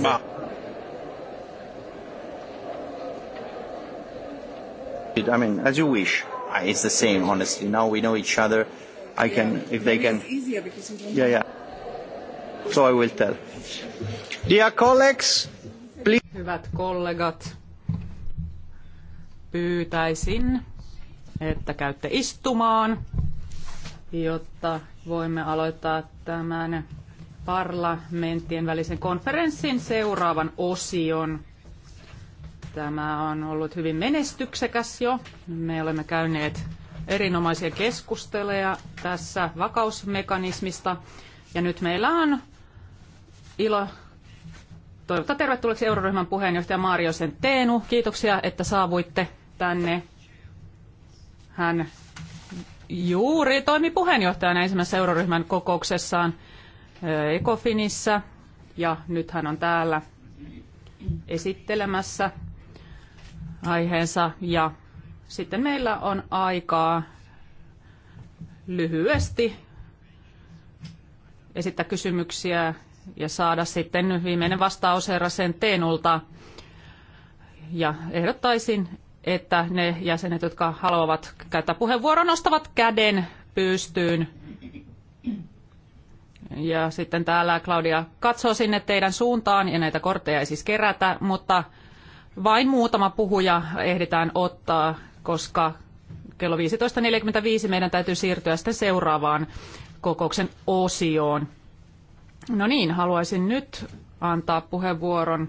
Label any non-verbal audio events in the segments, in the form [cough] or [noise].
ma I mean, as you wish. It's the same, honestly. Now we know each other. I can, yeah, if they can. It's easier because you don't. Yeah, yeah. So I will tell. Dear colleagues, please. Hyvät kollegat, pyytäisin, että käytte istumaan, jotta voimme aloittaa tämän parlamenttien välisen konferenssin seuraavan osion. Tämä on ollut hyvin menestyksekäs jo. Me olemme käyneet erinomaisia keskusteluja tässä vakausmekanismista. Ja nyt meillä on ilo toivottaa tervetulleeksi euroryhmän puheenjohtaja Mario Teenu. Kiitoksia, että saavuitte tänne. Hän juuri toimi puheenjohtajana ensimmäisessä euroryhmän kokouksessaan – Ekofinissä ja nyt hän on täällä esittelemässä aiheensa ja sitten meillä on aikaa lyhyesti esittää kysymyksiä ja saada sitten viimeinen vastaus sen Teenulta. Ja ehdottaisin, että ne jäsenet, jotka haluavat käyttää puheenvuoron, nostavat käden pystyyn ja sitten täällä Claudia katsoo sinne teidän suuntaan ja näitä kortteja ei siis kerätä, mutta vain muutama puhuja ehditään ottaa, koska kello 15.45 meidän täytyy siirtyä sitten seuraavaan kokouksen osioon. No niin, haluaisin nyt antaa puheenvuoron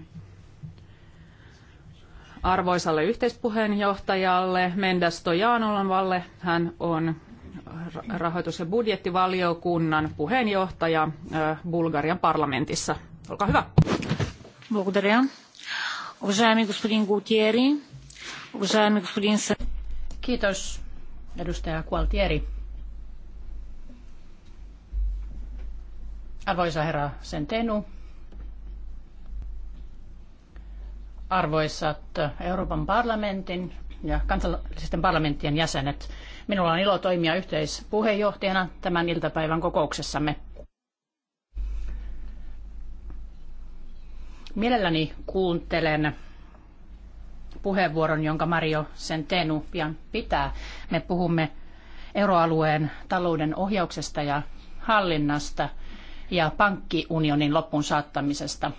arvoisalle yhteispuheenjohtajalle Mendas Tojaanolvalle. Hän on rahoitus- ja budjettivaliokunnan puheenjohtaja Bulgarian parlamentissa. Olkaa hyvä. Благодаря. Уважаеми господин Гултиери, уважаеми господин Kiitos, edustaja Gualtieri. Arvoisa herra Sentenu, arvoisat Euroopan parlamentin ja kansallisten parlamenttien jäsenet, Minulla on ilo toimia yhteispuheenjohtajana tämän iltapäivän kokouksessamme. Mielelläni kuuntelen puheenvuoron, jonka Mario Centenu pian pitää. Me puhumme euroalueen talouden ohjauksesta ja hallinnasta ja pankkiunionin loppuun saattamisesta.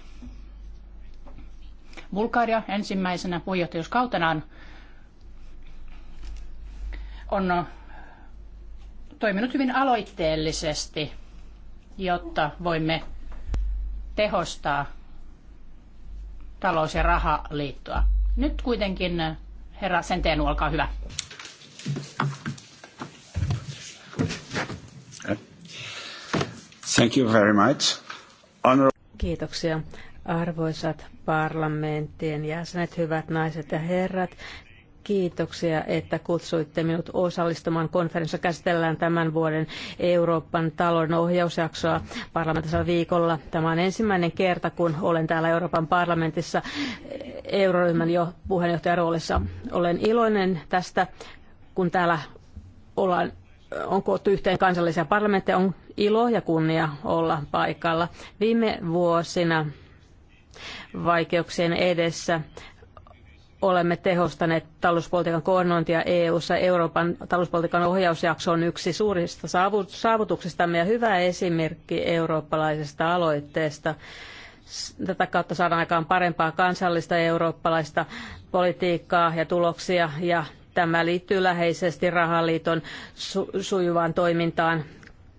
Bulgaria ensimmäisenä puheenjohtajuuskautenaan on toiminut hyvin aloitteellisesti, jotta voimme tehostaa talous- ja rahaliittoa. Nyt kuitenkin herra Senteenu, olkaa hyvä. Thank you very much. Honor- Kiitoksia. Arvoisat parlamenttien jäsenet, hyvät naiset ja herrat, Kiitoksia, että kutsuitte minut osallistumaan konferenssa. Käsitellään tämän vuoden Euroopan talon ohjausjaksoa parlamentissa viikolla. Tämä on ensimmäinen kerta, kun olen täällä Euroopan parlamentissa euroryhmän jo puheenjohtajan roolissa. Olen iloinen tästä, kun täällä ollaan on koottu yhteen kansallisia parlamentteja, on ilo ja kunnia olla paikalla. Viime vuosina vaikeuksien edessä olemme tehostaneet talouspolitiikan koordinointia EU-ssa. Euroopan talouspolitiikan ohjausjakso on yksi suurista saavutuksistamme ja hyvä esimerkki eurooppalaisesta aloitteesta. Tätä kautta saadaan aikaan parempaa kansallista ja eurooppalaista politiikkaa ja tuloksia ja tämä liittyy läheisesti rahaliiton su- sujuvaan toimintaan.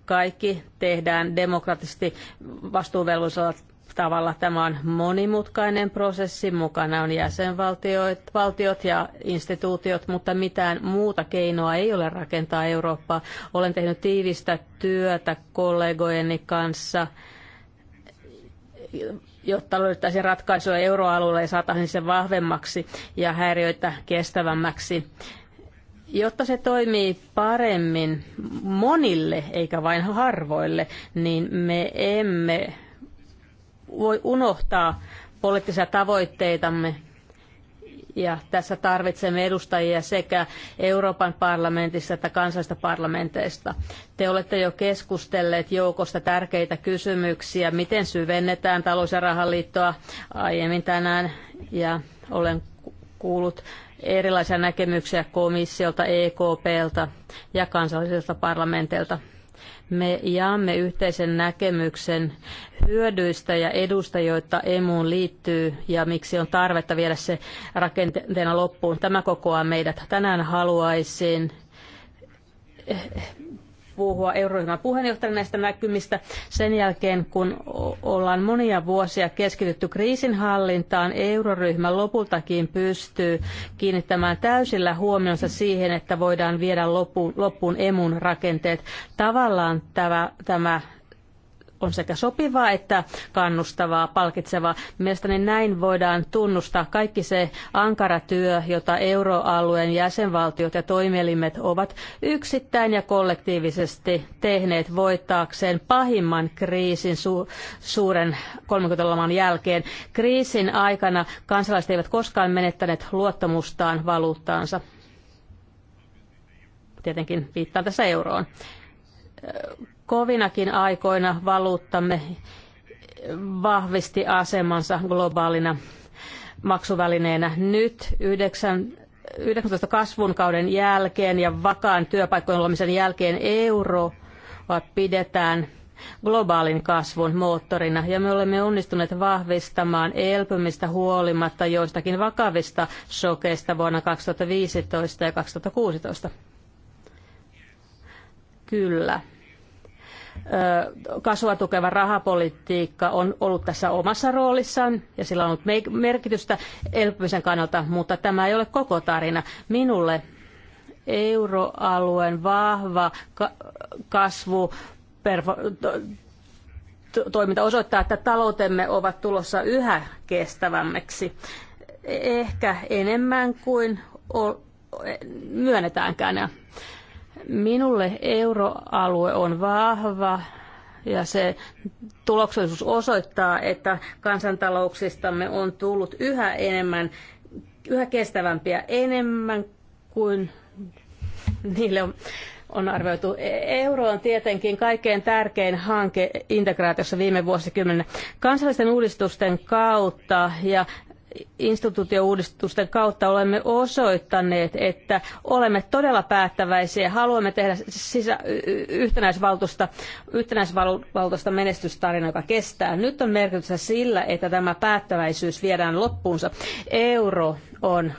Kaikki tehdään demokraattisesti vastuuvelvollisella tavalla. Tämä on monimutkainen prosessi, mukana on jäsenvaltiot valtiot ja instituutiot, mutta mitään muuta keinoa ei ole rakentaa Eurooppaa. Olen tehnyt tiivistä työtä kollegojeni kanssa jotta löydettäisiin ratkaisuja euroalueelle ja saataisiin se vahvemmaksi ja häiriöitä kestävämmäksi. Jotta se toimii paremmin monille eikä vain harvoille, niin me emme voi unohtaa poliittisia tavoitteitamme. Ja tässä tarvitsemme edustajia sekä Euroopan parlamentissa että kansallisista parlamenteista. Te olette jo keskustelleet joukosta tärkeitä kysymyksiä, miten syvennetään talous- ja rahaliittoa aiemmin tänään. Ja olen kuullut erilaisia näkemyksiä komissiolta, EKPltä ja kansallisilta parlamenteilta me jaamme yhteisen näkemyksen hyödyistä ja edusta, joita emuun liittyy ja miksi on tarvetta viedä se rakenteena loppuun. Tämä kokoaa meidät. Tänään haluaisin puhua euroryhmän puheenjohtajana näistä näkymistä sen jälkeen, kun ollaan monia vuosia keskitytty kriisinhallintaan, euroryhmä lopultakin pystyy kiinnittämään täysillä huomionsa siihen, että voidaan viedä loppuun, loppuun emun rakenteet. Tavallaan tämä, tämä on sekä sopivaa että kannustavaa, palkitsevaa. Mielestäni näin voidaan tunnustaa kaikki se ankara työ, jota euroalueen jäsenvaltiot ja toimielimet ovat yksittäin ja kollektiivisesti tehneet voittaakseen pahimman kriisin su- suuren 30-luvun jälkeen. Kriisin aikana kansalaiset eivät koskaan menettäneet luottamustaan valuuttaansa. Tietenkin viittaan tässä euroon Kovinakin aikoina valuuttamme vahvisti asemansa globaalina maksuvälineenä. Nyt 9, 19 kasvun kauden jälkeen ja vakaan työpaikkojen luomisen jälkeen euro pidetään globaalin kasvun moottorina ja me olemme onnistuneet vahvistamaan elpymistä huolimatta joistakin vakavista sokeista vuonna 2015 ja 2016. Kyllä kasvua tukeva rahapolitiikka on ollut tässä omassa roolissaan ja sillä on ollut merkitystä elpymisen kannalta, mutta tämä ei ole koko tarina. Minulle euroalueen vahva kasvu toiminta osoittaa, että taloutemme ovat tulossa yhä kestävämmäksi. E- ehkä enemmän kuin myönnetäänkään. Minulle euroalue on vahva ja se tuloksellisuus osoittaa, että kansantalouksistamme on tullut yhä enemmän, yhä kestävämpiä enemmän kuin niille on, on arvioitu. Euro on tietenkin kaikkein tärkein hanke integraatiossa viime vuosikymmenen. Kansallisten uudistusten kautta ja instituutiouudistusten kautta olemme osoittaneet, että olemme todella päättäväisiä. Haluamme tehdä sisä, yhtenäisvaltuusta, yhtenäisvaltuusta menestystarina, joka kestää. Nyt on merkitystä sillä, että tämä päättäväisyys viedään loppuunsa. Euro on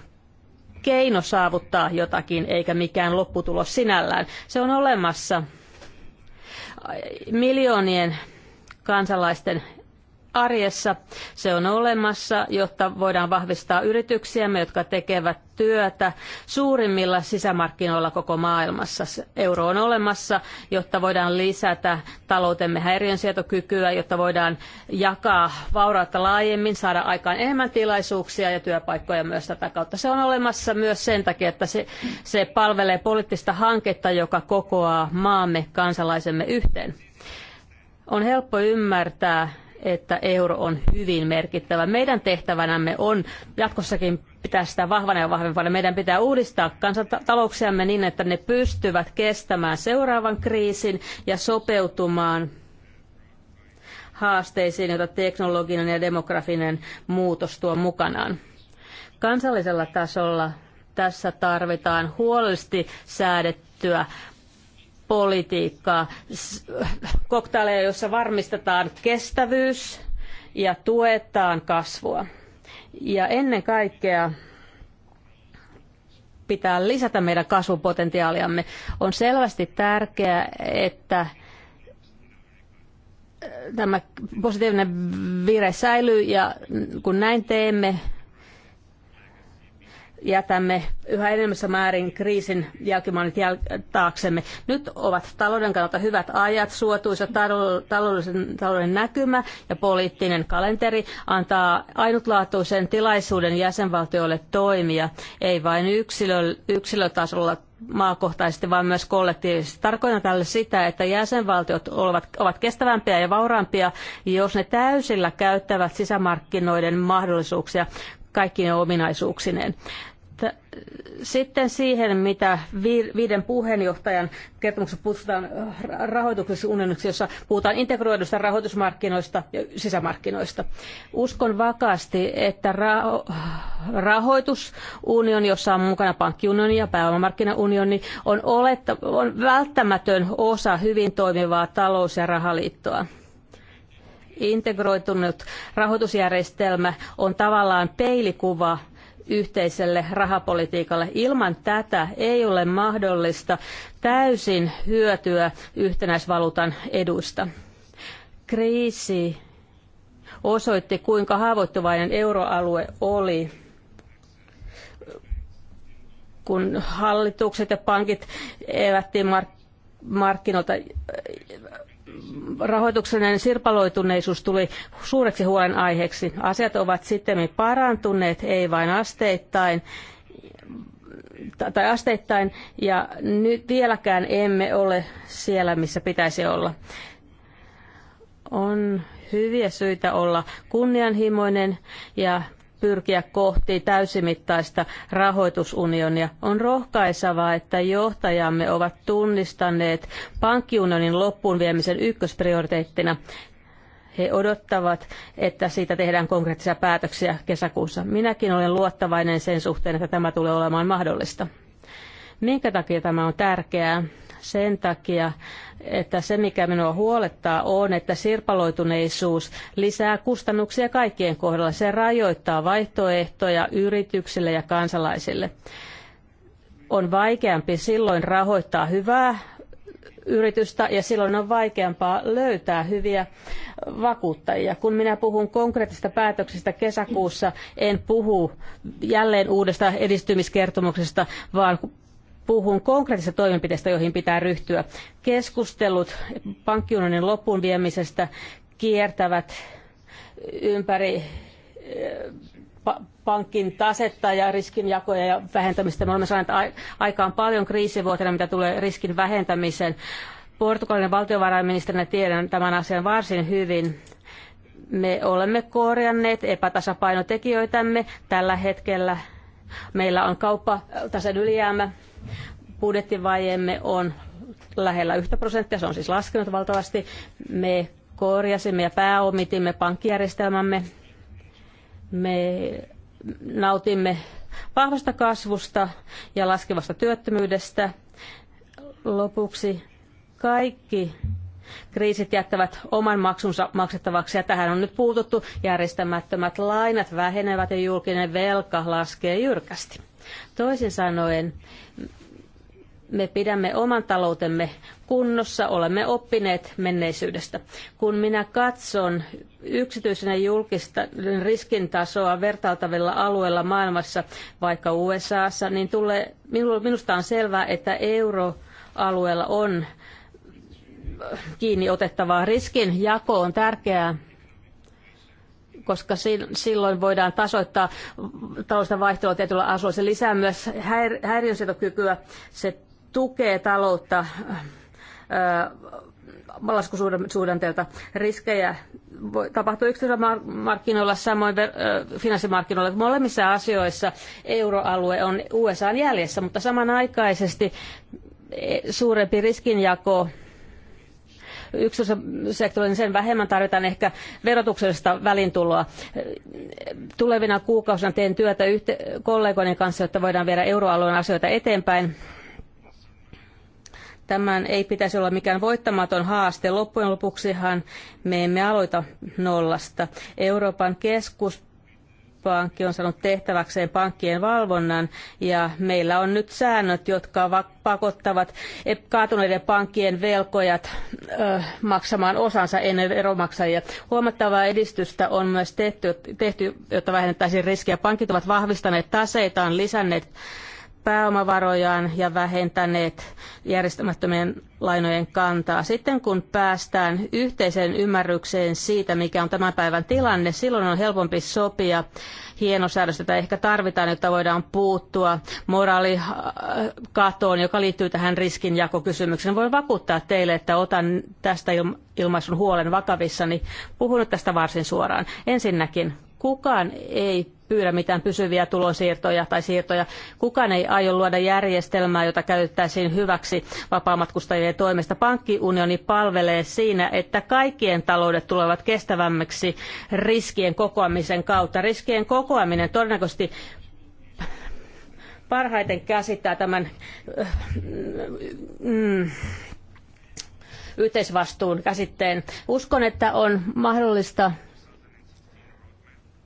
keino saavuttaa jotakin, eikä mikään lopputulos sinällään. Se on olemassa miljoonien kansalaisten arjessa. Se on olemassa, jotta voidaan vahvistaa yrityksiämme, jotka tekevät työtä suurimmilla sisämarkkinoilla koko maailmassa. Euro on olemassa, jotta voidaan lisätä taloutemme häiriönsietokykyä, jotta voidaan jakaa vaurautta laajemmin, saada aikaan enemmän tilaisuuksia ja työpaikkoja myös tätä kautta. Se on olemassa myös sen takia, että se, se palvelee poliittista hanketta, joka kokoaa maamme kansalaisemme yhteen. On helppo ymmärtää, että euro on hyvin merkittävä. Meidän tehtävänämme on jatkossakin pitää sitä vahvana ja vahvempana. Meidän pitää uudistaa kansantalouksiamme niin, että ne pystyvät kestämään seuraavan kriisin ja sopeutumaan haasteisiin, joita teknologinen ja demografinen muutos tuo mukanaan. Kansallisella tasolla tässä tarvitaan huolellisesti säädettyä politiikkaa, koktaaleja, joissa varmistetaan kestävyys ja tuetaan kasvua. Ja ennen kaikkea pitää lisätä meidän kasvupotentiaaliamme. On selvästi tärkeää, että tämä positiivinen vire säilyy ja kun näin teemme, jätämme yhä enemmässä määrin kriisin jälkimainit jäl- taaksemme. Nyt ovat talouden kannalta hyvät ajat, suotuisa taloudellisen, talouden näkymä ja poliittinen kalenteri antaa ainutlaatuisen tilaisuuden jäsenvaltioille toimia, ei vain yksilö, yksilötasolla maakohtaisesti, vaan myös kollektiivisesti. Tarkoitan tälle sitä, että jäsenvaltiot ovat, ovat kestävämpiä ja vauraampia, jos ne täysillä käyttävät sisämarkkinoiden mahdollisuuksia kaikkine ominaisuuksineen. Äh, sitten siihen, mitä viiden puheenjohtajan kertomuksessa puhutaan äh, rahoituksessa unioniksi, jossa puhutaan integroidusta rahoitusmarkkinoista ja sisämarkkinoista. Uskon vakaasti, että rahoitusunion, jossa on mukana pankkiunioni ja pääomamarkkinaunioni, on, oletta- on välttämätön osa hyvin toimivaa talous- ja rahaliittoa integroitunut rahoitusjärjestelmä on tavallaan peilikuva yhteiselle rahapolitiikalle. Ilman tätä ei ole mahdollista täysin hyötyä yhtenäisvaluutan eduista. Kriisi osoitti, kuinka haavoittuvainen euroalue oli kun hallitukset ja pankit evättiin mark- markkinoilta rahoituksellinen sirpaloituneisuus tuli suureksi huolenaiheeksi. Asiat ovat sitten parantuneet, ei vain asteittain, tai asteittain, ja nyt vieläkään emme ole siellä, missä pitäisi olla. On hyviä syitä olla kunnianhimoinen ja pyrkiä kohti täysimittaista rahoitusunionia. On rohkaisevaa, että johtajamme ovat tunnistaneet pankkiunionin loppuun viemisen ykkösprioriteettina. He odottavat, että siitä tehdään konkreettisia päätöksiä kesäkuussa. Minäkin olen luottavainen sen suhteen, että tämä tulee olemaan mahdollista. Minkä takia tämä on tärkeää? sen takia, että se mikä minua huolettaa on, että sirpaloituneisuus lisää kustannuksia kaikkien kohdalla. Se rajoittaa vaihtoehtoja yrityksille ja kansalaisille. On vaikeampi silloin rahoittaa hyvää yritystä ja silloin on vaikeampaa löytää hyviä vakuuttajia. Kun minä puhun konkreettisista päätöksistä kesäkuussa, en puhu jälleen uudesta edistymiskertomuksesta, vaan puhun konkreettisista toimenpiteistä, joihin pitää ryhtyä. Keskustelut pankkiunionin loppuun viemisestä kiertävät ympäri eh, pankin tasetta ja riskinjakoja ja vähentämistä. Me olemme saaneet aikaan paljon kriisivuotena, mitä tulee riskin vähentämiseen. Portugalin valtiovarainministerinä tiedän tämän asian varsin hyvin. Me olemme korjanneet epätasapainotekijöitämme. Tällä hetkellä meillä on kauppataseen eh, ylijäämä Budjettivajeemme on lähellä yhtä prosenttia, se on siis laskenut valtavasti. Me korjasimme ja pääomitimme pankkijärjestelmämme. Me nautimme vahvasta kasvusta ja laskevasta työttömyydestä. Lopuksi kaikki kriisit jättävät oman maksunsa maksettavaksi ja tähän on nyt puututtu. Järjestämättömät lainat vähenevät ja julkinen velka laskee jyrkästi. Toisin sanoen, me pidämme oman taloutemme kunnossa, olemme oppineet menneisyydestä. Kun minä katson yksityisen ja julkisen riskin tasoa vertailtavilla alueilla maailmassa, vaikka USAssa, niin tulee, minusta on selvää, että euroalueella on kiinni otettavaa riskin jako on tärkeää koska silloin voidaan tasoittaa talousta vaihtelua tietyllä asuilla. Se lisää myös häiriönsietokykyä, se tukee taloutta äh, laskusuhdanteelta riskejä voi tapahtua yksityisillä markkinoilla, samoin äh, finanssimarkkinoilla. Molemmissa asioissa euroalue on USA jäljessä, mutta samanaikaisesti eh, suurempi riskinjako yksityisen sektorin, niin sen vähemmän tarvitaan ehkä verotuksellista välintuloa. Tulevina kuukausina teen työtä yhte- kollegoiden kanssa, jotta voidaan viedä euroalueen asioita eteenpäin. Tämän ei pitäisi olla mikään voittamaton haaste. Loppujen lopuksihan me emme aloita nollasta. Euroopan keskus keskuspankki on saanut tehtäväkseen pankkien valvonnan ja meillä on nyt säännöt, jotka pakottavat e- kaatuneiden pankkien velkojat maksamaan osansa ennen veromaksajia. Huomattavaa edistystä on myös tehty, tehty jotta vähennettäisiin riskiä. Pankit ovat vahvistaneet taseitaan, lisänneet pääomavarojaan ja vähentäneet järjestämättömien lainojen kantaa. Sitten kun päästään yhteiseen ymmärrykseen siitä, mikä on tämän päivän tilanne, silloin on helpompi sopia hienosäädöstä, tai ehkä tarvitaan, jotta voidaan puuttua moraalikatoon, joka liittyy tähän riskinjakokysymykseen. Voin vakuuttaa teille, että otan tästä ilmaisun huolen vakavissani. Puhun nyt tästä varsin suoraan. Ensinnäkin Kukaan ei pyydä mitään pysyviä tulonsiirtoja tai siirtoja. Kukaan ei aio luoda järjestelmää, jota käytettäisiin hyväksi vapaamatkustajien toimesta. Pankkiunioni palvelee siinä, että kaikkien taloudet tulevat kestävämmiksi riskien kokoamisen kautta. Riskien kokoaminen todennäköisesti parhaiten käsittää tämän äh, mm, yhteisvastuun käsitteen. Uskon, että on mahdollista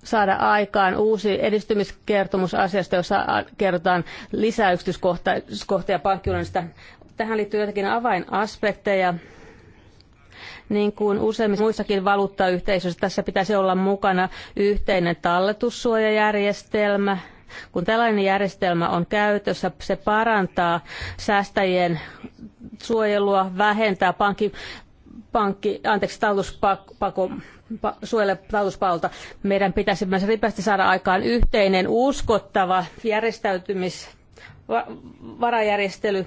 saada aikaan uusi edistymiskertomus asiasta, jossa kerrotaan lisäyksityiskohtia pankkiunionista. Tähän liittyy jotakin avainaspekteja. Niin kuin useimmissa muissakin valuuttayhteisöissä, tässä pitäisi olla mukana yhteinen talletussuojajärjestelmä, kun tällainen järjestelmä on käytössä, se parantaa säästäjien suojelua, vähentää pankki, pankki, anteeksi, talletuspakon suojele talouspalvelta. Meidän pitäisi myös ripeästi saada aikaan yhteinen, uskottava järjestäytymisvarajärjestely. varajärjestely.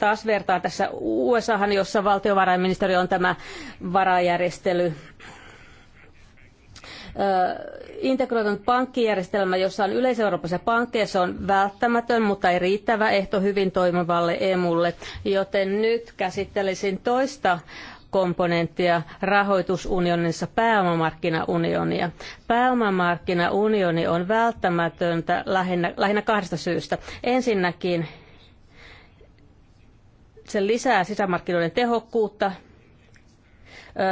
Taas vertaan tässä USAhan, jossa valtiovarainministeri on tämä varajärjestely integroitunut pankkijärjestelmä, jossa on yleiseurooppalaisia pankkeja, se on välttämätön, mutta ei riittävä ehto hyvin toimivalle EMUlle. Joten nyt käsittelisin toista komponenttia rahoitusunionissa pääomamarkkinaunionia. Pääomamarkkinaunioni on välttämätöntä lähinnä, lähinnä kahdesta syystä. Ensinnäkin se lisää sisämarkkinoiden tehokkuutta.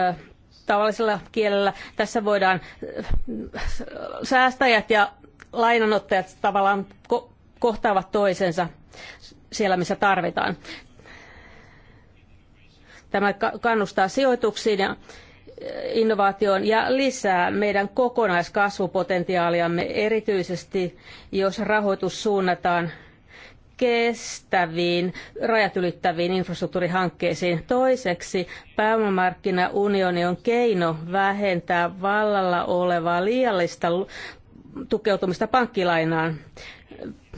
Ö, tavallisella kielellä tässä voidaan säästäjät ja lainanottajat tavallaan kohtaavat toisensa siellä, missä tarvitaan. Tämä kannustaa sijoituksiin ja eh, innovaatioon ja lisää meidän kokonaiskasvupotentiaaliamme, erityisesti jos rahoitus suunnataan kestäviin, rajat ylittäviin infrastruktuurihankkeisiin. Toiseksi pääomamarkkinaunioni on keino vähentää vallalla olevaa liiallista tukeutumista pankkilainaan.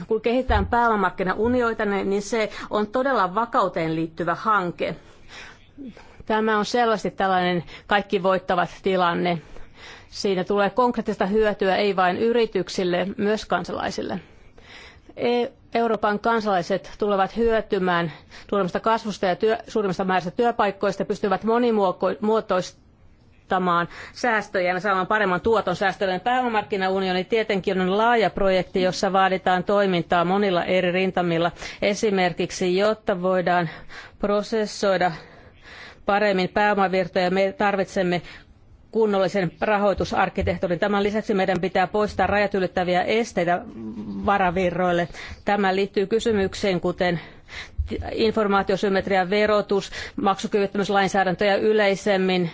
Kun kehitetään pääomamarkkinaunioita, niin se on todella vakauteen liittyvä hanke. Tämä on selvästi tällainen kaikki voittavat tilanne. Siinä tulee konkreettista hyötyä ei vain yrityksille, myös kansalaisille. E- Euroopan kansalaiset tulevat hyötymään suurimmasta kasvusta ja työ, suurimmasta määrästä työpaikkoista, pystyvät monimuotoistamaan säästöjä ja saamaan paremman tuoton säästöjen. Pääomamarkkinaunioni tietenkin on laaja projekti, jossa vaaditaan toimintaa monilla eri rintamilla. Esimerkiksi, jotta voidaan prosessoida paremmin pääomavirtoja. Me tarvitsemme kunnollisen rahoitusarkkitehtuurin. Tämän lisäksi meidän pitää poistaa rajat ylittäviä esteitä varavirroille. Tämä liittyy kysymykseen, kuten informaatiosymmetrian verotus, maksukyvyttömyyslainsäädäntö ja yleisemmin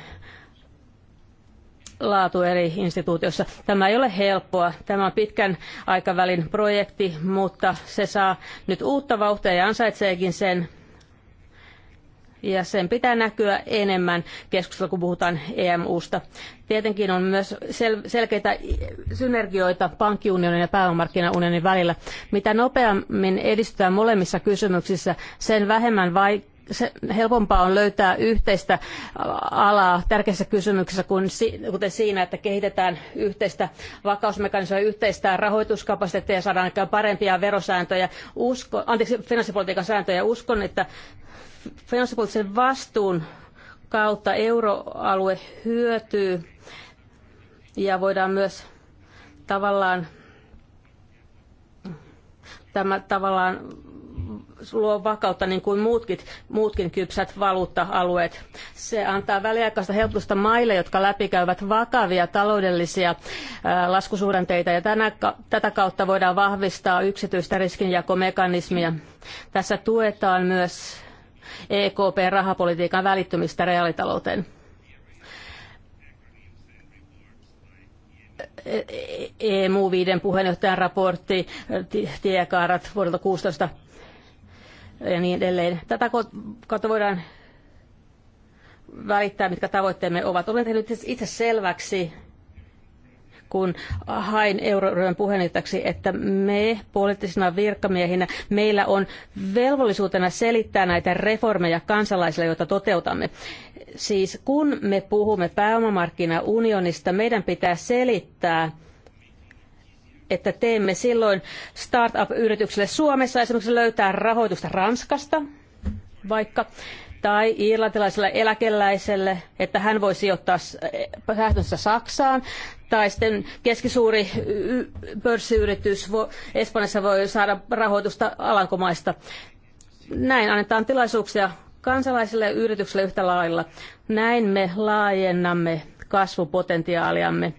laatu eri instituutioissa. Tämä ei ole helppoa. Tämä on pitkän aikavälin projekti, mutta se saa nyt uutta vauhtia ja ansaitseekin sen ja sen pitää näkyä enemmän keskustelua, kun puhutaan EMUsta. Tietenkin on myös sel- selkeitä synergioita pankkiunionin ja pääomamarkkinaunionin välillä. Mitä nopeammin edistytään molemmissa kysymyksissä, sen vähemmän vai se helpompaa on löytää yhteistä alaa tärkeissä kysymyksissä, kun, kuten siinä, että kehitetään yhteistä vakausmekanismia, yhteistä rahoituskapasiteettia ja saadaan aikaan parempia verosääntöjä, usko, anteeksi, finanssipolitiikan sääntöjä. Uskon, että finanssipoliittisen vastuun kautta euroalue hyötyy ja voidaan myös tavallaan tämä tavallaan luo vakautta niin kuin muutkin, muutkin kypsät valuutta-alueet. Se antaa väliaikaista helpotusta maille, jotka läpikäyvät vakavia taloudellisia laskusuhdanteita ja tänä, tätä kautta voidaan vahvistaa yksityistä riskinjakomekanismia. Tässä tuetaan myös EKP-rahapolitiikan välittymistä reaalitalouteen. EMU 5 puheenjohtajan raportti, tiekaarat vuodelta 16 ja niin edelleen. Tätä kautta voidaan välittää, mitkä tavoitteemme ovat. Olen tehnyt itse selväksi, kun hain euroryhmän puheenjohtajaksi, että me poliittisina virkamiehinä, meillä on velvollisuutena selittää näitä reformeja kansalaisille, joita toteutamme. Siis kun me puhumme pääomamarkkinaunionista, meidän pitää selittää, että teemme silloin startup-yrityksille Suomessa esimerkiksi löytää rahoitusta Ranskasta vaikka, tai irlantilaiselle eläkeläiselle, että hän voi sijoittaa säästönsä Saksaan, tai sitten keskisuuri pörssiyritys Espanjassa voi saada rahoitusta Alankomaista. Näin annetaan tilaisuuksia kansalaisille ja yrityksille yhtä lailla. Näin me laajennamme kasvupotentiaaliamme.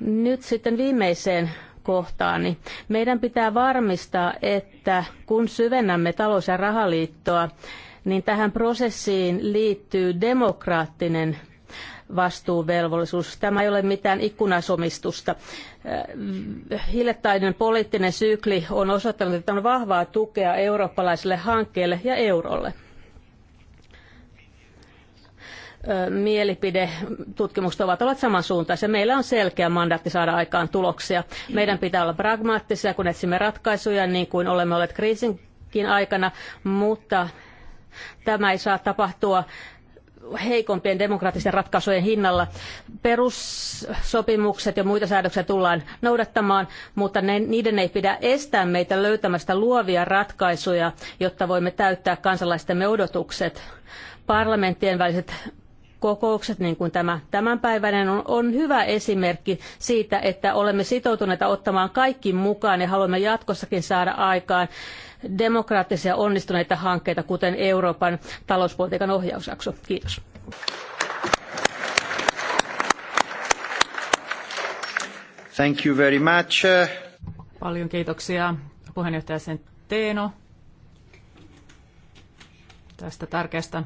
Nyt sitten viimeiseen kohtaan, niin meidän pitää varmistaa, että kun syvennämme talous- ja rahaliittoa, niin tähän prosessiin liittyy demokraattinen vastuuvelvollisuus. Tämä ei ole mitään ikkunasomistusta. Äh, hiljattainen poliittinen sykli on osoittanut, että on vahvaa tukea eurooppalaisille hankkeille ja eurolle äh, mielipidetutkimukset ovat olleet samansuuntaisia. Meillä on selkeä mandaatti saada aikaan tuloksia. Meidän pitää olla pragmaattisia, kun etsimme ratkaisuja, niin kuin olemme olleet kriisinkin aikana, mutta tämä ei saa tapahtua heikompien demokraattisten ratkaisujen hinnalla. Perussopimukset ja muita säädöksiä tullaan noudattamaan, mutta ne, niiden ei pidä estää meitä löytämästä luovia ratkaisuja, jotta voimme täyttää kansalaistemme odotukset. Parlamenttien väliset kokoukset, niin kuin tämä tämänpäiväinen, on, on hyvä esimerkki siitä, että olemme sitoutuneita ottamaan kaikki mukaan ja haluamme jatkossakin saada aikaan demokraattisia onnistuneita hankkeita, kuten Euroopan talouspolitiikan ohjausjakso. Kiitos. Thank you very much. Paljon kiitoksia puheenjohtaja sen Teeno tästä tärkeästä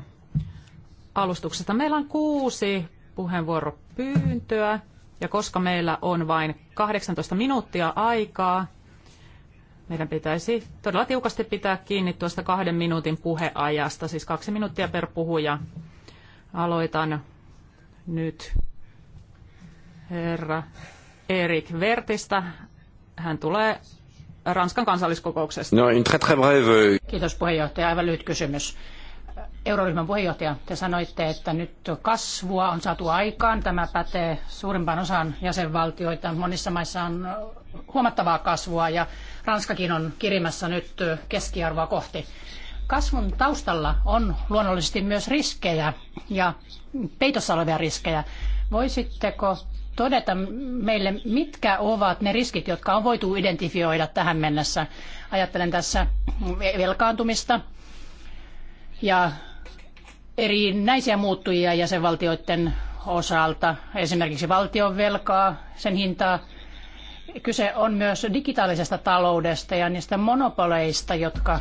alustuksesta. Meillä on kuusi puheenvuoropyyntöä ja koska meillä on vain 18 minuuttia aikaa, meidän pitäisi todella tiukasti pitää kiinni tuosta kahden minuutin puheajasta, siis kaksi minuuttia per puhuja. Aloitan nyt herra Erik Vertistä. Hän tulee Ranskan kansalliskokouksesta. No, une très, très brève. Kiitos puheenjohtaja. Aivan lyhyt kysymys. Euroryhmän puheenjohtaja, te sanoitte, että nyt kasvua on saatu aikaan. Tämä pätee suurimpaan osaan jäsenvaltioita. Monissa maissa on huomattavaa kasvua ja Ranskakin on kirimässä nyt keskiarvoa kohti. Kasvun taustalla on luonnollisesti myös riskejä ja peitossa olevia riskejä. Voisitteko todeta meille, mitkä ovat ne riskit, jotka on voitu identifioida tähän mennessä? Ajattelen tässä velkaantumista ja erinäisiä muuttujia jäsenvaltioiden osalta, esimerkiksi valtion velkaa, sen hintaa, Kyse on myös digitaalisesta taloudesta ja niistä monopoleista, jotka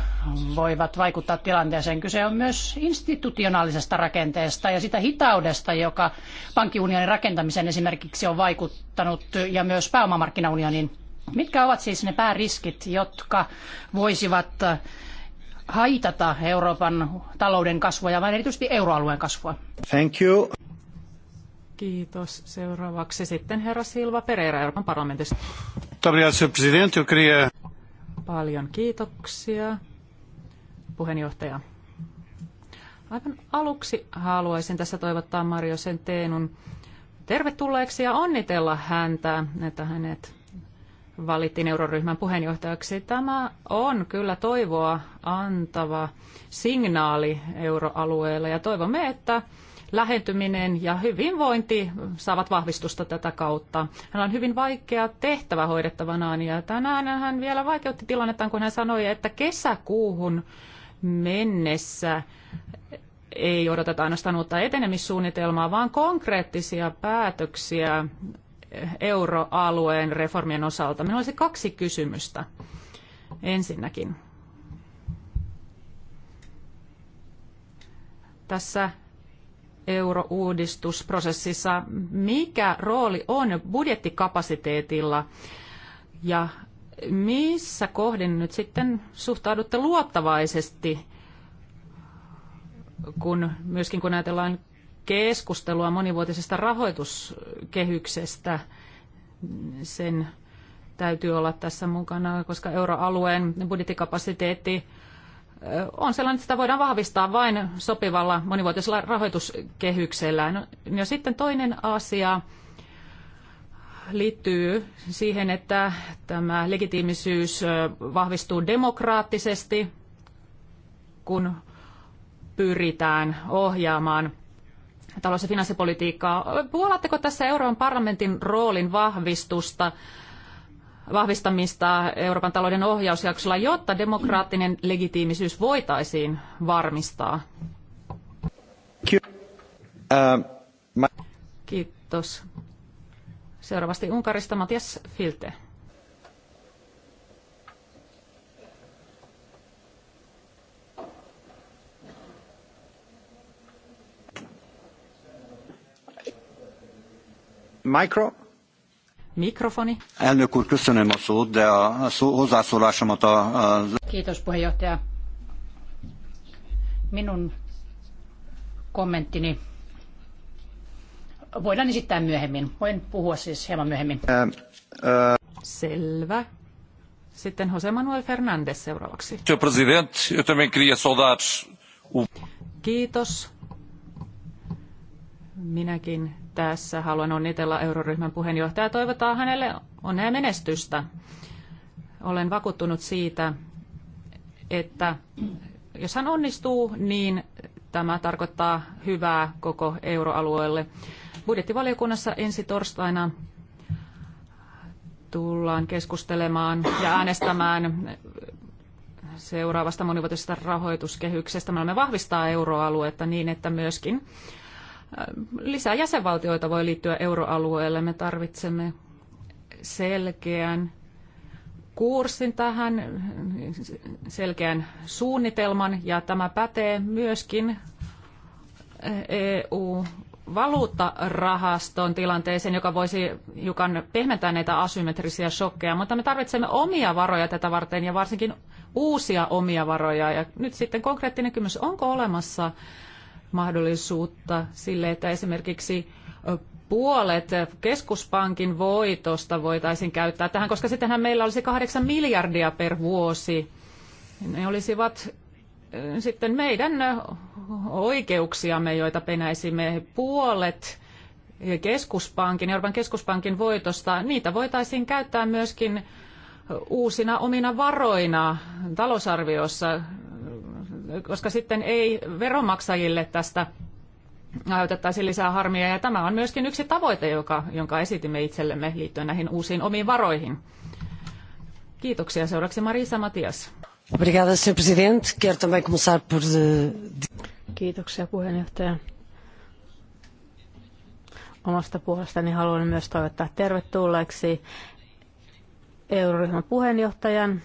voivat vaikuttaa tilanteeseen. Kyse on myös institutionaalisesta rakenteesta ja sitä hitaudesta, joka pankkiunionin rakentamiseen esimerkiksi on vaikuttanut ja myös pääomamarkkinaunionin. Mitkä ovat siis ne pääriskit, jotka voisivat haitata Euroopan talouden kasvua ja erityisesti euroalueen kasvua? Thank you. Kiitos. Seuraavaksi sitten herra Silva Pereira Euroopan parlamentista. Paljon kiitoksia, puheenjohtaja. Aivan aluksi haluaisin tässä toivottaa Mario Senteenun tervetulleeksi ja onnitella häntä, että hänet valittiin euroryhmän puheenjohtajaksi. Tämä on kyllä toivoa antava signaali euroalueelle ja toivomme, että lähentyminen ja hyvinvointi saavat vahvistusta tätä kautta. Hän on hyvin vaikea tehtävä hoidettavanaan ja tänään hän vielä vaikeutti tilannettaan, kun hän sanoi, että kesäkuuhun mennessä ei odoteta ainoastaan uutta etenemissuunnitelmaa, vaan konkreettisia päätöksiä euroalueen reformien osalta. Minulla olisi kaksi kysymystä ensinnäkin. Tässä eurouudistusprosessissa, mikä rooli on budjettikapasiteetilla ja missä kohdin nyt sitten suhtaudutte luottavaisesti, kun myöskin kun ajatellaan keskustelua monivuotisesta rahoituskehyksestä, sen täytyy olla tässä mukana, koska euroalueen budjettikapasiteetti on sellainen, että sitä voidaan vahvistaa vain sopivalla monivuotisella rahoituskehyksellä. No, no sitten toinen asia liittyy siihen, että tämä legitiimisyys vahvistuu demokraattisesti, kun pyritään ohjaamaan talous- ja finanssipolitiikkaa. Puolatteko tässä Euroopan parlamentin roolin vahvistusta vahvistamista Euroopan talouden ohjausjaksolla, jotta demokraattinen legitiimisyys voitaisiin varmistaa? Kiitos. Seuraavasti Unkarista Matias Filte. Micro. Mikrofoni. Elnök Kiitos puheenjohtaja. Minun kommenttini voidaan esittää myöhemmin. Voin puhua siis hieman myöhemmin. Ä, ä... Selvä. Sitten Jose Manuel Fernandes seuraavaksi. Kiitos. Minäkin tässä haluan onnitella euroryhmän puheenjohtaja ja toivotaan hänelle onnea menestystä. Olen vakuuttunut siitä, että jos hän onnistuu, niin tämä tarkoittaa hyvää koko euroalueelle. Budjettivaliokunnassa ensi torstaina tullaan keskustelemaan ja äänestämään seuraavasta monivuotisesta rahoituskehyksestä. Me olemme vahvistaa euroaluetta niin, että myöskin lisää jäsenvaltioita voi liittyä euroalueelle. Me tarvitsemme selkeän kurssin tähän, selkeän suunnitelman ja tämä pätee myöskin EU valuuttarahaston tilanteeseen, joka voisi hiukan pehmentää näitä asymmetrisiä shokkeja, mutta me tarvitsemme omia varoja tätä varten ja varsinkin uusia omia varoja. Ja nyt sitten konkreettinen kysymys, onko olemassa mahdollisuutta sille, että esimerkiksi puolet keskuspankin voitosta voitaisiin käyttää tähän, koska sittenhän meillä olisi kahdeksan miljardia per vuosi. Ne olisivat sitten meidän oikeuksiamme, joita penäisimme puolet keskuspankin, Euroopan keskuspankin voitosta, niitä voitaisiin käyttää myöskin uusina omina varoina talousarviossa koska sitten ei veronmaksajille tästä aiheutettaisiin lisää harmia. Ja tämä on myöskin yksi tavoite, joka, jonka esitimme itsellemme liittyen näihin uusiin omiin varoihin. Kiitoksia. Seuraavaksi Marisa Matias. Obrigada, senhor presidente. Quero também começar por... Eh, Kiitoksia puheenjohtaja. Omasta puolestani haluan myös toivottaa tervetulleeksi euroryhmän puheenjohtajan.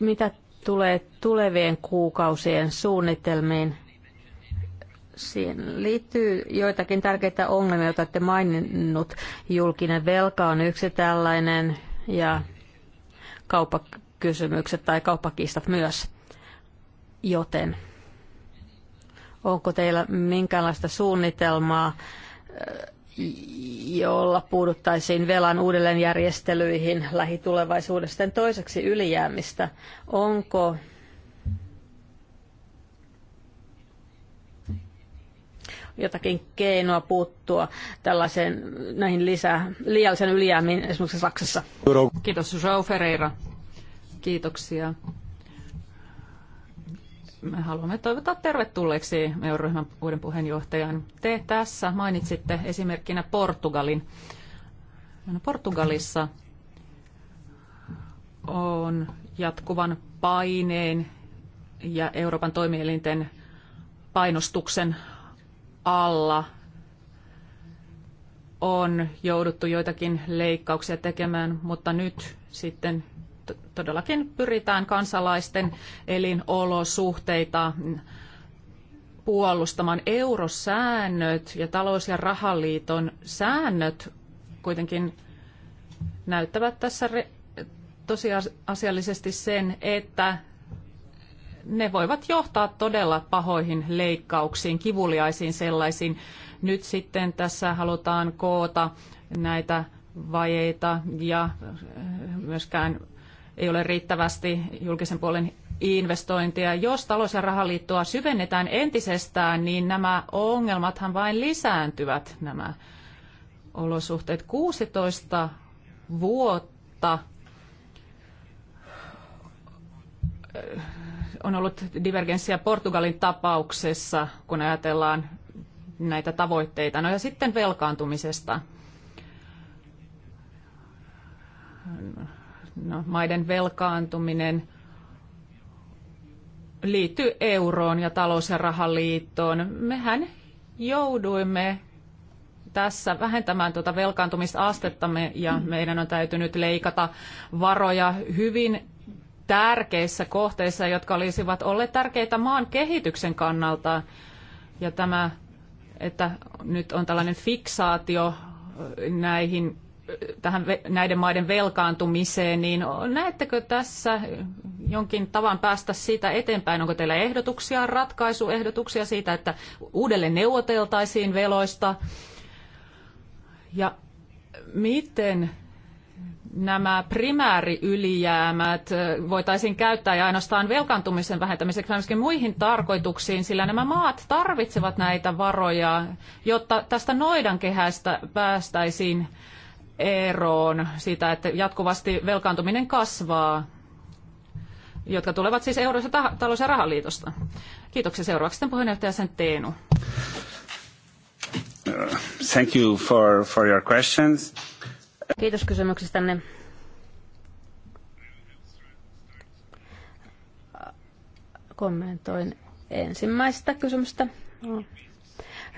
Mitä tulee tulevien kuukausien suunnitelmiin. Siihen liittyy joitakin tärkeitä ongelmia, joita olette maininnut. Julkinen velka on yksi tällainen ja kauppakysymykset tai kauppakistat myös. Joten onko teillä minkäänlaista suunnitelmaa jolla puuduttaisiin velan uudelleenjärjestelyihin lähitulevaisuudesta toiseksi ylijäämistä. Onko jotakin keinoa puuttua tällaiseen näihin lisää, liiallisen ylijäämiin esimerkiksi Saksassa? Kiitos, João Ferreira. Kiitoksia. Me haluamme toivottaa tervetulleeksi euroryhmän uuden puheenjohtajan. Te tässä mainitsitte esimerkkinä Portugalin. No, Portugalissa on jatkuvan paineen ja Euroopan toimielinten painostuksen alla on jouduttu joitakin leikkauksia tekemään, mutta nyt sitten todellakin pyritään kansalaisten elinolosuhteita puolustamaan. Eurosäännöt ja talous- ja rahaliiton säännöt kuitenkin näyttävät tässä tosiasiallisesti sen, että ne voivat johtaa todella pahoihin leikkauksiin, kivuliaisiin sellaisiin. Nyt sitten tässä halutaan koota näitä vajeita ja myöskään ei ole riittävästi julkisen puolen investointeja. Jos talous- ja rahaliittoa syvennetään entisestään, niin nämä ongelmathan vain lisääntyvät, nämä olosuhteet. 16 vuotta eh, on ollut divergenssiä Portugalin tapauksessa, kun ajatellaan näitä tavoitteita. No ja sitten velkaantumisesta no, maiden velkaantuminen liittyy euroon ja talous- ja rahaliittoon. Mehän jouduimme tässä vähentämään tuota velkaantumisastettamme ja meidän on täytynyt leikata varoja hyvin tärkeissä kohteissa, jotka olisivat olleet tärkeitä maan kehityksen kannalta. Ja tämä, että nyt on tällainen fiksaatio näihin tähän näiden maiden velkaantumiseen, niin näettekö tässä jonkin tavan päästä siitä eteenpäin? Onko teillä ehdotuksia, ratkaisuehdotuksia siitä, että uudelleen neuvoteltaisiin veloista? Ja miten nämä primääriylijäämät voitaisiin käyttää ja ainoastaan velkaantumisen vähentämiseksi, vaan myöskin muihin tarkoituksiin, sillä nämä maat tarvitsevat näitä varoja, jotta tästä noidankehästä päästäisiin eroon siitä, että jatkuvasti velkaantuminen kasvaa, jotka tulevat siis euroissa ta- talous- ja rahaliitosta. Kiitoksia seuraavaksi sitten puheenjohtaja sen Teenu. Uh, thank you for, for your questions. Kiitos kysymyksestänne. Kommentoin ensimmäistä kysymystä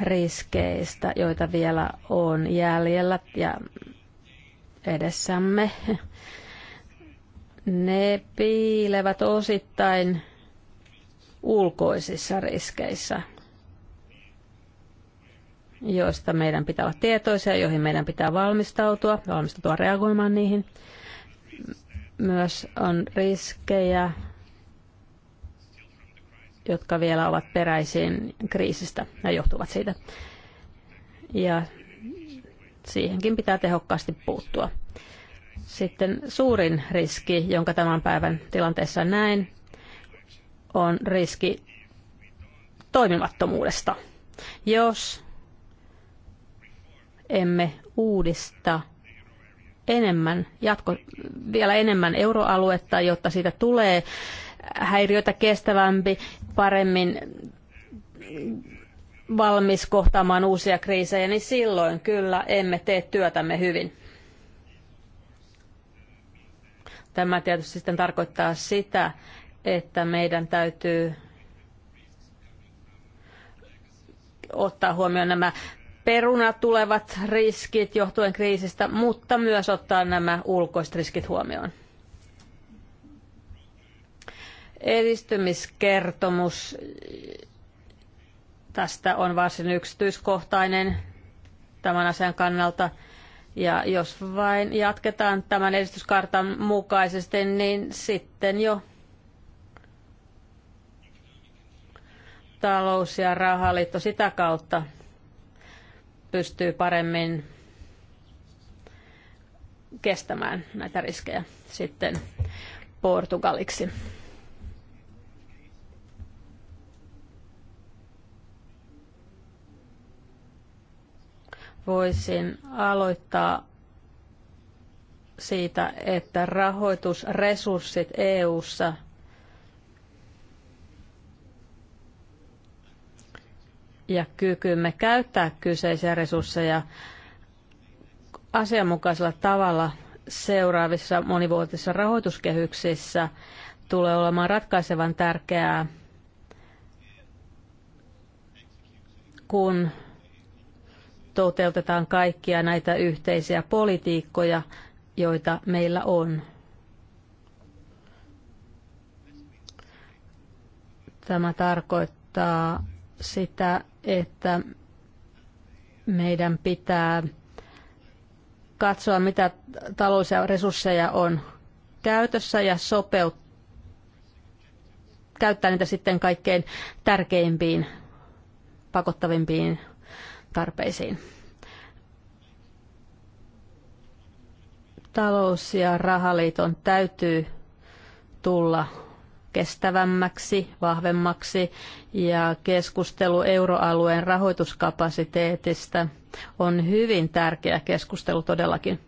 riskeistä, joita vielä on jäljellä ja edessämme. Ne piilevät osittain ulkoisissa riskeissä, joista meidän pitää olla tietoisia, joihin meidän pitää valmistautua, valmistautua reagoimaan niihin. Myös on riskejä, jotka vielä ovat peräisin kriisistä ja johtuvat siitä. Ja siihenkin pitää tehokkaasti puuttua. Sitten suurin riski, jonka tämän päivän tilanteessa näen, on riski toimimattomuudesta. Jos emme uudista enemmän, jatko, vielä enemmän euroaluetta, jotta siitä tulee häiriöitä kestävämpi, paremmin valmis kohtaamaan uusia kriisejä, niin silloin kyllä emme tee työtämme hyvin. Tämä tietysti sitten tarkoittaa sitä, että meidän täytyy ottaa huomioon nämä peruna tulevat riskit johtuen kriisistä, mutta myös ottaa nämä ulkoiset riskit huomioon. Edistymiskertomus tästä on varsin yksityiskohtainen tämän asian kannalta. Ja jos vain jatketaan tämän edistyskartan mukaisesti, niin sitten jo talous- ja rahaliitto sitä kautta pystyy paremmin kestämään näitä riskejä sitten Portugaliksi. Voisin aloittaa siitä, että rahoitusresurssit EU:ssa ja kykymme käyttää kyseisiä resursseja asianmukaisella tavalla seuraavissa monivuotisissa rahoituskehyksissä tulee olemaan ratkaisevan tärkeää, kun toteutetaan kaikkia näitä yhteisiä politiikkoja, joita meillä on. Tämä tarkoittaa sitä, että meidän pitää katsoa, mitä talous- ja resursseja on käytössä ja sopeuttaa käyttää niitä sitten kaikkein tärkeimpiin, pakottavimpiin tarpeisiin. Talous- ja rahaliiton täytyy tulla kestävämmäksi, vahvemmaksi ja keskustelu euroalueen rahoituskapasiteetista on hyvin tärkeä keskustelu todellakin.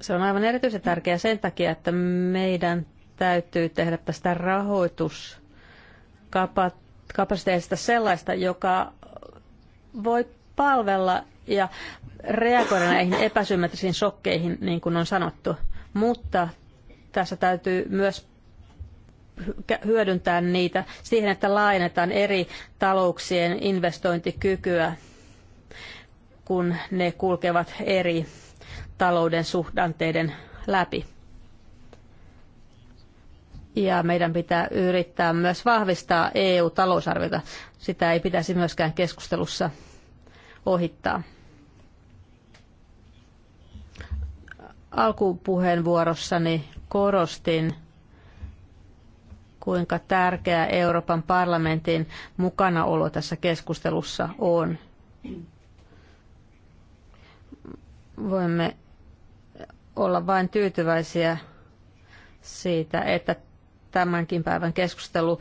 Se on aivan erityisen tärkeää sen takia, että meidän täytyy tehdä tästä rahoituskapasiteetista sellaista, joka voi palvella ja reagoida näihin epäsymmetrisiin shokkeihin, niin kuin on sanottu. Mutta tässä täytyy myös hyödyntää niitä siihen, että laajennetaan eri talouksien investointikykyä, kun ne kulkevat eri talouden suhdanteiden läpi ja meidän pitää yrittää myös vahvistaa EU-talousarviota. Sitä ei pitäisi myöskään keskustelussa ohittaa. Alkupuheenvuorossani korostin, kuinka tärkeä Euroopan parlamentin mukanaolo tässä keskustelussa on. Voimme olla vain tyytyväisiä siitä, että tämänkin päivän keskustelu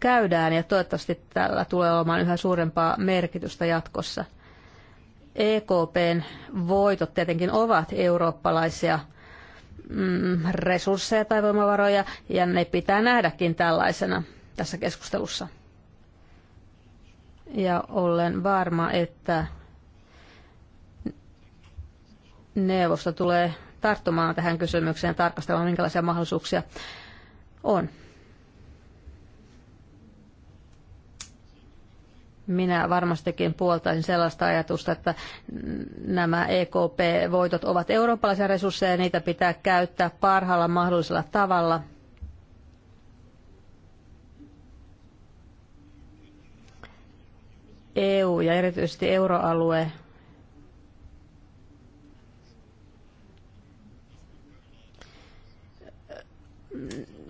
käydään ja toivottavasti tällä tulee olemaan yhä suurempaa merkitystä jatkossa. EKPn voitot tietenkin ovat eurooppalaisia mm, resursseja tai voimavaroja, ja ne pitää nähdäkin tällaisena tässä keskustelussa. Ja olen varma, että neuvosto tulee tarttumaan tähän kysymykseen ja tarkastellaan minkälaisia mahdollisuuksia on. Minä varmastikin puoltaisin sellaista ajatusta, että nämä EKP-voitot ovat eurooppalaisia resursseja ja niitä pitää käyttää parhaalla mahdollisella tavalla e – EU ja erityisesti euroalue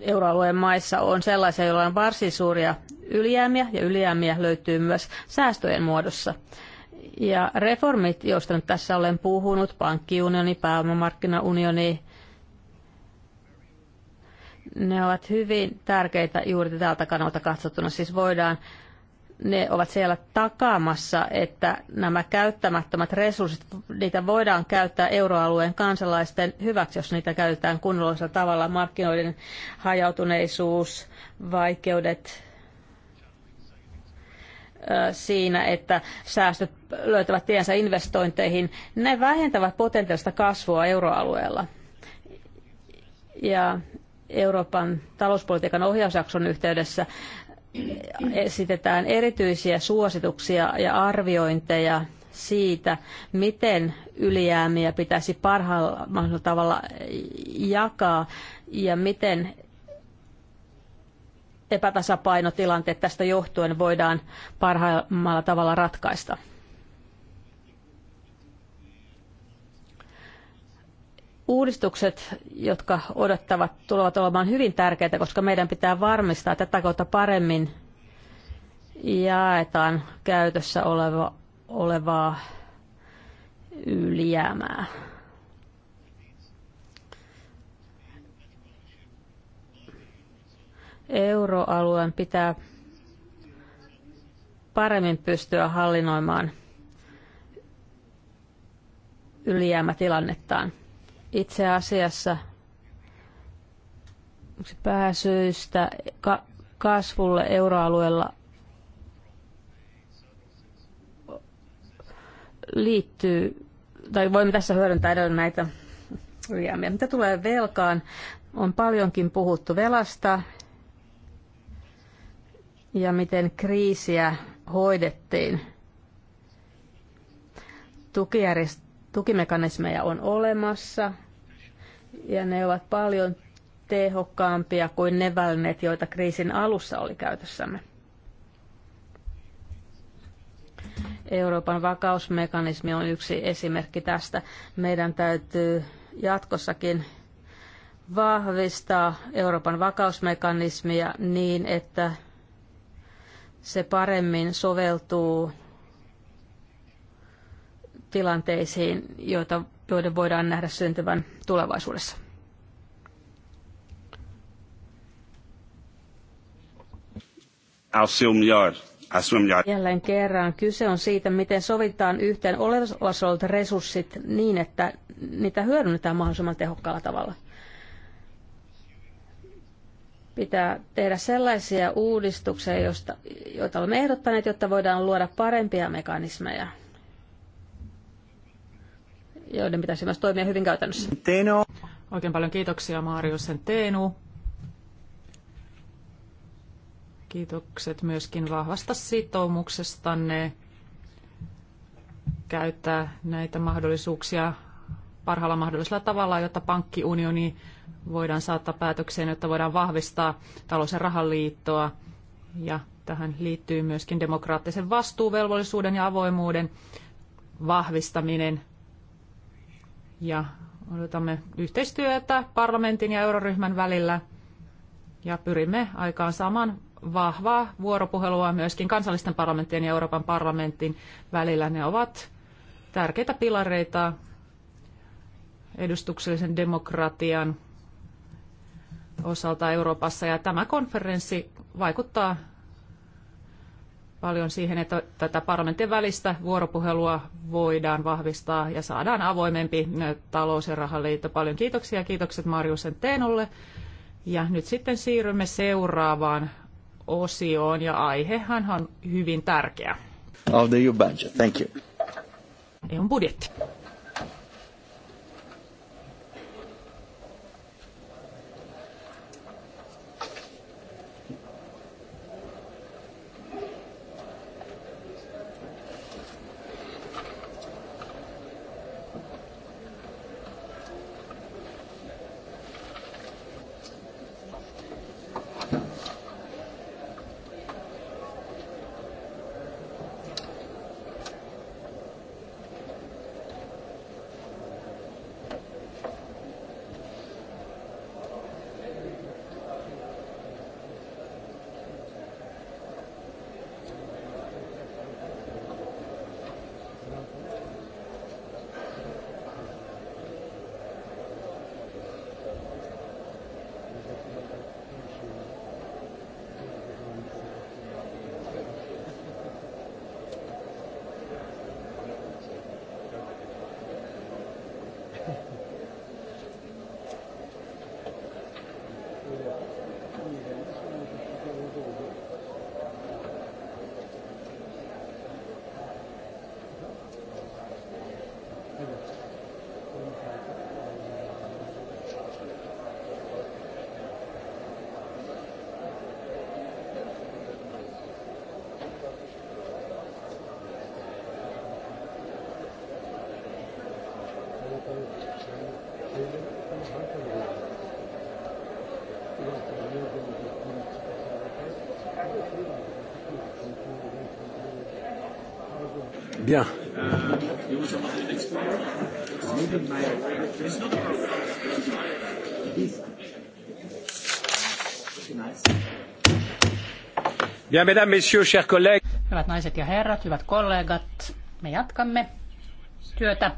euroalueen maissa on sellaisia, joilla on varsin suuria ylijäämiä, ja ylijäämiä löytyy myös säästöjen muodossa. Ja reformit, joista nyt tässä olen puhunut, pankkiunioni, pääomamarkkinaunioni, ne ovat hyvin tärkeitä juuri tältä kannalta katsottuna. Siis voidaan ne ovat siellä takaamassa, että nämä käyttämättömät resurssit, niitä voidaan käyttää euroalueen kansalaisten hyväksi, jos niitä käytetään kunnollisella tavalla. Markkinoiden hajautuneisuus, vaikeudet siinä, että säästöt löytävät tiensä investointeihin, ne vähentävät potentiaalista kasvua euroalueella. Ja Euroopan talouspolitiikan ohjausjakson yhteydessä esitetään erityisiä suosituksia ja arviointeja siitä, miten ylijäämiä pitäisi parhaalla mahdollisella tavalla jakaa ja miten epätasapainotilanteet tästä johtuen voidaan parhaimmalla tavalla ratkaista. Uudistukset, jotka odottavat, tulevat olemaan hyvin tärkeitä, koska meidän pitää varmistaa, että tätä kautta paremmin jaetaan käytössä oleva, olevaa ylijäämää. Euroalueen pitää paremmin pystyä hallinnoimaan ylijäämätilannettaan itse asiassa yksi pääsyistä kasvulle euroalueella liittyy, tai voimme tässä hyödyntää edelleen näitä ylijäämiä. Mitä tulee velkaan, on paljonkin puhuttu velasta ja miten kriisiä hoidettiin. Tukijärjest- tukimekanismeja on olemassa, ja ne ovat paljon tehokkaampia kuin ne välineet, joita kriisin alussa oli käytössämme. Euroopan vakausmekanismi on yksi esimerkki tästä. Meidän täytyy jatkossakin vahvistaa Euroopan vakausmekanismia niin, että se paremmin soveltuu tilanteisiin, joita joiden voidaan nähdä syntyvän tulevaisuudessa. Jälleen kerran kyse on siitä, miten sovitaan yhteen olevasolta resurssit niin, että niitä hyödynnetään mahdollisimman tehokkaalla tavalla. Pitää tehdä sellaisia uudistuksia, joista, joita olemme ehdottaneet, jotta voidaan luoda parempia mekanismeja – joiden pitäisi myös toimia hyvin käytännössä. Teno. Oikein paljon kiitoksia Marius Teenu. Kiitokset myöskin vahvasta sitoumuksestanne käyttää näitä mahdollisuuksia parhaalla mahdollisella tavalla, jotta pankkiunioni voidaan saattaa päätökseen, jotta voidaan vahvistaa talous- ja rahaliittoa. Ja tähän liittyy myöskin demokraattisen vastuuvelvollisuuden ja avoimuuden vahvistaminen ja odotamme yhteistyötä parlamentin ja euroryhmän välillä ja pyrimme aikaan saamaan vahvaa vuoropuhelua myöskin kansallisten parlamenttien ja Euroopan parlamentin välillä. Ne ovat tärkeitä pilareita edustuksellisen demokratian osalta Euroopassa ja tämä konferenssi vaikuttaa paljon siihen, että tätä parlamentin välistä vuoropuhelua voidaan vahvistaa ja saadaan avoimempi äh, talous- ja rahaliitto. Paljon kiitoksia ja kiitokset Marjusen Teenolle. Ja nyt sitten siirrymme seuraavaan osioon ja aihehan on hyvin tärkeä. Of the EU budget. Thank you. budjetti. Ja mesdames, chers collègues. Hyvät naiset ja herrat, hyvät kollegat, me jatkamme työtä.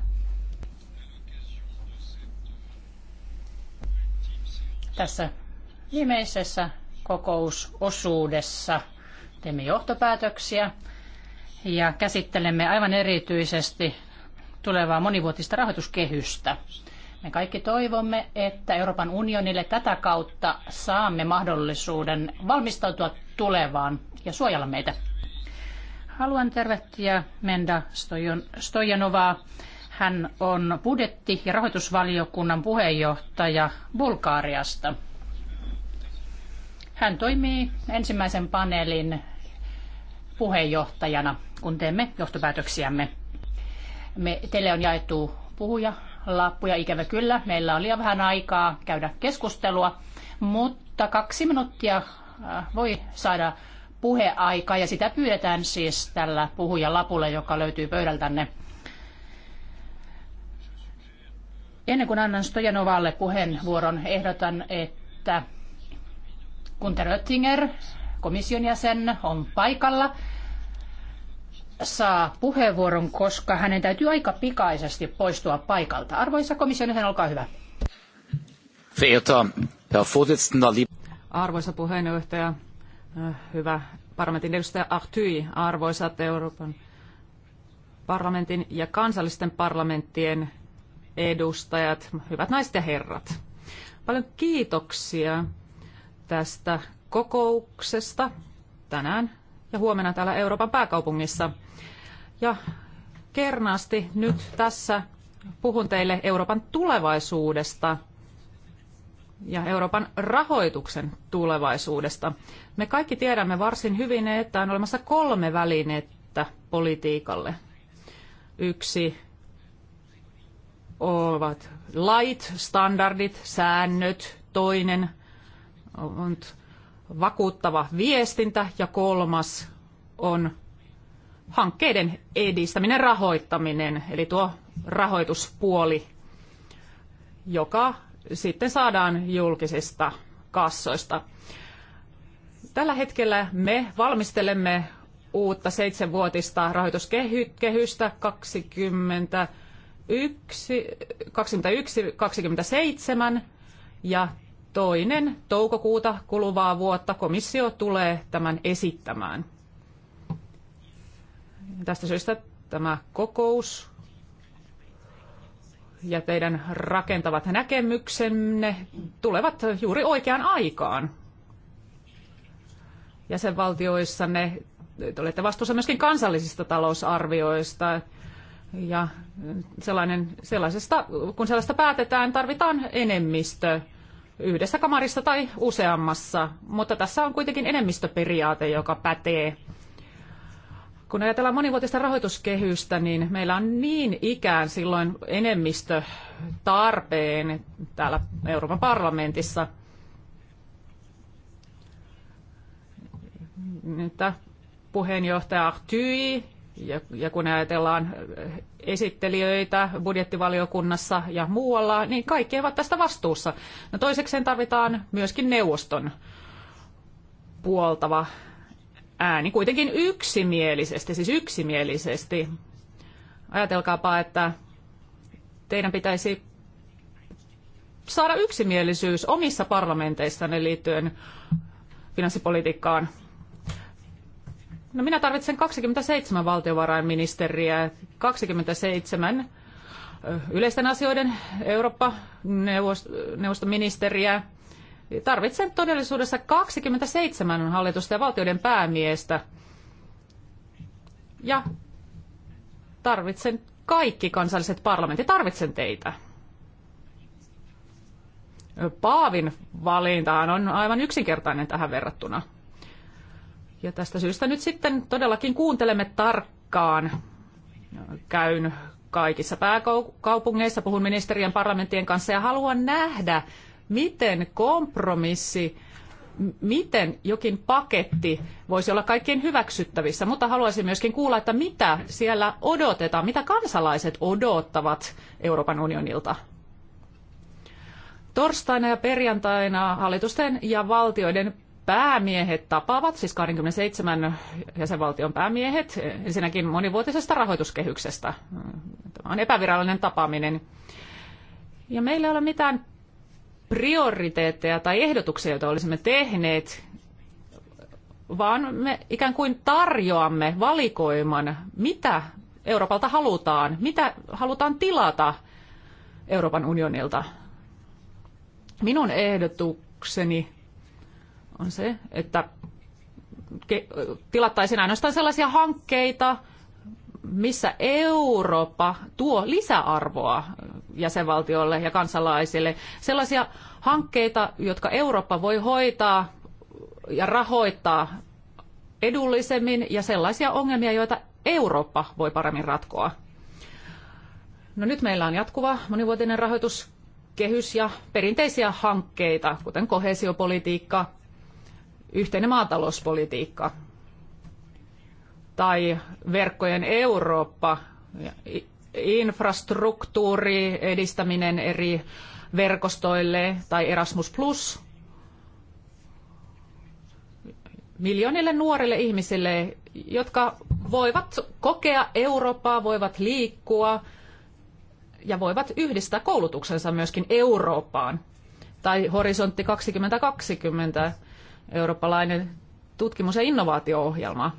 Tässä viimeisessä kokousosuudessa teemme johtopäätöksiä ja käsittelemme aivan erityisesti tulevaa monivuotista rahoituskehystä. Me kaikki toivomme, että Euroopan unionille tätä kautta saamme mahdollisuuden valmistautua tulevaan ja suojella meitä. Haluan tervehtiä Menda Stojanovaa. Hän on budjetti- ja rahoitusvaliokunnan puheenjohtaja Bulgaariasta. Hän toimii ensimmäisen paneelin puheenjohtajana, kun teemme johtopäätöksiämme. Me, teille on jaettu puhuja lappuja, ikävä kyllä. Meillä on liian vähän aikaa käydä keskustelua, mutta kaksi minuuttia Äh, voi saada puheaikaa ja sitä pyydetään siis tällä puhujan lapulla, joka löytyy pöydältänne. Ennen kuin annan Stojanovalle puheenvuoron, ehdotan, että kun Oettinger, komission jäsen, on paikalla, saa puheenvuoron, koska hänen täytyy aika pikaisesti poistua paikalta. Arvoisa komission jäsen, olkaa hyvä. Verehrter Arvoisa puheenjohtaja, äh, hyvä parlamentin edustaja Ahtyi, arvoisat Euroopan parlamentin ja kansallisten parlamenttien edustajat, hyvät naiset ja herrat. Paljon kiitoksia tästä kokouksesta tänään ja huomenna täällä Euroopan pääkaupungissa. Ja kernaasti nyt tässä puhun teille Euroopan tulevaisuudesta – ja Euroopan rahoituksen tulevaisuudesta. Me kaikki tiedämme varsin hyvin, että on olemassa kolme välinettä politiikalle. Yksi ovat lait, standardit, säännöt, toinen on vakuuttava viestintä ja kolmas on hankkeiden edistäminen, rahoittaminen, eli tuo rahoituspuoli, joka sitten saadaan julkisista kassoista. Tällä hetkellä me valmistelemme uutta seitsemänvuotista rahoituskehystä 21, 27 ja toinen toukokuuta kuluvaa vuotta komissio tulee tämän esittämään. Tästä syystä tämä kokous ja teidän rakentavat näkemyksenne tulevat juuri oikeaan aikaan. Jäsenvaltioissanne te olette vastuussa myöskin kansallisista talousarvioista. Ja sellainen, sellaisesta, kun sellaista päätetään, tarvitaan enemmistö yhdessä kamarissa tai useammassa. Mutta tässä on kuitenkin enemmistöperiaate, joka pätee. Kun ajatellaan monivuotista rahoituskehystä, niin meillä on niin ikään silloin enemmistö tarpeen täällä Euroopan parlamentissa, että puheenjohtaja Artyi, ja, ja kun ajatellaan esittelijöitä budjettivaliokunnassa ja muualla, niin kaikki ovat tästä vastuussa. No toisekseen tarvitaan myöskin neuvoston puoltava ääni kuitenkin yksimielisesti, siis yksimielisesti. Ajatelkaapa, että teidän pitäisi saada yksimielisyys omissa parlamenteissanne liittyen finanssipolitiikkaan. No minä tarvitsen 27 valtiovarainministeriä, 27 yleisten asioiden Eurooppa-neuvoston ministeriä, Tarvitsen todellisuudessa 27 hallitusta ja valtioiden päämiestä. Ja tarvitsen kaikki kansalliset parlamentit, tarvitsen teitä. Paavin valintahan on aivan yksinkertainen tähän verrattuna. Ja tästä syystä nyt sitten todellakin kuuntelemme tarkkaan. Käyn kaikissa pääkaupungeissa, puhun ministerien parlamenttien kanssa ja haluan nähdä, miten kompromissi, miten jokin paketti voisi olla kaikkien hyväksyttävissä, mutta haluaisin myöskin kuulla, että mitä siellä odotetaan, mitä kansalaiset odottavat Euroopan unionilta. Torstaina ja perjantaina hallitusten ja valtioiden päämiehet tapaavat, siis 27 jäsenvaltion päämiehet, ensinnäkin monivuotisesta rahoituskehyksestä. Tämä on epävirallinen tapaaminen. Ja meillä ei ole mitään prioriteetteja tai ehdotuksia, joita olisimme tehneet, vaan me ikään kuin tarjoamme valikoiman, mitä Euroopalta halutaan, mitä halutaan tilata Euroopan unionilta. Minun ehdotukseni on se, että tilattaisiin ainoastaan sellaisia hankkeita, missä Eurooppa tuo lisäarvoa jäsenvaltiolle ja kansalaisille. Sellaisia hankkeita, jotka Eurooppa voi hoitaa ja rahoittaa edullisemmin ja sellaisia ongelmia, joita Eurooppa voi paremmin ratkoa. No nyt meillä on jatkuva monivuotinen rahoituskehys ja perinteisiä hankkeita, kuten kohesiopolitiikka, yhteinen maatalouspolitiikka tai verkkojen Eurooppa, infrastruktuuri, edistäminen eri verkostoille tai Erasmus Plus miljoonille nuorille ihmisille, jotka voivat kokea Eurooppaa, voivat liikkua ja voivat yhdistää koulutuksensa myöskin Eurooppaan. Tai Horisontti 2020, eurooppalainen tutkimus- ja innovaatio-ohjelma.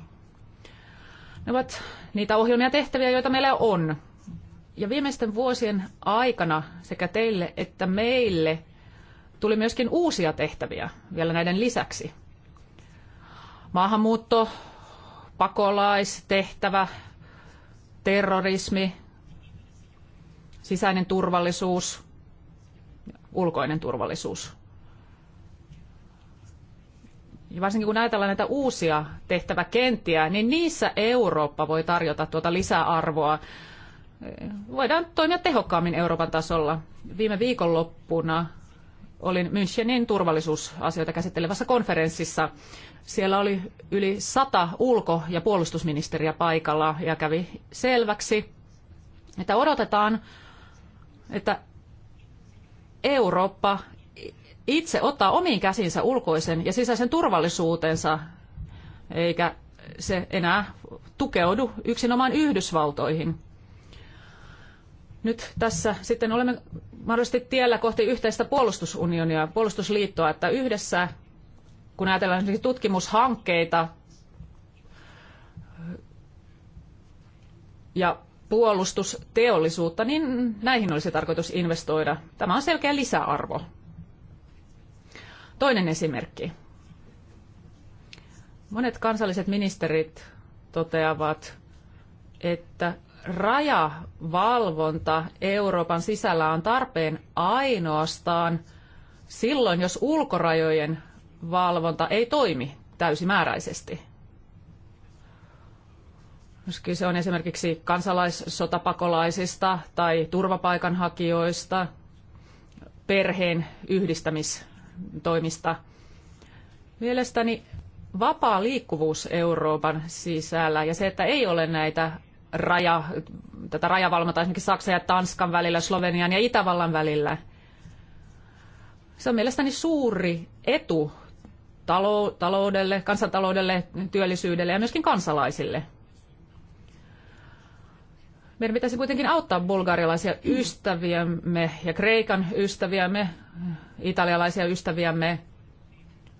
Ne ovat niitä ohjelmia ja tehtäviä, joita meillä on. Ja viimeisten vuosien aikana sekä teille että meille tuli myöskin uusia tehtäviä vielä näiden lisäksi. Maahanmuutto, pakolaistehtävä, terrorismi, sisäinen turvallisuus, ulkoinen turvallisuus. Ja varsinkin kun ajatellaan näitä uusia tehtäväkenttiä, niin niissä Eurooppa voi tarjota tuota lisäarvoa voidaan toimia tehokkaammin Euroopan tasolla. Viime viikonloppuna olin Münchenin turvallisuusasioita käsittelevässä konferenssissa. Siellä oli yli sata ulko- ja puolustusministeriä paikalla ja kävi selväksi, että odotetaan, että Eurooppa itse ottaa omiin käsinsä ulkoisen ja sisäisen turvallisuutensa, eikä se enää tukeudu yksinomaan Yhdysvaltoihin nyt tässä sitten olemme mahdollisesti tiellä kohti yhteistä puolustusunionia, puolustusliittoa, että yhdessä, kun ajatellaan tutkimushankkeita ja puolustusteollisuutta, niin näihin olisi tarkoitus investoida. Tämä on selkeä lisäarvo. Toinen esimerkki. Monet kansalliset ministerit toteavat, että rajavalvonta Euroopan sisällä on tarpeen ainoastaan silloin, jos ulkorajojen valvonta ei toimi täysimääräisesti. Jos kyse on esimerkiksi kansalaissotapakolaisista tai turvapaikanhakijoista, perheen yhdistämistoimista. Mielestäni vapaa liikkuvuus Euroopan sisällä ja se, että ei ole näitä raja, tätä rajavalvontaa esimerkiksi Saksan ja Tanskan välillä, Slovenian ja Itävallan välillä. Se on mielestäni suuri etu taloudelle, kansantaloudelle, työllisyydelle ja myöskin kansalaisille. Meidän pitäisi kuitenkin auttaa bulgarialaisia ystäviämme ja Kreikan ystäviämme, italialaisia ystäviämme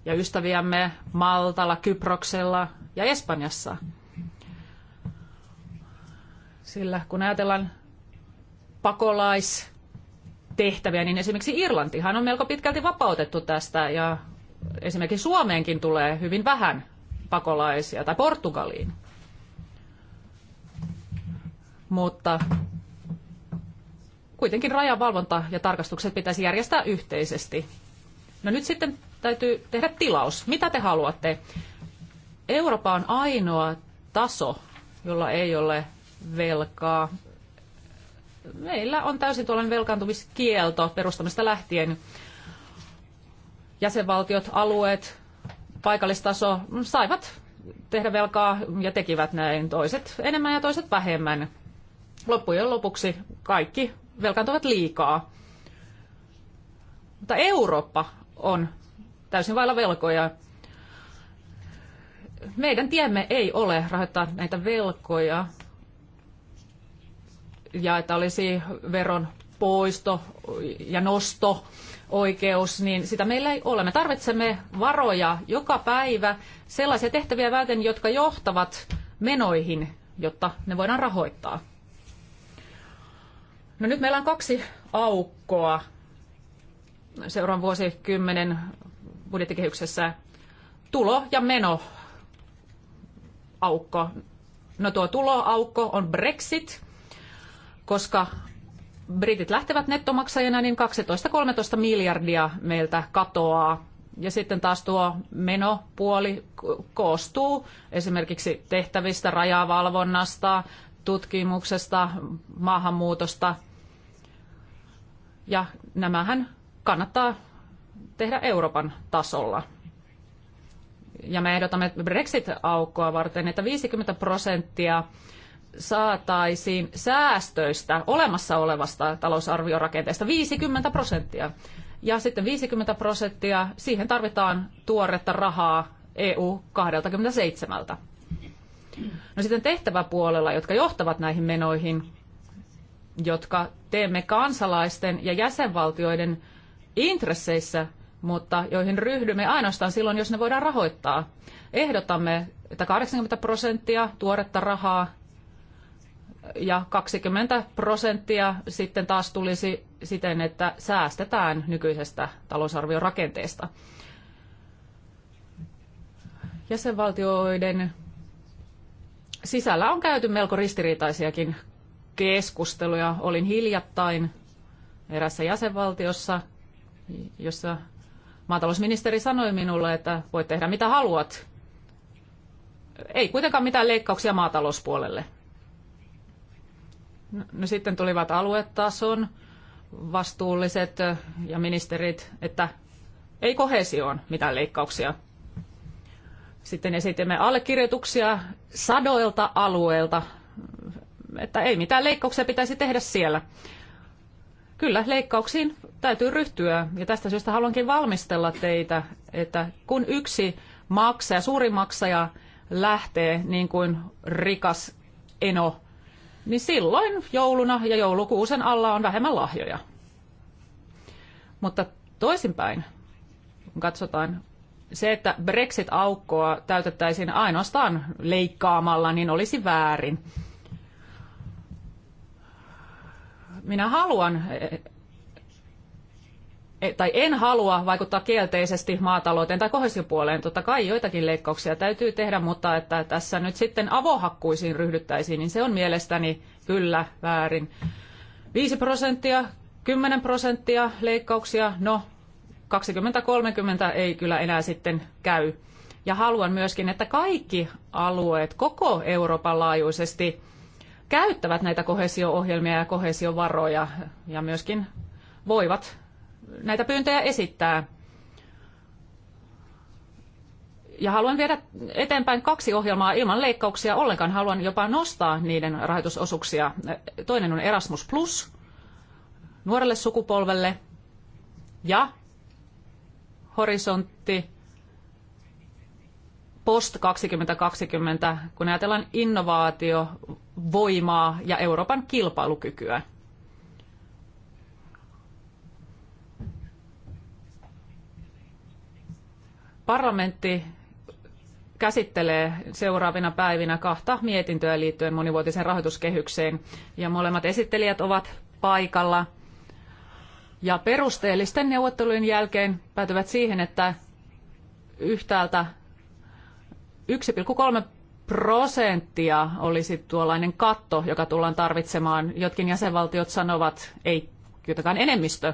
ja ystäviämme Maltalla, Kyproksella ja Espanjassa – sillä kun ajatellaan pakolaistehtäviä, niin esimerkiksi Irlantihan on melko pitkälti vapautettu tästä ja esimerkiksi Suomeenkin tulee hyvin vähän pakolaisia tai Portugaliin. Mutta kuitenkin rajavalvonta ja tarkastukset pitäisi järjestää yhteisesti. No nyt sitten täytyy tehdä tilaus. Mitä te haluatte? Eurooppa on ainoa taso, jolla ei ole velkaa. Meillä on täysin tuollainen velkaantumiskielto perustamista lähtien. Jäsenvaltiot, alueet, paikallistaso saivat tehdä velkaa ja tekivät näin toiset enemmän ja toiset vähemmän. Loppujen lopuksi kaikki velkaantuvat liikaa. Mutta Eurooppa on täysin vailla velkoja. Meidän tiemme ei ole rahoittaa näitä velkoja ja että olisi veron poisto ja nosto oikeus, niin sitä meillä ei ole. Me tarvitsemme varoja joka päivä sellaisia tehtäviä välten, jotka johtavat menoihin, jotta ne voidaan rahoittaa. No nyt meillä on kaksi aukkoa seuraavan vuosikymmenen budjettikehyksessä. Tulo ja meno aukko. No tuo tuloaukko on Brexit – koska britit lähtevät nettomaksajina, niin 12-13 miljardia meiltä katoaa. Ja sitten taas tuo menopuoli koostuu esimerkiksi tehtävistä, rajavalvonnasta, tutkimuksesta, maahanmuutosta. Ja nämähän kannattaa tehdä Euroopan tasolla. Ja me ehdotamme Brexit-aukkoa varten, että 50 prosenttia saataisiin säästöistä, olemassa olevasta talousarviorakenteesta 50 prosenttia. Ja sitten 50 prosenttia, siihen tarvitaan tuoretta rahaa EU 27. No sitten tehtäväpuolella, jotka johtavat näihin menoihin, jotka teemme kansalaisten ja jäsenvaltioiden intresseissä, mutta joihin ryhdymme ainoastaan silloin, jos ne voidaan rahoittaa. Ehdotamme, että 80 prosenttia tuoretta rahaa ja 20 prosenttia sitten taas tulisi siten, että säästetään nykyisestä talousarviorakenteesta. Jäsenvaltioiden sisällä on käyty melko ristiriitaisiakin keskusteluja. Olin hiljattain erässä jäsenvaltiossa, jossa maatalousministeri sanoi minulle, että voit tehdä mitä haluat. Ei kuitenkaan mitään leikkauksia maatalouspuolelle. No, no, sitten tulivat aluetason vastuulliset ja ministerit, että ei kohesioon mitään leikkauksia. Sitten esitimme allekirjoituksia sadoilta alueilta, että ei mitään leikkauksia pitäisi tehdä siellä. Kyllä, leikkauksiin täytyy ryhtyä ja tästä syystä haluankin valmistella teitä, että kun yksi maksaja, suuri maksaja lähtee, niin kuin rikas eno niin silloin jouluna ja joulukuusen alla on vähemmän lahjoja. Mutta toisinpäin, kun katsotaan se, että Brexit-aukkoa täytettäisiin ainoastaan leikkaamalla, niin olisi väärin. Minä haluan E, tai en halua vaikuttaa kielteisesti maatalouteen tai kohesiopuoleen. Totta kai joitakin leikkauksia täytyy tehdä, mutta että tässä nyt sitten avohakkuisiin ryhdyttäisiin, niin se on mielestäni kyllä väärin. 5 prosenttia, 10 prosenttia leikkauksia, no 20-30 ei kyllä enää sitten käy. Ja haluan myöskin, että kaikki alueet koko Euroopan laajuisesti käyttävät näitä kohesio-ohjelmia ja kohesiovaroja ja myöskin voivat näitä pyyntöjä esittää. Ja haluan viedä eteenpäin kaksi ohjelmaa ilman leikkauksia ollenkaan. Haluan jopa nostaa niiden rahoitusosuuksia. Toinen on Erasmus Plus nuorelle sukupolvelle ja horisontti post 2020, kun ajatellaan innovaatio, voimaa ja Euroopan kilpailukykyä. Parlamentti käsittelee seuraavina päivinä kahta mietintöä liittyen monivuotiseen rahoituskehykseen ja molemmat esittelijät ovat paikalla. Ja perusteellisten neuvottelujen jälkeen päätyvät siihen, että yhtäältä 1,3 prosenttia olisi tuollainen katto, joka tullaan tarvitsemaan. Jotkin jäsenvaltiot sanovat, ei kuitenkaan enemmistö.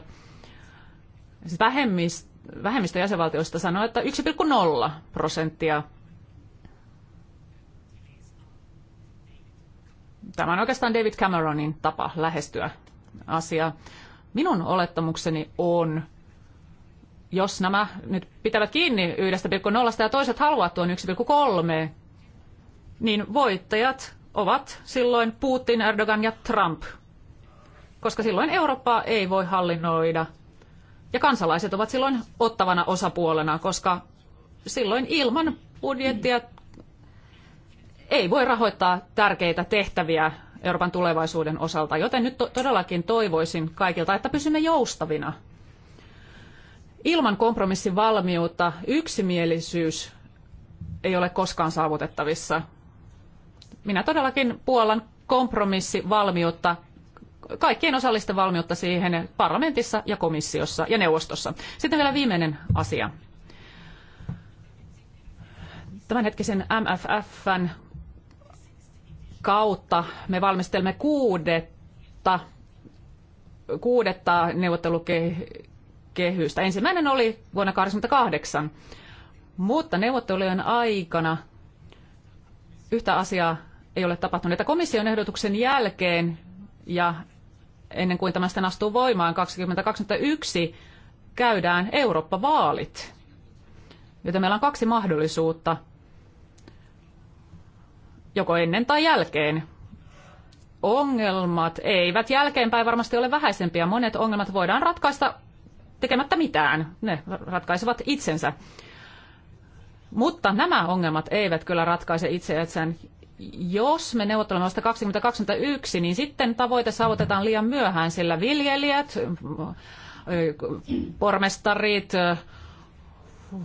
Siis vähemmistö vähemmistö jäsenvaltioista sanoo, että 1,0 prosenttia. Tämä on oikeastaan David Cameronin tapa lähestyä asiaa. Minun olettamukseni on, jos nämä nyt pitävät kiinni 1,0 ja toiset haluavat tuon 1,3, niin voittajat ovat silloin Putin, Erdogan ja Trump, koska silloin Eurooppaa ei voi hallinnoida – ja kansalaiset ovat silloin ottavana osapuolena, koska silloin ilman budjettia ei voi rahoittaa tärkeitä tehtäviä Euroopan tulevaisuuden osalta. Joten nyt to todellakin toivoisin kaikilta, että pysymme joustavina. Ilman kompromissin valmiutta yksimielisyys ei ole koskaan saavutettavissa. Minä todellakin puolan kompromissivalmiutta kaikkien osallisten valmiutta siihen parlamentissa ja komissiossa ja neuvostossa. Sitten vielä viimeinen asia. Tämänhetkisen MFFn kautta me valmistelemme kuudetta, kuudetta neuvottelukehystä. Ensimmäinen oli vuonna 1988, mutta neuvottelujen aikana yhtä asiaa ei ole tapahtunut. Että komission ehdotuksen jälkeen ja ennen kuin tämä sitten astuu voimaan 2021, käydään Eurooppa-vaalit. Joten meillä on kaksi mahdollisuutta, joko ennen tai jälkeen. Ongelmat eivät jälkeenpäin varmasti ole vähäisempiä. Monet ongelmat voidaan ratkaista tekemättä mitään. Ne ratkaisevat itsensä. Mutta nämä ongelmat eivät kyllä ratkaise itseään, jos me neuvottelemme vasta 2021, niin sitten tavoite saavutetaan liian myöhään, sillä viljelijät, pormestarit,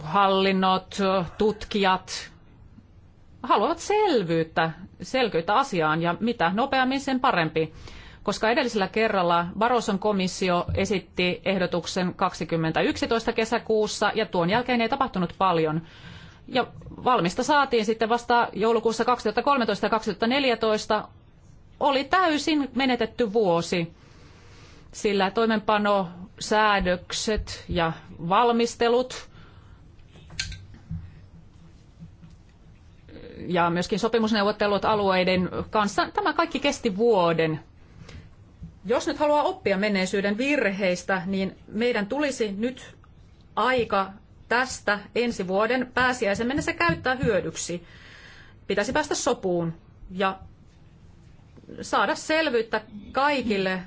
hallinnot, tutkijat haluavat selvyyttä, selkeyttä asiaan ja mitä nopeammin sen parempi. Koska edellisellä kerralla Baroson komissio esitti ehdotuksen 2011 kesäkuussa ja tuon jälkeen ei tapahtunut paljon. Ja valmista saatiin sitten vasta joulukuussa 2013 ja 2014. Oli täysin menetetty vuosi, sillä toimenpano, säädökset ja valmistelut ja myöskin sopimusneuvottelut alueiden kanssa, tämä kaikki kesti vuoden. Jos nyt haluaa oppia menneisyyden virheistä, niin meidän tulisi nyt aika tästä ensi vuoden pääsiäisen mennessä käyttää hyödyksi. Pitäisi päästä sopuun ja saada selvyyttä kaikille,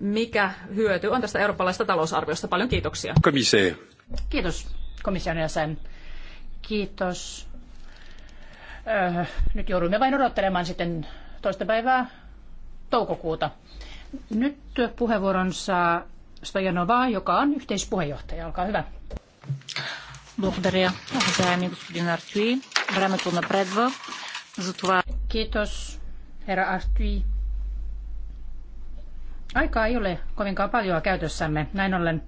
mikä hyöty on tästä eurooppalaisesta talousarviosta. Paljon kiitoksia. Komissee. Kiitos komission jäsen. Kiitos. Öö, nyt joudumme vain odottelemaan sitten toista päivää toukokuuta. Nyt puheenvuoronsa saa Stojanova, joka on yhteispuheenjohtaja. Olkaa hyvä. Благодаря, уважаеми господин Артюи. Времето напредва. Затова... Kiitos, herra Artui. Aikaa ei ole kovinkaan paljon käytössämme. Näin ollen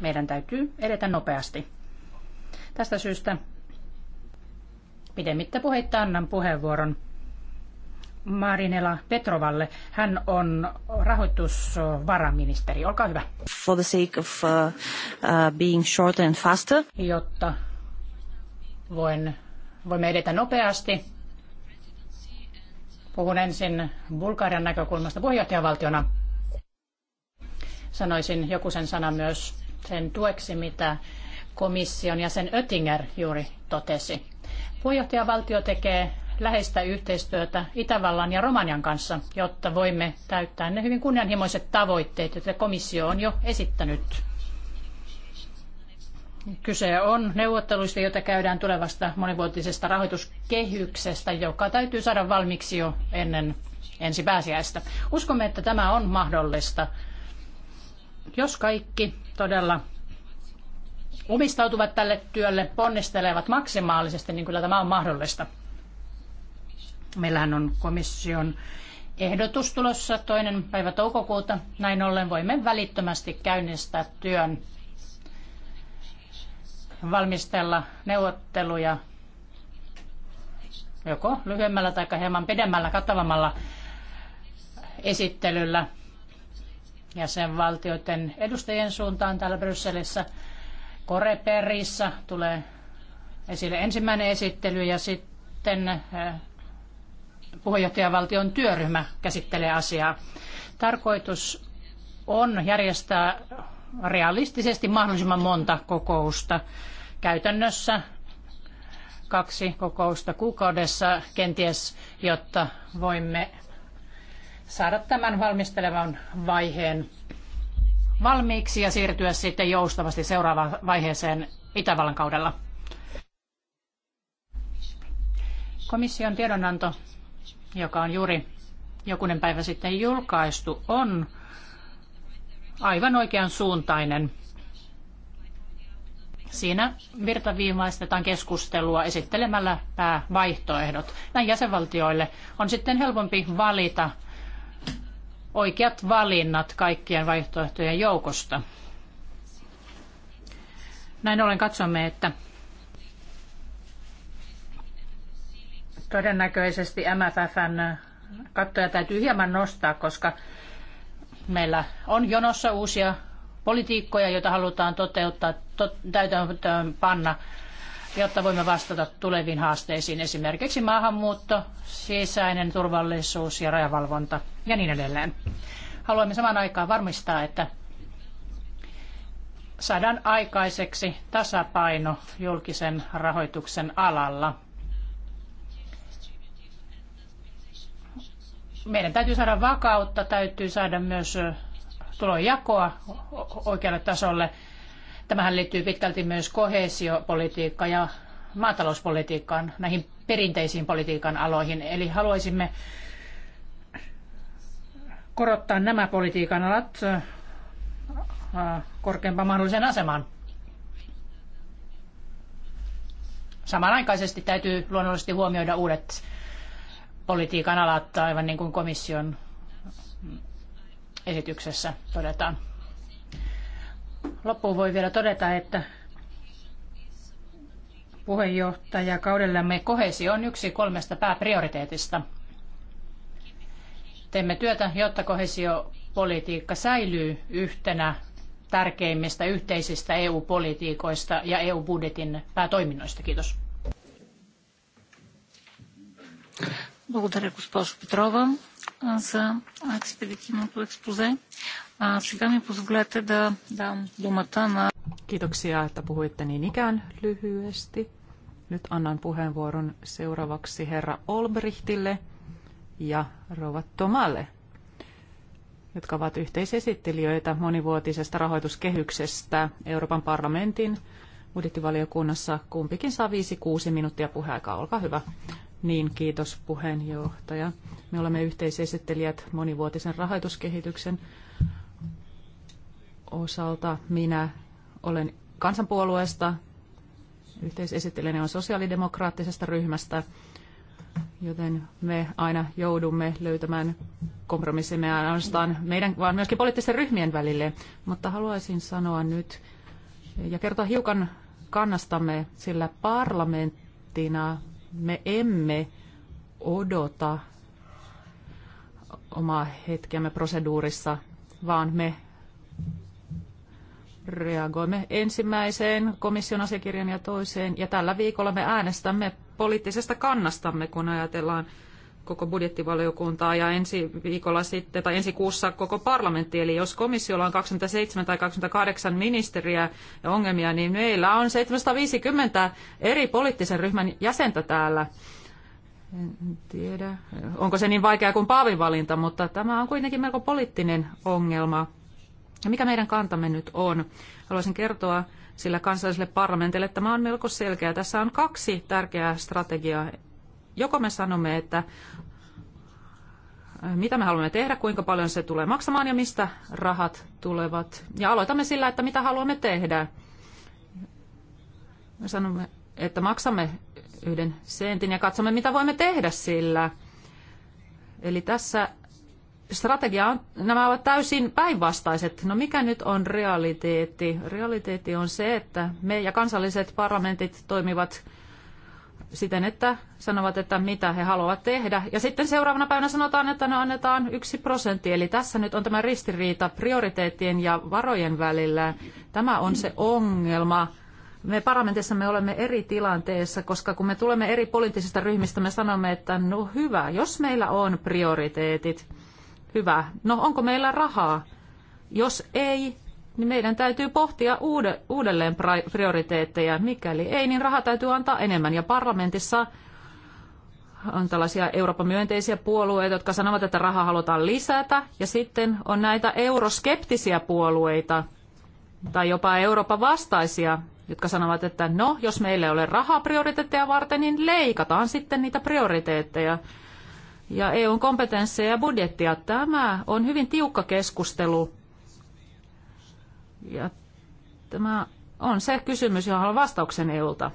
meidän täytyy edetä nopeasti. Tästä syystä pidemmittä puheitta annan puheenvuoron Marinela Petrovalle. Hän on rahoitusvaraministeri. Olkaa hyvä. For the sake of uh, uh, being short and faster. Jotta voin, voimme edetä nopeasti. Puhun ensin Bulgarian näkökulmasta puheenjohtajavaltiona. Sanoisin joku sen sana myös sen tueksi, mitä komission jäsen Oettinger juuri totesi. Puheenjohtajavaltio tekee läheistä yhteistyötä Itävallan ja Romanian kanssa, jotta voimme täyttää ne hyvin kunnianhimoiset tavoitteet, joita komissio on jo esittänyt. Kyse on neuvotteluista, joita käydään tulevasta monivuotisesta rahoituskehyksestä, joka täytyy saada valmiiksi jo ennen ensi pääsiäistä. Uskomme, että tämä on mahdollista, jos kaikki todella omistautuvat tälle työlle, ponnistelevat maksimaalisesti, niin kyllä tämä on mahdollista. Meillähän on komission ehdotus tulossa toinen päivä toukokuuta. Näin ollen voimme välittömästi käynnistää työn valmistella neuvotteluja joko lyhyemmällä tai hieman pidemmällä, kattavammalla esittelyllä jäsenvaltioiden edustajien suuntaan täällä Brysselissä. Koreperissä tulee esille ensimmäinen esittely ja sitten eh, puheenjohtajavaltion työryhmä käsittelee asiaa. Tarkoitus on järjestää realistisesti mahdollisimman monta kokousta. Käytännössä kaksi kokousta kuukaudessa kenties, jotta voimme saada tämän valmistelevan vaiheen valmiiksi ja siirtyä sitten joustavasti seuraavaan vaiheeseen Itävallan kaudella. Komission tiedonanto joka on juuri jokunen päivä sitten julkaistu, on aivan oikean suuntainen. Siinä virtaviimaistetaan keskustelua esittelemällä päävaihtoehdot. Näin jäsenvaltioille on sitten helpompi valita oikeat valinnat kaikkien vaihtoehtojen joukosta. Näin ollen katsomme, että Todennäköisesti MFFn kattoja täytyy hieman nostaa, koska meillä on jonossa uusia politiikkoja, joita halutaan toteuttaa, to, täytäntöön panna, jotta voimme vastata tuleviin haasteisiin, esimerkiksi maahanmuutto, sisäinen turvallisuus ja rajavalvonta ja niin edelleen. Haluamme samaan aikaan varmistaa, että saadaan aikaiseksi tasapaino julkisen rahoituksen alalla meidän täytyy saada vakautta, täytyy saada myös tulonjakoa oikealle tasolle. Tämähän liittyy pitkälti myös kohesiopolitiikkaan ja maatalouspolitiikkaan, näihin perinteisiin politiikan aloihin. Eli haluaisimme korottaa nämä politiikan alat korkeampaan mahdolliseen asemaan. Samanaikaisesti täytyy luonnollisesti huomioida uudet politiikan alat, aivan niin kuin komission esityksessä todetaan. Loppuun voi vielä todeta, että puheenjohtajakaudellamme kohesi on yksi kolmesta pääprioriteetista. Teemme työtä, jotta kohesiopolitiikka säilyy yhtenä tärkeimmistä yhteisistä EU-politiikoista ja EU-budjetin päätoiminnoista. Kiitos. Благодаря, госпожо Петрова, за експедитивното експозе. Сега ми позволете да дам думата на... Kiitoksia, että puhuitte niin ikään lyhyesti. Nyt annan puheenvuoron seuraavaksi herra Olbrichtille ja rouva Tomalle, jotka ovat yhteisesittelijöitä monivuotisesta rahoituskehyksestä Euroopan parlamentin budjettivaliokunnassa. Kumpikin saa 5-6 minuuttia puheaikaa. Olkaa hyvä. Niin, kiitos puheenjohtaja. Me olemme yhteisesittelijät monivuotisen rahoituskehityksen osalta. Minä olen kansanpuolueesta, yhteisesittelijänä on sosiaalidemokraattisesta ryhmästä, joten me aina joudumme löytämään kompromissimme ainoastaan meidän, vaan myöskin poliittisten ryhmien välille. Mutta haluaisin sanoa nyt ja kertoa hiukan kannastamme, sillä parlamenttina me emme odota omaa hetkeämme proseduurissa, vaan me reagoimme ensimmäiseen komission asiakirjan ja toiseen. Ja tällä viikolla me äänestämme poliittisesta kannastamme, kun ajatellaan koko budjettivaliokuntaa ja ensi viikolla sitten, tai ensi kuussa koko parlamentti. Eli jos komissiolla on 27 tai 28 ministeriä ja ongelmia, niin meillä on 750 eri poliittisen ryhmän jäsentä täällä. En tiedä, onko se niin vaikea kuin paavin valinta, mutta tämä on kuitenkin melko poliittinen ongelma. Ja mikä meidän kantamme nyt on? Haluaisin kertoa sillä kansalliselle parlamentille, että tämä on melko selkeä. Tässä on kaksi tärkeää strategiaa. Joko me sanomme, että äh, mitä me haluamme tehdä, kuinka paljon se tulee maksamaan ja mistä rahat tulevat. Ja aloitamme sillä, että mitä haluamme tehdä. Me sanomme, että maksamme yhden sentin ja katsomme, mitä voimme tehdä sillä. Eli tässä strategia on, nämä ovat täysin päinvastaiset. No mikä nyt on realiteetti? Realiteetti on se, että me ja kansalliset parlamentit toimivat siten, että sanovat, että mitä he haluavat tehdä. Ja sitten seuraavana päivänä sanotaan, että ne no, annetaan yksi prosentti. Eli tässä nyt on tämä ristiriita prioriteettien ja varojen välillä. Tämä on se ongelma. Me parlamentissa me olemme eri tilanteessa, koska kun me tulemme eri poliittisista ryhmistä, me sanomme, että no hyvä, jos meillä on prioriteetit, hyvä. No onko meillä rahaa? Jos ei, niin meidän täytyy pohtia uudelleen prioriteetteja. Mikäli ei, niin raha täytyy antaa enemmän. Ja parlamentissa on tällaisia Euroopan myönteisiä puolueita, jotka sanovat, että rahaa halutaan lisätä. Ja sitten on näitä euroskeptisiä puolueita tai jopa Euroopan vastaisia, jotka sanovat, että no, jos meillä ei ole rahaa prioriteetteja varten, niin leikataan sitten niitä prioriteetteja ja EUn kompetensseja ja budjettia. Tämä on hyvin tiukka keskustelu ja tämä on se kysymys, johon haluan vastauksen EUlta.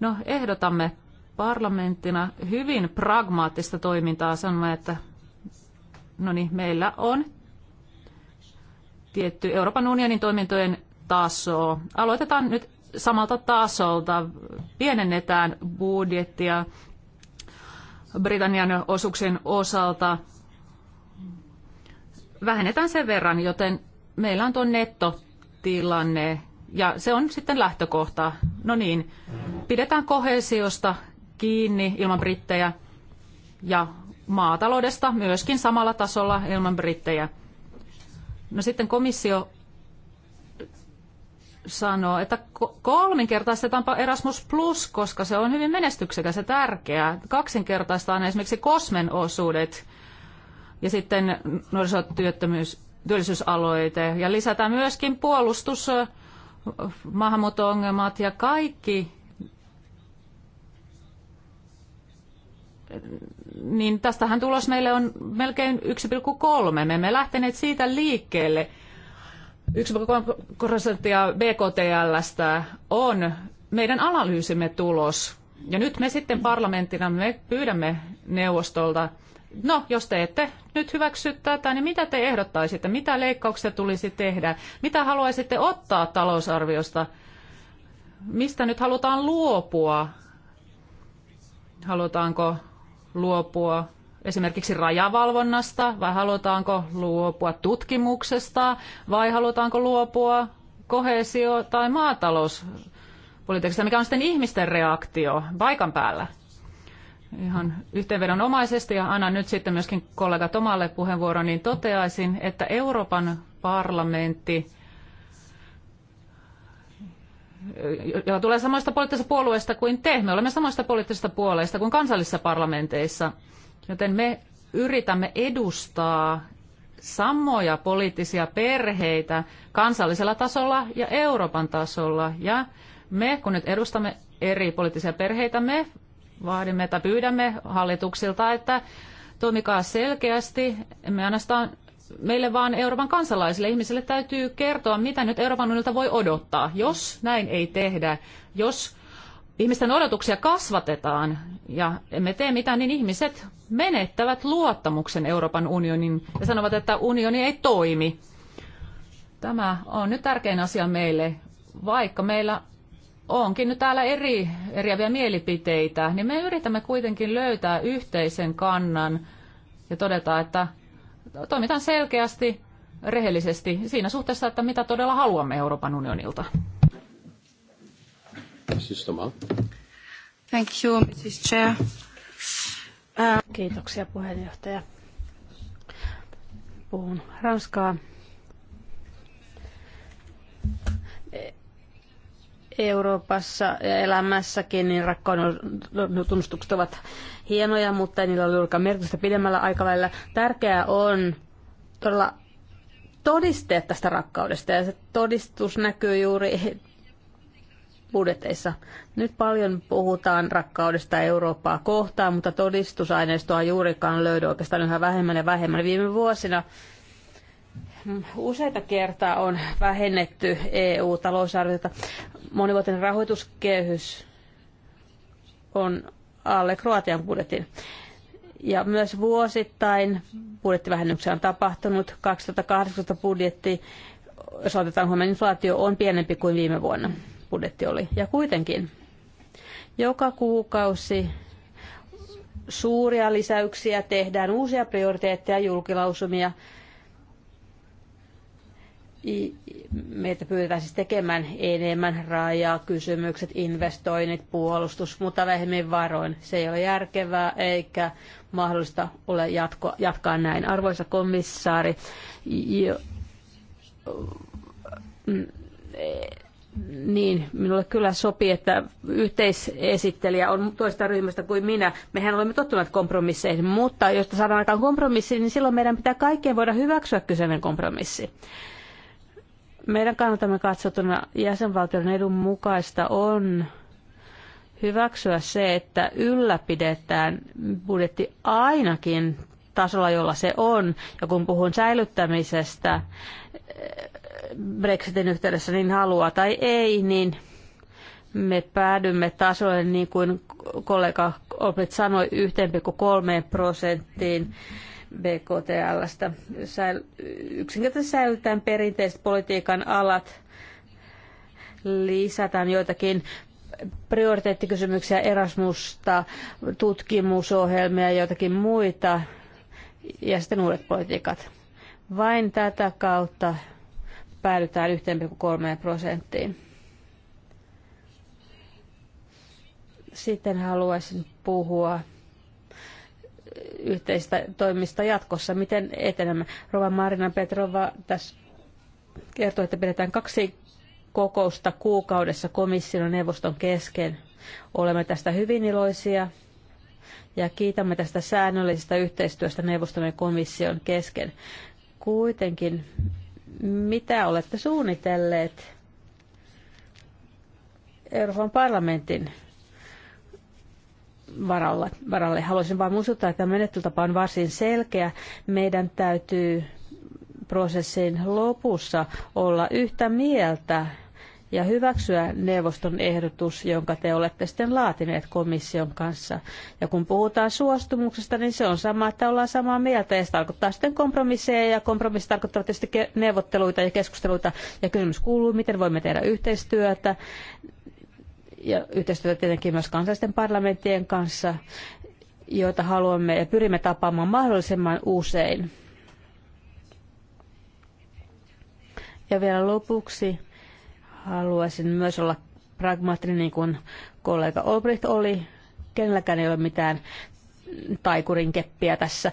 No, ehdotamme parlamenttina hyvin pragmaattista toimintaa. Sanomme, että no niin, meillä on tietty Euroopan unionin toimintojen taso. Aloitetaan nyt samalta tasolta. Pienennetään budjettia Britannian osuuksien osalta. Vähennetään sen verran, joten meillä on tuo nettotilanne ja se on sitten lähtökohta. No niin, pidetään kohesiosta kiinni ilman brittejä ja maataloudesta myöskin samalla tasolla ilman brittejä. No sitten komissio sanoo, että kolminkertaistetaanpa Erasmus Plus, koska se on hyvin menestyksekäs ja tärkeää. Kaksinkertaistaan esimerkiksi kosmen osuudet ja sitten nuorisotyöttömyys työllisyysaloite ja lisätään myöskin puolustus, maahanmuutto-ongelmat ja kaikki, niin tästähän tulos meille on melkein 1,3. Me emme lähteneet siitä liikkeelle. 1,3 prosenttia BKTLstä on meidän analyysimme tulos. Ja nyt me sitten parlamenttina me pyydämme neuvostolta no jos te ette nyt hyväksy tätä, niin mitä te ehdottaisitte? Mitä leikkauksia tulisi tehdä? Mitä haluaisitte ottaa talousarviosta? Mistä nyt halutaan luopua? Halutaanko luopua esimerkiksi rajavalvonnasta vai halutaanko luopua tutkimuksesta vai halutaanko luopua kohesio- tai maatalouspolitiikasta, mikä on sitten ihmisten reaktio paikan päällä? ihan yhteenvedonomaisesti ja annan nyt sitten myöskin kollega Tomalle puheenvuoron, niin toteaisin, että Euroopan parlamentti, joka tulee samoista poliittisesta puolueesta kuin te, me olemme samoista poliittisesta puolueista kuin kansallisissa parlamenteissa, joten me yritämme edustaa samoja poliittisia perheitä kansallisella tasolla ja Euroopan tasolla. Ja me, kun nyt edustamme eri poliittisia perheitä, me vaadimme tai pyydämme hallituksilta, että toimikaa selkeästi. Me ainoastaan meille vaan Euroopan kansalaisille ihmisille täytyy kertoa, mitä nyt Euroopan unionilta voi odottaa, jos näin ei tehdä, jos ihmisten odotuksia kasvatetaan ja emme tee mitään, niin ihmiset menettävät luottamuksen Euroopan unionin ja sanovat, että unioni ei toimi. Tämä on nyt tärkein asia meille, vaikka meillä onkin nyt täällä eri, eriäviä mielipiteitä, niin me yritämme kuitenkin löytää yhteisen kannan ja todeta, että toimitaan selkeästi, rehellisesti siinä suhteessa, että mitä todella haluamme Euroopan unionilta. Siis Thank you, Mrs. Chair. Kiitoksia puheenjohtaja. Puhun ranskaa. Euroopassa ja elämässäkin, niin rakkauden tunnustukset ovat hienoja, mutta ei niillä ole juurikaan merkitystä pidemmällä aikavälillä. Tärkeää on todella todisteet tästä rakkaudesta ja se todistus näkyy juuri budjeteissa. Nyt paljon puhutaan rakkaudesta Eurooppaa kohtaan, mutta todistusaineistoa juurikaan löydy oikeastaan yhä vähemmän ja vähemmän. Viime vuosina useita kertaa on vähennetty EU-talousarviota. Monivuotinen rahoituskehys on alle Kroatian budjetin. Ja myös vuosittain budjettivähennyksiä on tapahtunut. 2018 budjetti, jos otetaan huomioon, inflaatio on pienempi kuin viime vuonna budjetti oli. Ja kuitenkin joka kuukausi suuria lisäyksiä tehdään, uusia prioriteetteja, julkilausumia – meitä pyydetään siis tekemään enemmän rajaa, kysymykset, investoinnit, puolustus, mutta vähemmän varoin. Se ei ole järkevää eikä mahdollista ole jatko, jatkaa näin. Arvoisa komissaari, jo, mm, niin, minulle kyllä sopii, että yhteisesittelijä on toista ryhmästä kuin minä. Mehän olemme tottuneet kompromisseihin, mutta jos saadaan aikaan kompromissi, niin silloin meidän pitää kaikkien voida hyväksyä kyseinen kompromissi. Meidän kannaltamme katsottuna jäsenvaltion edun mukaista on hyväksyä se, että ylläpidetään budjetti ainakin tasolla, jolla se on. Ja kun puhun säilyttämisestä eh, Brexitin yhteydessä, niin haluaa tai ei, niin me päädymme tasolle, niin kuin kollega Opet sanoi, 1,3 prosenttiin. Mm BKTLstä. Yksinkertaisesti säilytetään perinteiset politiikan alat, lisätään joitakin prioriteettikysymyksiä, Erasmusta, tutkimusohjelmia ja joitakin muita, ja sitten uudet politiikat. Vain tätä kautta päädytään 1,3 prosenttiin. Sitten haluaisin puhua yhteistä toimista jatkossa. Miten etenemme? Rova Marina Petrova tässä kertoo, että pidetään kaksi kokousta kuukaudessa komission ja neuvoston kesken. Olemme tästä hyvin iloisia ja kiitämme tästä säännöllisestä yhteistyöstä neuvoston ja komission kesken. Kuitenkin, mitä olette suunnitelleet Euroopan parlamentin varalle. varalle. Haluaisin vain muistuttaa, että menettelytapa on varsin selkeä. Meidän täytyy prosessin lopussa olla yhtä mieltä ja hyväksyä neuvoston ehdotus, jonka te olette sitten laatineet komission kanssa. Ja kun puhutaan suostumuksesta, niin se on sama, että ollaan samaa mieltä, ja se tarkoittaa sitten kompromisseja, ja kompromissi tarkoittaa tietysti neuvotteluita ja keskusteluita, ja kysymys kuuluu, miten voimme tehdä yhteistyötä ja yhteistyötä tietenkin myös kansallisten parlamenttien kanssa, joita haluamme ja pyrimme tapaamaan mahdollisimman usein. Ja vielä lopuksi haluaisin myös olla pragmaattinen, niin kuin kollega Olbricht oli. Kenelläkään ei ole mitään taikurin keppiä tässä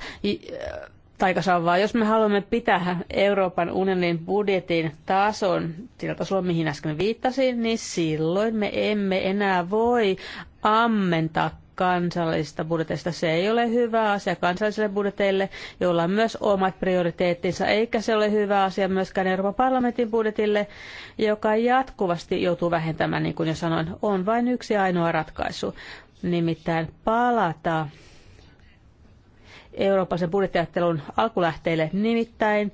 taikasauvaa. Jos me haluamme pitää Euroopan unionin budjetin tason sillä tasolla, mihin äsken viittasin, niin silloin me emme enää voi ammentaa kansallisista budjeteista. Se ei ole hyvä asia kansallisille budjeteille, joilla on myös omat prioriteettinsa, eikä se ole hyvä asia myöskään Euroopan parlamentin budjetille, joka jatkuvasti joutuu vähentämään, niin kuin jo sanoin, on vain yksi ainoa ratkaisu, nimittäin palata eurooppalaisen budjettiajattelun alkulähteille, nimittäin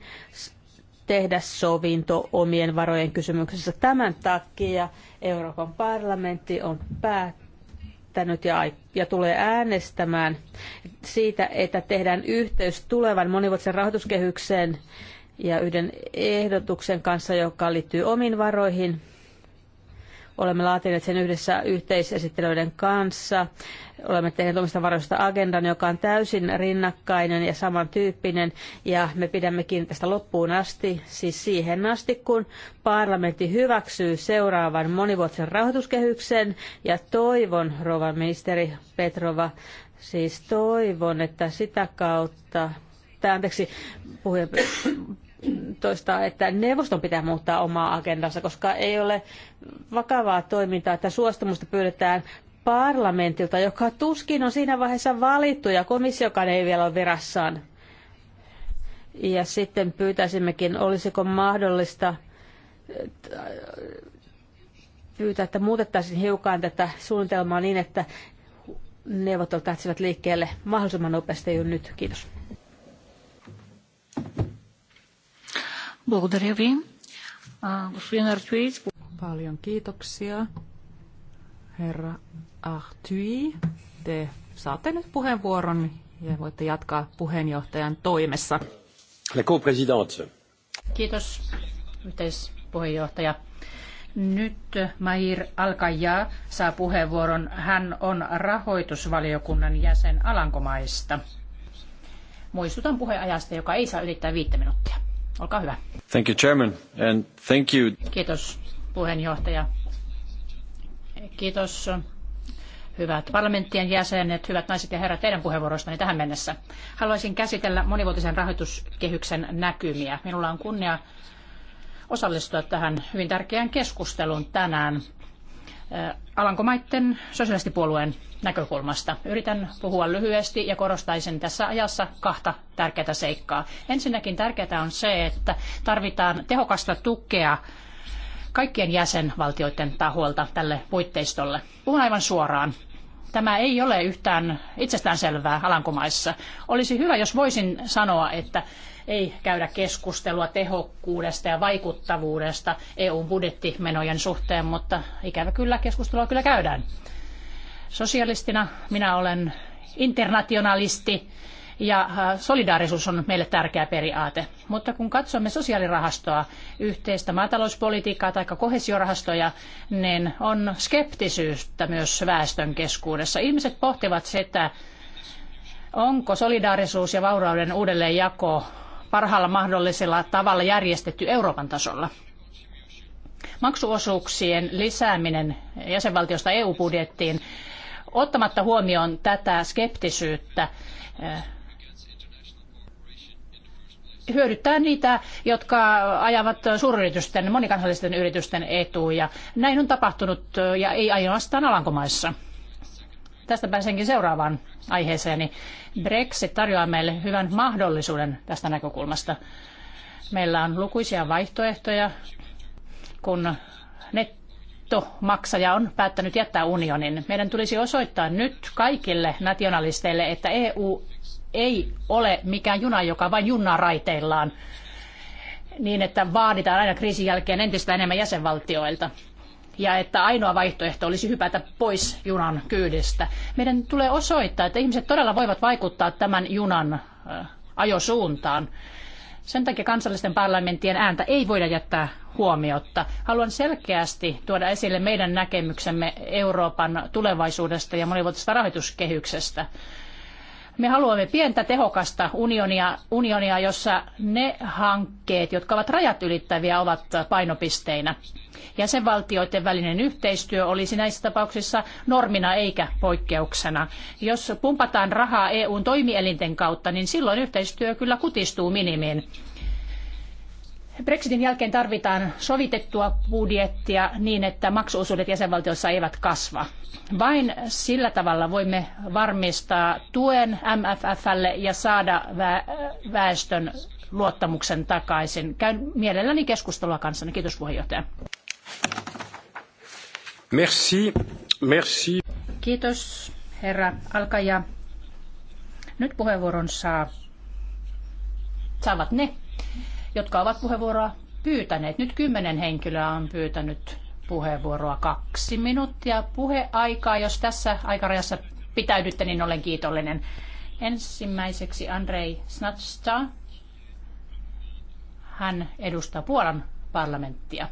tehdä sovinto omien varojen kysymyksessä. Tämän takia Euroopan parlamentti on päättänyt ja, ja tulee äänestämään siitä, että tehdään yhteys tulevan monivuotisen rahoituskehykseen ja yhden ehdotuksen kanssa, joka liittyy omiin varoihin – Olemme laatineet sen yhdessä yhteisesittelyiden kanssa. Olemme tehneet omista varoista agendan, joka on täysin rinnakkainen ja samantyyppinen. Ja me pidämme kiinni tästä loppuun asti, siis siihen asti, kun parlamentti hyväksyy seuraavan monivuotisen rahoituskehyksen. Ja toivon, rouva ministeri Petrova, siis toivon, että sitä kautta, tai anteeksi, puhuja toistaa, että neuvoston pitää muuttaa omaa agendansa, koska ei ole vakavaa toimintaa, että suostumusta pyydetään parlamentilta, joka tuskin on siinä vaiheessa valittu ja komissiokan ei vielä ole virassaan. Ja sitten pyytäisimmekin, olisiko mahdollista pyytää, että muutettaisiin hiukan tätä suunnitelmaa niin, että neuvottelut lähtisivät liikkeelle mahdollisimman nopeasti jo nyt. Kiitos. Благодаря ви. Господин Артюис. Paljon kiitoksia. Herra Ahtyi, te saatte nyt puheenvuoron ja voitte jatkaa puheenjohtajan toimessa. La co Kiitos, yhteispuheenjohtaja. Nyt Mahir Alkaja saa puheenvuoron. Hän on rahoitusvaliokunnan jäsen Alankomaista. Muistutan puheajasta, joka ei saa ylittää viittä minuuttia. Olkaa hyvä. Thank you, Chairman, and thank you. Kiitos, puheenjohtaja. Kiitos, hyvät parlamenttien jäsenet, hyvät naiset ja herrat, teidän puheenvuorostani tähän mennessä. Haluaisin käsitellä monivuotisen rahoituskehyksen näkymiä. Minulla on kunnia osallistua tähän hyvin tärkeään keskusteluun tänään. Äh, Alankomaitten sosialistipuolueen näkökulmasta. Yritän puhua lyhyesti ja korostaisin tässä ajassa kahta tärkeää seikkaa. Ensinnäkin tärkeää on se, että tarvitaan tehokasta tukea kaikkien jäsenvaltioiden taholta tälle puitteistolle. Puhun aivan suoraan. Tämä ei ole yhtään itsestäänselvää Alankomaissa. Olisi hyvä, jos voisin sanoa, että ei käydä keskustelua tehokkuudesta ja vaikuttavuudesta EU-budjettimenojen suhteen, mutta ikävä kyllä keskustelua kyllä käydään. Sosialistina minä olen internationalisti ja äh, solidaarisuus on meille tärkeä periaate. Mutta kun katsomme sosiaalirahastoa, yhteistä maatalouspolitiikkaa tai kohesiorahastoja, niin on skeptisyyttä myös väestön keskuudessa. Ihmiset pohtivat sitä, onko solidaarisuus ja vaurauden uudelleenjako parhaalla mahdollisella tavalla järjestetty Euroopan tasolla. Maksuosuuksien lisääminen jäsenvaltiosta EU-budjettiin ottamatta huomioon tätä skeptisyyttä hyödyttää niitä, jotka ajavat suuryritysten, monikansallisten yritysten etuja. Näin on tapahtunut äh, ja ei ainoastaan Alankomaissa. Tästä pääsenkin seuraavaan aiheeseen. Brexit tarjoaa meille hyvän mahdollisuuden tästä näkökulmasta. Meillä on lukuisia vaihtoehtoja, kun nettomaksaja on päättänyt jättää unionin. Meidän tulisi osoittaa nyt kaikille nationalisteille, että EU ei ole mikään juna, joka vain junnaa raiteillaan niin, että vaaditaan aina kriisin jälkeen entistä enemmän jäsenvaltioilta ja että ainoa vaihtoehto olisi hypätä pois junan kyydistä. Meidän tulee osoittaa, että ihmiset todella voivat vaikuttaa tämän junan ajosuuntaan. Sen takia kansallisten parlamenttien ääntä ei voida jättää huomiotta. Haluan selkeästi tuoda esille meidän näkemyksemme Euroopan tulevaisuudesta ja monivuotisesta rahoituskehyksestä. Me haluamme pientä tehokasta unionia, unionia, jossa ne hankkeet, jotka ovat rajat ylittäviä, ovat painopisteinä. Jäsenvaltioiden välinen yhteistyö olisi näissä tapauksissa normina eikä poikkeuksena. Jos pumpataan rahaa EUn toimielinten kautta, niin silloin yhteistyö kyllä kutistuu minimiin. Brexitin jälkeen tarvitaan sovitettua budjettia niin, että maksuosuudet jäsenvaltioissa eivät kasva. Vain sillä tavalla voimme varmistaa tuen MFFlle ja saada väestön luottamuksen takaisin. Käyn mielelläni keskustelua kanssanne. Kiitos puheenjohtaja. Merci. Merci. Kiitos herra alkaja. Nyt puheenvuoron saa. saavat ne, jotka ovat puheenvuoroa pyytäneet. Nyt kymmenen henkilöä on pyytänyt puheenvuoroa kaksi minuuttia puheaikaa. Jos tässä aikarajassa pitäydytte, niin olen kiitollinen. Ensimmäiseksi Andrei Snatsta. Hän edustaa Puolan parlamenttia.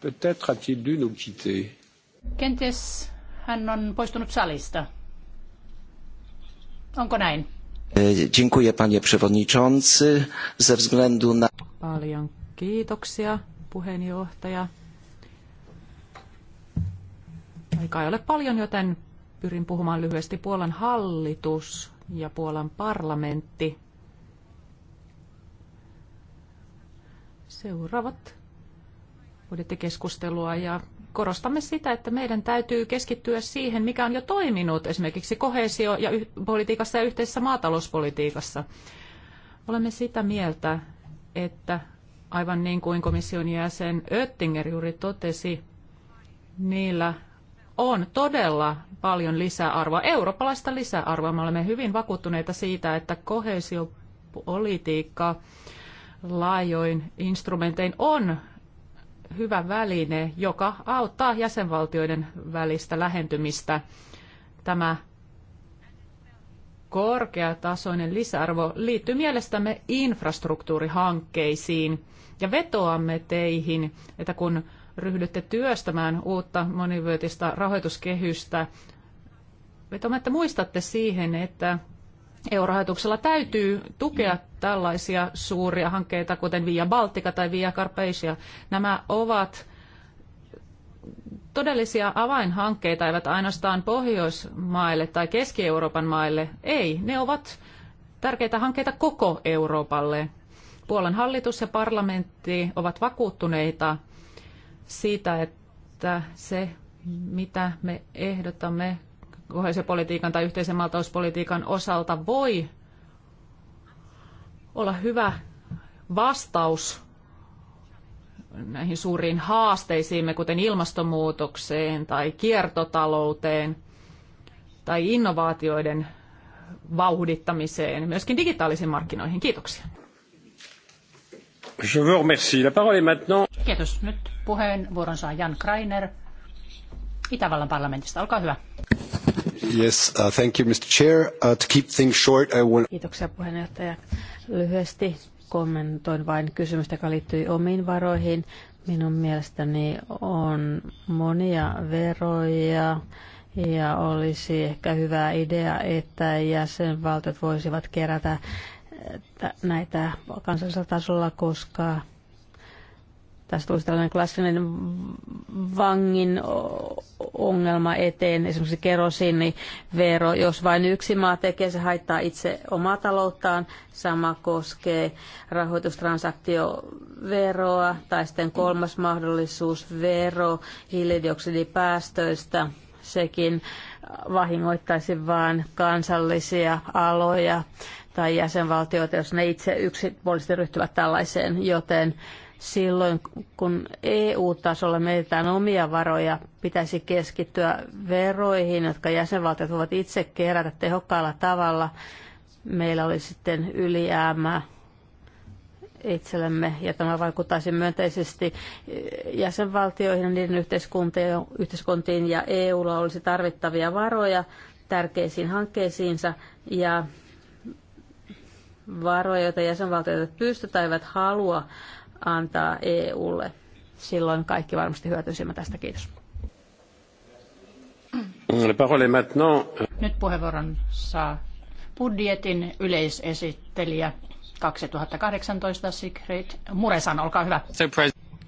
Peut-être a-t-il dû nous quitter. Kenties hän on poistunut salista. Onko näin? E, dziękuję panie przewodniczący. Ze względu na... Paljon kiitoksia puheenjohtaja. Aikaa ei ole paljon, joten pyrin puhumaan lyhyesti. Puolan hallitus ja Puolan parlamentti seuraavat budjettikeskustelua ja korostamme sitä, että meidän täytyy keskittyä siihen, mikä on jo toiminut esimerkiksi kohesio- ja politiikassa ja yhteisessä maatalouspolitiikassa. Olemme sitä mieltä, että aivan niin kuin komission jäsen Oettinger juuri totesi, niillä on todella paljon lisäarvoa, eurooppalaista lisäarvoa. Me olemme hyvin vakuuttuneita siitä, että kohesiopolitiikka laajoin instrumentein on hyvä väline, joka auttaa jäsenvaltioiden välistä lähentymistä. Tämä korkeatasoinen lisäarvo liittyy mielestämme infrastruktuurihankkeisiin ja vetoamme teihin, että kun ryhdytte työstämään uutta monivuotista rahoituskehystä, vetoamme, että muistatte siihen, että EU-rahoituksella täytyy tukea tällaisia suuria hankkeita, kuten Via Baltica tai Via Carpathia. Nämä ovat todellisia avainhankkeita, eivät ainoastaan Pohjoismaille tai Keski-Euroopan maille. Ei, ne ovat tärkeitä hankkeita koko Euroopalle. Puolan hallitus ja parlamentti ovat vakuuttuneita siitä, että se, mitä me ehdotamme kohesiopolitiikan tai yhteisen maatalouspolitiikan osalta voi olla hyvä vastaus näihin suuriin haasteisiimme, kuten ilmastonmuutokseen tai kiertotalouteen tai innovaatioiden vauhdittamiseen, myöskin digitaalisiin markkinoihin. Kiitoksia. Je vous remercie. La parole est maintenant... Kiitos. Nyt puheenvuoron saa Jan Kreiner Itävallan parlamentista. Olkaa hyvä. Yes, uh, thank you, Mr. Chair. Uh, to keep things short, I Kiitoksia puheenjohtaja. Lyhyesti kommentoin vain kysymystä, joka liittyy omiin varoihin. Minun mielestäni on monia veroja ja olisi ehkä hyvä idea, että jäsenvaltiot voisivat kerätä äh, näitä kansallisella tasolla, koska tässä tulisi tällainen klassinen vangin ongelma eteen, esimerkiksi vero, Jos vain yksi maa tekee, se haittaa itse omaa talouttaan. Sama koskee rahoitustransaktioveroa tai sitten kolmas mahdollisuus vero hiilidioksidipäästöistä. Sekin vahingoittaisi vain kansallisia aloja tai jäsenvaltioita, jos ne itse yksipuolisesti ryhtyvät tällaiseen, joten silloin, kun EU-tasolla mietitään omia varoja, pitäisi keskittyä veroihin, jotka jäsenvaltiot voivat itse kerätä tehokkaalla tavalla. Meillä oli sitten ylijäämää itsellemme ja tämä vaikuttaisi myönteisesti jäsenvaltioihin ja niiden yhteiskuntiin ja EUlla olisi tarvittavia varoja tärkeisiin hankkeisiinsa ja varoja, joita jäsenvaltiot eivät tai eivät halua antaa EUlle. Silloin kaikki varmasti hyötyisimme tästä. Kiitos. Nyt puheenvuoron saa budjetin yleisesittelijä 2018 Sigrid Muresan, olkaa hyvä.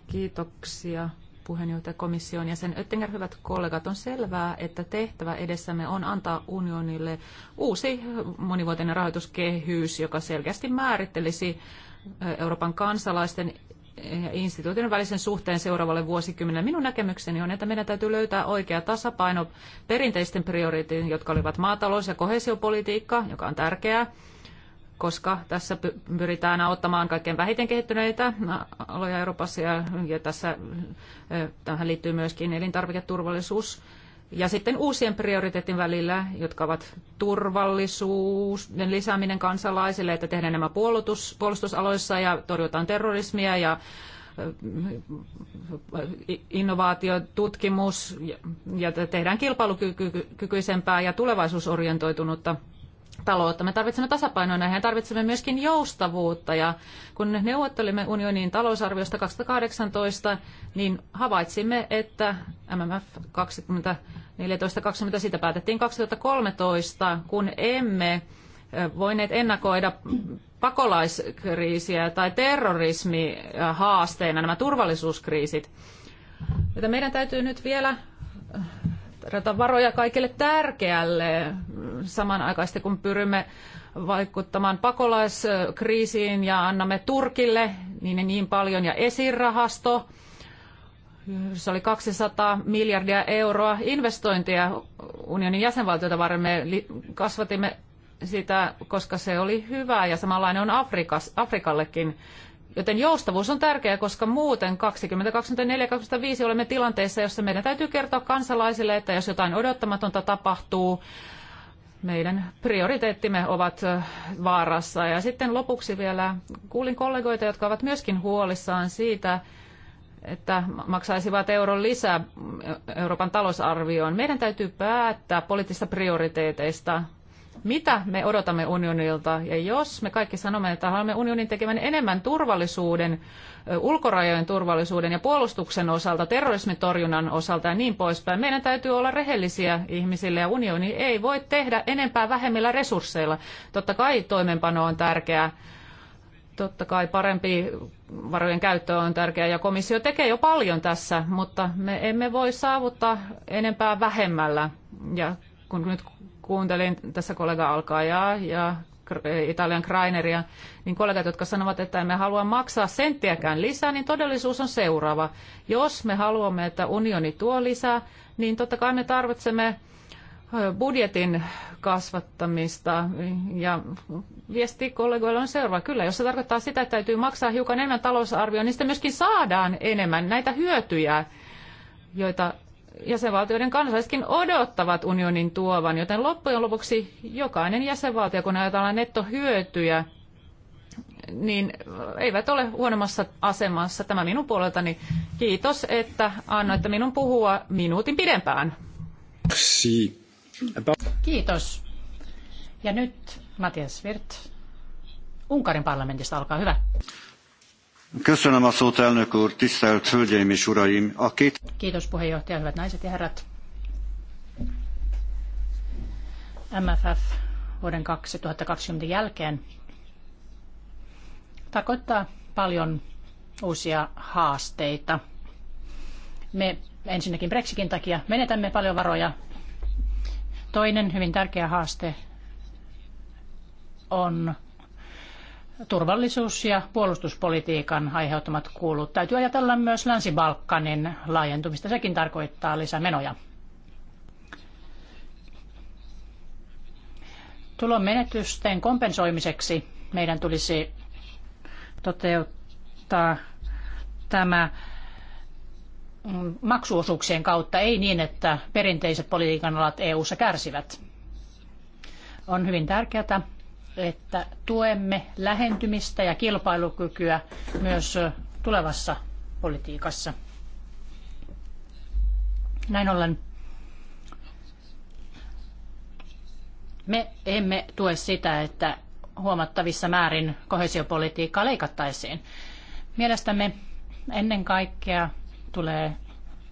Kiitoksia puheenjohtaja komission ja sen Öttinger, hyvät kollegat, on selvää, että tehtävä edessämme on antaa unionille uusi monivuotinen rahoituskehys, joka selkeästi määrittelisi Euroopan kansalaisten ja instituutioiden välisen suhteen seuraavalle vuosikymmenelle. Minun näkemykseni on, että meidän täytyy löytää oikea tasapaino perinteisten prioriteettien, jotka olivat maatalous- ja kohesiopolitiikka, joka on tärkeää, koska tässä pyritään auttamaan kaikkein vähiten kehittyneitä aloja Euroopassa ja, ja tässä tähän liittyy myöskin elintarviketurvallisuus ja sitten uusien prioriteetin välillä, jotka ovat turvallisuuden lisääminen kansalaisille, että tehdään nämä puolustus, puolustusaloissa ja torjutaan terrorismia ja innovaatio, tutkimus ja tehdään kilpailukykyisempää ja tulevaisuusorientoitunutta taloutta. Me tarvitsemme tasapainoa näihin ja tarvitsemme myöskin joustavuutta. Ja kun neuvottelimme unionin talousarviosta 2018, niin havaitsimme, että MMF 2014-2020 siitä päätettiin 2013, kun emme voineet ennakoida pakolaiskriisiä tai terrorismihaasteena nämä turvallisuuskriisit. Joten meidän täytyy nyt vielä kerätä varoja kaikille tärkeälle samanaikaisesti, kun pyrimme vaikuttamaan pakolaiskriisiin ja annamme Turkille niin, niin paljon ja esirahasto. Se oli 200 miljardia euroa investointeja unionin jäsenvaltioita varten. Me kasvatimme sitä, koska se oli hyvä ja samanlainen on Afrikas, Afrikallekin. Joten joustavuus on tärkeää, koska muuten 2024-2025 olemme tilanteessa, jossa meidän täytyy kertoa kansalaisille, että jos jotain odottamatonta tapahtuu, meidän prioriteettimme ovat vaarassa. Ja sitten lopuksi vielä kuulin kollegoita, jotka ovat myöskin huolissaan siitä, että maksaisivat euron lisää Euroopan talousarvioon. Meidän täytyy päättää poliittisista prioriteeteista mitä me odotamme unionilta. Ja jos me kaikki sanomme, että haluamme unionin tekemään enemmän turvallisuuden, ulkorajojen turvallisuuden ja puolustuksen osalta, terrorismin torjunnan osalta ja niin poispäin, meidän täytyy olla rehellisiä ihmisille ja unioni ei voi tehdä enempää vähemmillä resursseilla. Totta kai toimenpano on tärkeää totta kai parempi varojen käyttö on tärkeää ja komissio tekee jo paljon tässä, mutta me emme voi saavuttaa enempää vähemmällä. Ja kun nyt kuuntelin tässä kollega Alkaajaa ja eh, Italian Kraineria, niin kollegat, jotka sanovat, että emme halua maksaa senttiäkään lisää, niin todellisuus on seuraava. Jos me haluamme, että unioni tuo lisää, niin totta kai me tarvitsemme eh, budjetin kasvattamista ja viesti kollegoille on seuraava. Kyllä, jos se tarkoittaa sitä, että täytyy maksaa hiukan enemmän talousarvioon, niin sitten myöskin saadaan enemmän näitä hyötyjä, joita jäsenvaltioiden kansalaisetkin odottavat unionin tuovan, joten loppujen lopuksi jokainen jäsenvaltio, kun ajatellaan nettohyötyjä, niin eivät ole huonommassa asemassa tämä minun puoleltani. Kiitos, että annoitte minun puhua minuutin pidempään. Kiitos. Ja nyt Matias Virt, Unkarin parlamentista, olkaa hyvä. Köszönöm a szót, elnök úr, tisztelt hölgyeim és uraim. A két... Kiitos puheenjohtaja, hyvät naiset ja herrat. MFF vuoden 2020 jälkeen tarkoittaa paljon uusia haasteita. Me ensinnäkin Brexitin takia menetämme paljon varoja. Toinen hyvin tärkeä haaste on turvallisuus- ja puolustuspolitiikan aiheuttamat kulut. Täytyy ajatella myös Länsi-Balkanin laajentumista. Sekin tarkoittaa lisämenoja. Tulon menetysten kompensoimiseksi meidän tulisi toteuttaa tämä maksuosuuksien kautta, ei niin, että perinteiset politiikan alat EU-ssa kärsivät. On hyvin tärkeää, että tuemme lähentymistä ja kilpailukykyä myös tulevassa politiikassa. Näin ollen me emme tue sitä, että huomattavissa määrin kohesiopolitiikkaa leikattaisiin. Mielestämme ennen kaikkea tulee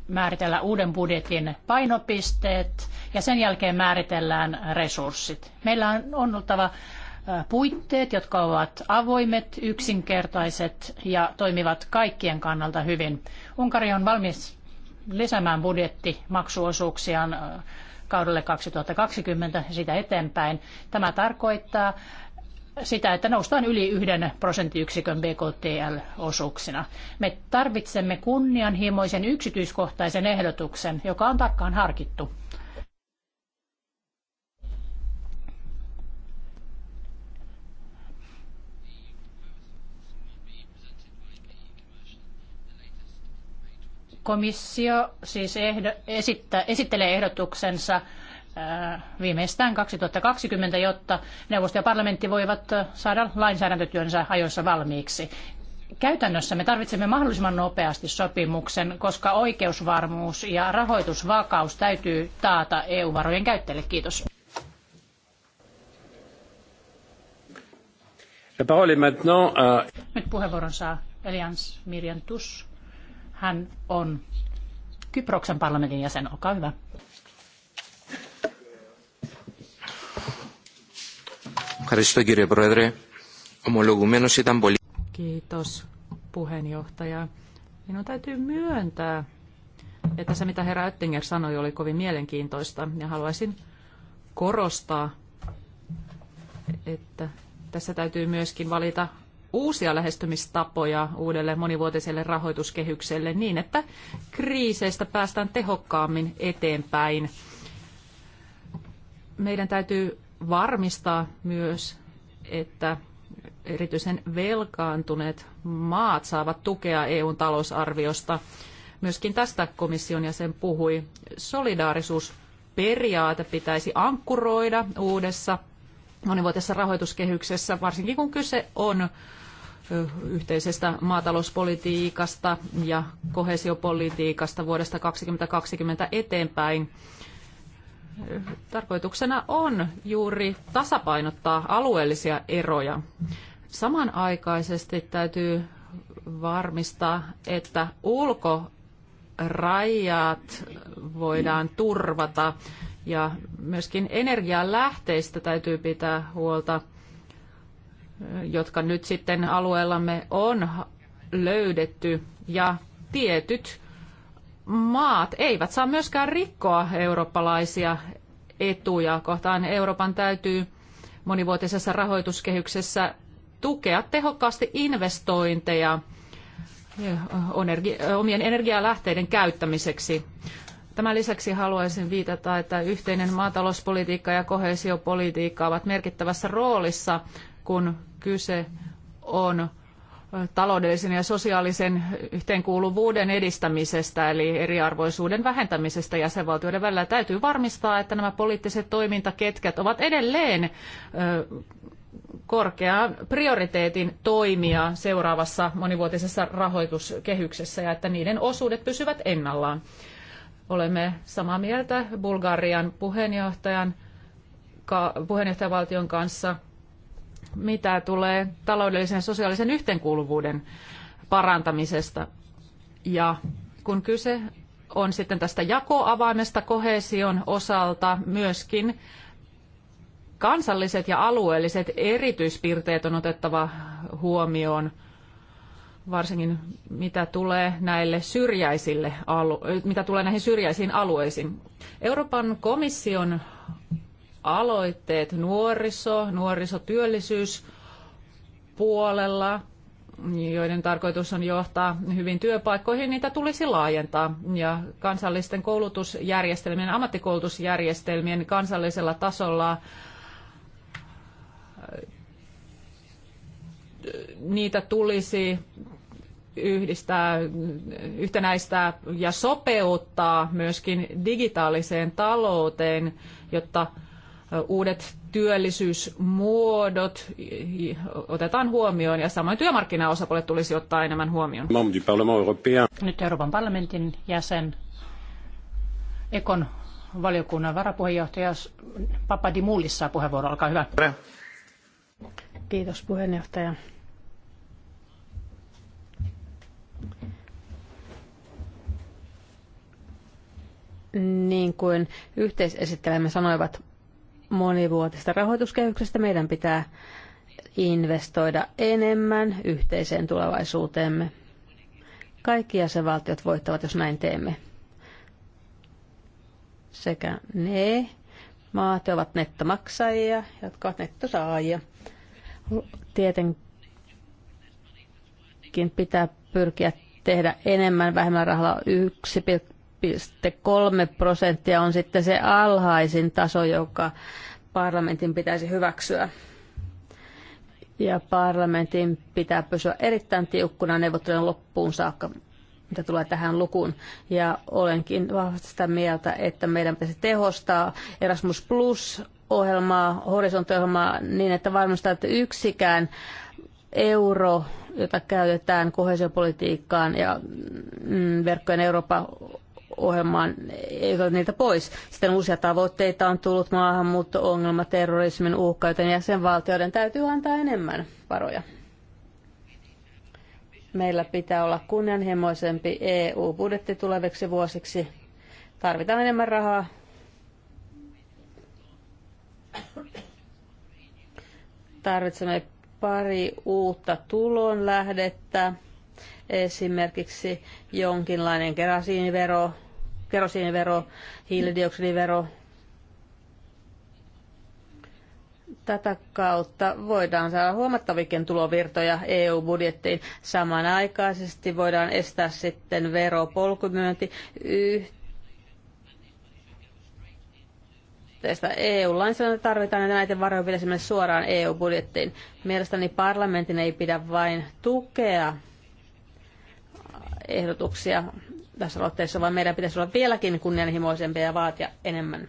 määritellä uuden budjetin painopisteet ja sen jälkeen määritellään resurssit. Meillä on oltava puitteet, jotka ovat avoimet, yksinkertaiset ja toimivat kaikkien kannalta hyvin. Unkari on valmis lisäämään budjettimaksuosuuksiaan kaudelle 2020 ja sitä eteenpäin. Tämä tarkoittaa sitä, että noustaan yli yhden prosenttiyksikön BKTL-osuuksina. Me tarvitsemme kunnianhimoisen yksityiskohtaisen ehdotuksen, joka on tarkkaan harkittu. Komissio siis ehdo, esittää, esittelee ehdotuksensa äh, viimeistään 2020, jotta neuvosto ja parlamentti voivat äh, saada lainsäädäntötyönsä ajoissa valmiiksi. Käytännössä me tarvitsemme mahdollisimman nopeasti sopimuksen, koska oikeusvarmuus ja rahoitusvakaus täytyy taata EU-varojen käyttäjille. Kiitos. Nyt puheenvuoron saa Elians Mirjan Tuss hän on Kyproksen parlamentin jäsen. Olkaa hyvä. Kiitos puheenjohtaja. Minun täytyy myöntää, että se mitä herra Oettinger sanoi oli kovin mielenkiintoista ja haluaisin korostaa, että tässä täytyy myöskin valita uusia lähestymistapoja uudelle monivuotiselle rahoituskehykselle niin, että kriiseistä päästään tehokkaammin eteenpäin. Meidän täytyy varmistaa myös, että erityisen velkaantuneet maat saavat tukea EUn talousarviosta. Myöskin tästä komission jäsen puhui. Solidaarisuusperiaate pitäisi ankkuroida uudessa monivuotisessa rahoituskehyksessä, varsinkin kun kyse on yhteisestä maatalouspolitiikasta ja kohesiopolitiikasta vuodesta 2020 eteenpäin. Tarkoituksena on juuri tasapainottaa alueellisia eroja. Samanaikaisesti täytyy varmistaa, että ulkorajat voidaan turvata ja myöskin energialähteistä täytyy pitää huolta – jotka nyt sitten alueellamme on löydetty ja tietyt maat eivät saa myöskään rikkoa eurooppalaisia etuja kohtaan. Euroopan täytyy monivuotisessa rahoituskehyksessä tukea tehokkaasti investointeja omien energialähteiden käyttämiseksi. Tämän lisäksi haluaisin viitata, että yhteinen maatalouspolitiikka ja kohesiopolitiikka ovat merkittävässä roolissa kun kyse on taloudellisen ja sosiaalisen yhteenkuuluvuuden edistämisestä eli eriarvoisuuden vähentämisestä jäsenvaltioiden välillä. Täytyy varmistaa, että nämä poliittiset toimintaketket ovat edelleen korkean prioriteetin toimia seuraavassa monivuotisessa rahoituskehyksessä ja että niiden osuudet pysyvät ennallaan. Olemme samaa mieltä Bulgarian puheenjohtajan, puheenjohtajavaltion kanssa – mitä tulee taloudellisen ja sosiaalisen yhteenkuuluvuuden parantamisesta. Ja kun kyse on sitten tästä jakoavaimesta kohesion osalta, myöskin kansalliset ja alueelliset erityispiirteet on otettava huomioon, varsinkin mitä tulee näille syrjäisille alu- mitä tulee näihin syrjäisiin alueisiin. Euroopan komission aloitteet nuoriso, nuorisotyöllisyys puolella, joiden tarkoitus on johtaa hyvin työpaikkoihin, niitä tulisi laajentaa. Ja kansallisten koulutusjärjestelmien, ammattikoulutusjärjestelmien kansallisella tasolla niitä tulisi yhdistää, yhtenäistää ja sopeuttaa myöskin digitaaliseen talouteen, jotta uudet työllisyysmuodot otetaan huomioon ja samoin työmarkkinaosapuolet tulisi ottaa enemmän huomioon. Nyt Euroopan parlamentin jäsen, Ekon valiokunnan varapuheenjohtaja Papadimullis saa puheenvuoro. Olkaa hyvä. Kiitos puheenjohtaja. Niin kuin yhteisesittelemme sanoivat, monivuotisesta rahoituskehyksestä meidän pitää investoida enemmän yhteiseen tulevaisuuteemme. Kaikki jäsenvaltiot voittavat, jos näin teemme. Sekä ne maat ovat nettomaksajia, jotka ovat nettosaajia. Tietenkin pitää pyrkiä tehdä enemmän vähemmän rahalla 0,3 prosenttia on sitten se alhaisin taso, joka parlamentin pitäisi hyväksyä. Ja parlamentin pitää pysyä erittäin tiukkuna neuvottelujen loppuun saakka, mitä tulee tähän lukuun. Ja olenkin vahvasti sitä mieltä, että meidän pitäisi tehostaa Erasmus Plus-ohjelmaa, horisontti-ohjelmaa, niin, että varmistaa, että yksikään euro, jota käytetään kohesiopolitiikkaan ja mm, verkkojen Euroopan ohjelmaan, ei ole niitä pois. Sitten uusia tavoitteita on tullut maahanmuutto-ongelma, terrorismin uhka, joten jäsenvaltioiden täytyy antaa enemmän varoja. Meillä pitää olla kunnianhimoisempi EU-budjetti tuleviksi vuosiksi. Tarvitaan enemmän rahaa. Tarvitsemme pari uutta tulonlähdettä esimerkiksi jonkinlainen kerasiinivero kerosiinivero, hiilidioksidivero. Tätä kautta voidaan saada huomattavikin tulovirtoja EU-budjettiin. Samanaikaisesti voidaan estää sitten veropolkumyönti yhteistä EU-lainsäädäntöä tarvitaan ja näiden varoja pitäisi mennä suoraan EU-budjettiin. Mielestäni parlamentin ei pidä vain tukea ehdotuksia tässä aloitteessa, vaan meidän pitäisi olla vieläkin kunnianhimoisempia ja vaatia enemmän.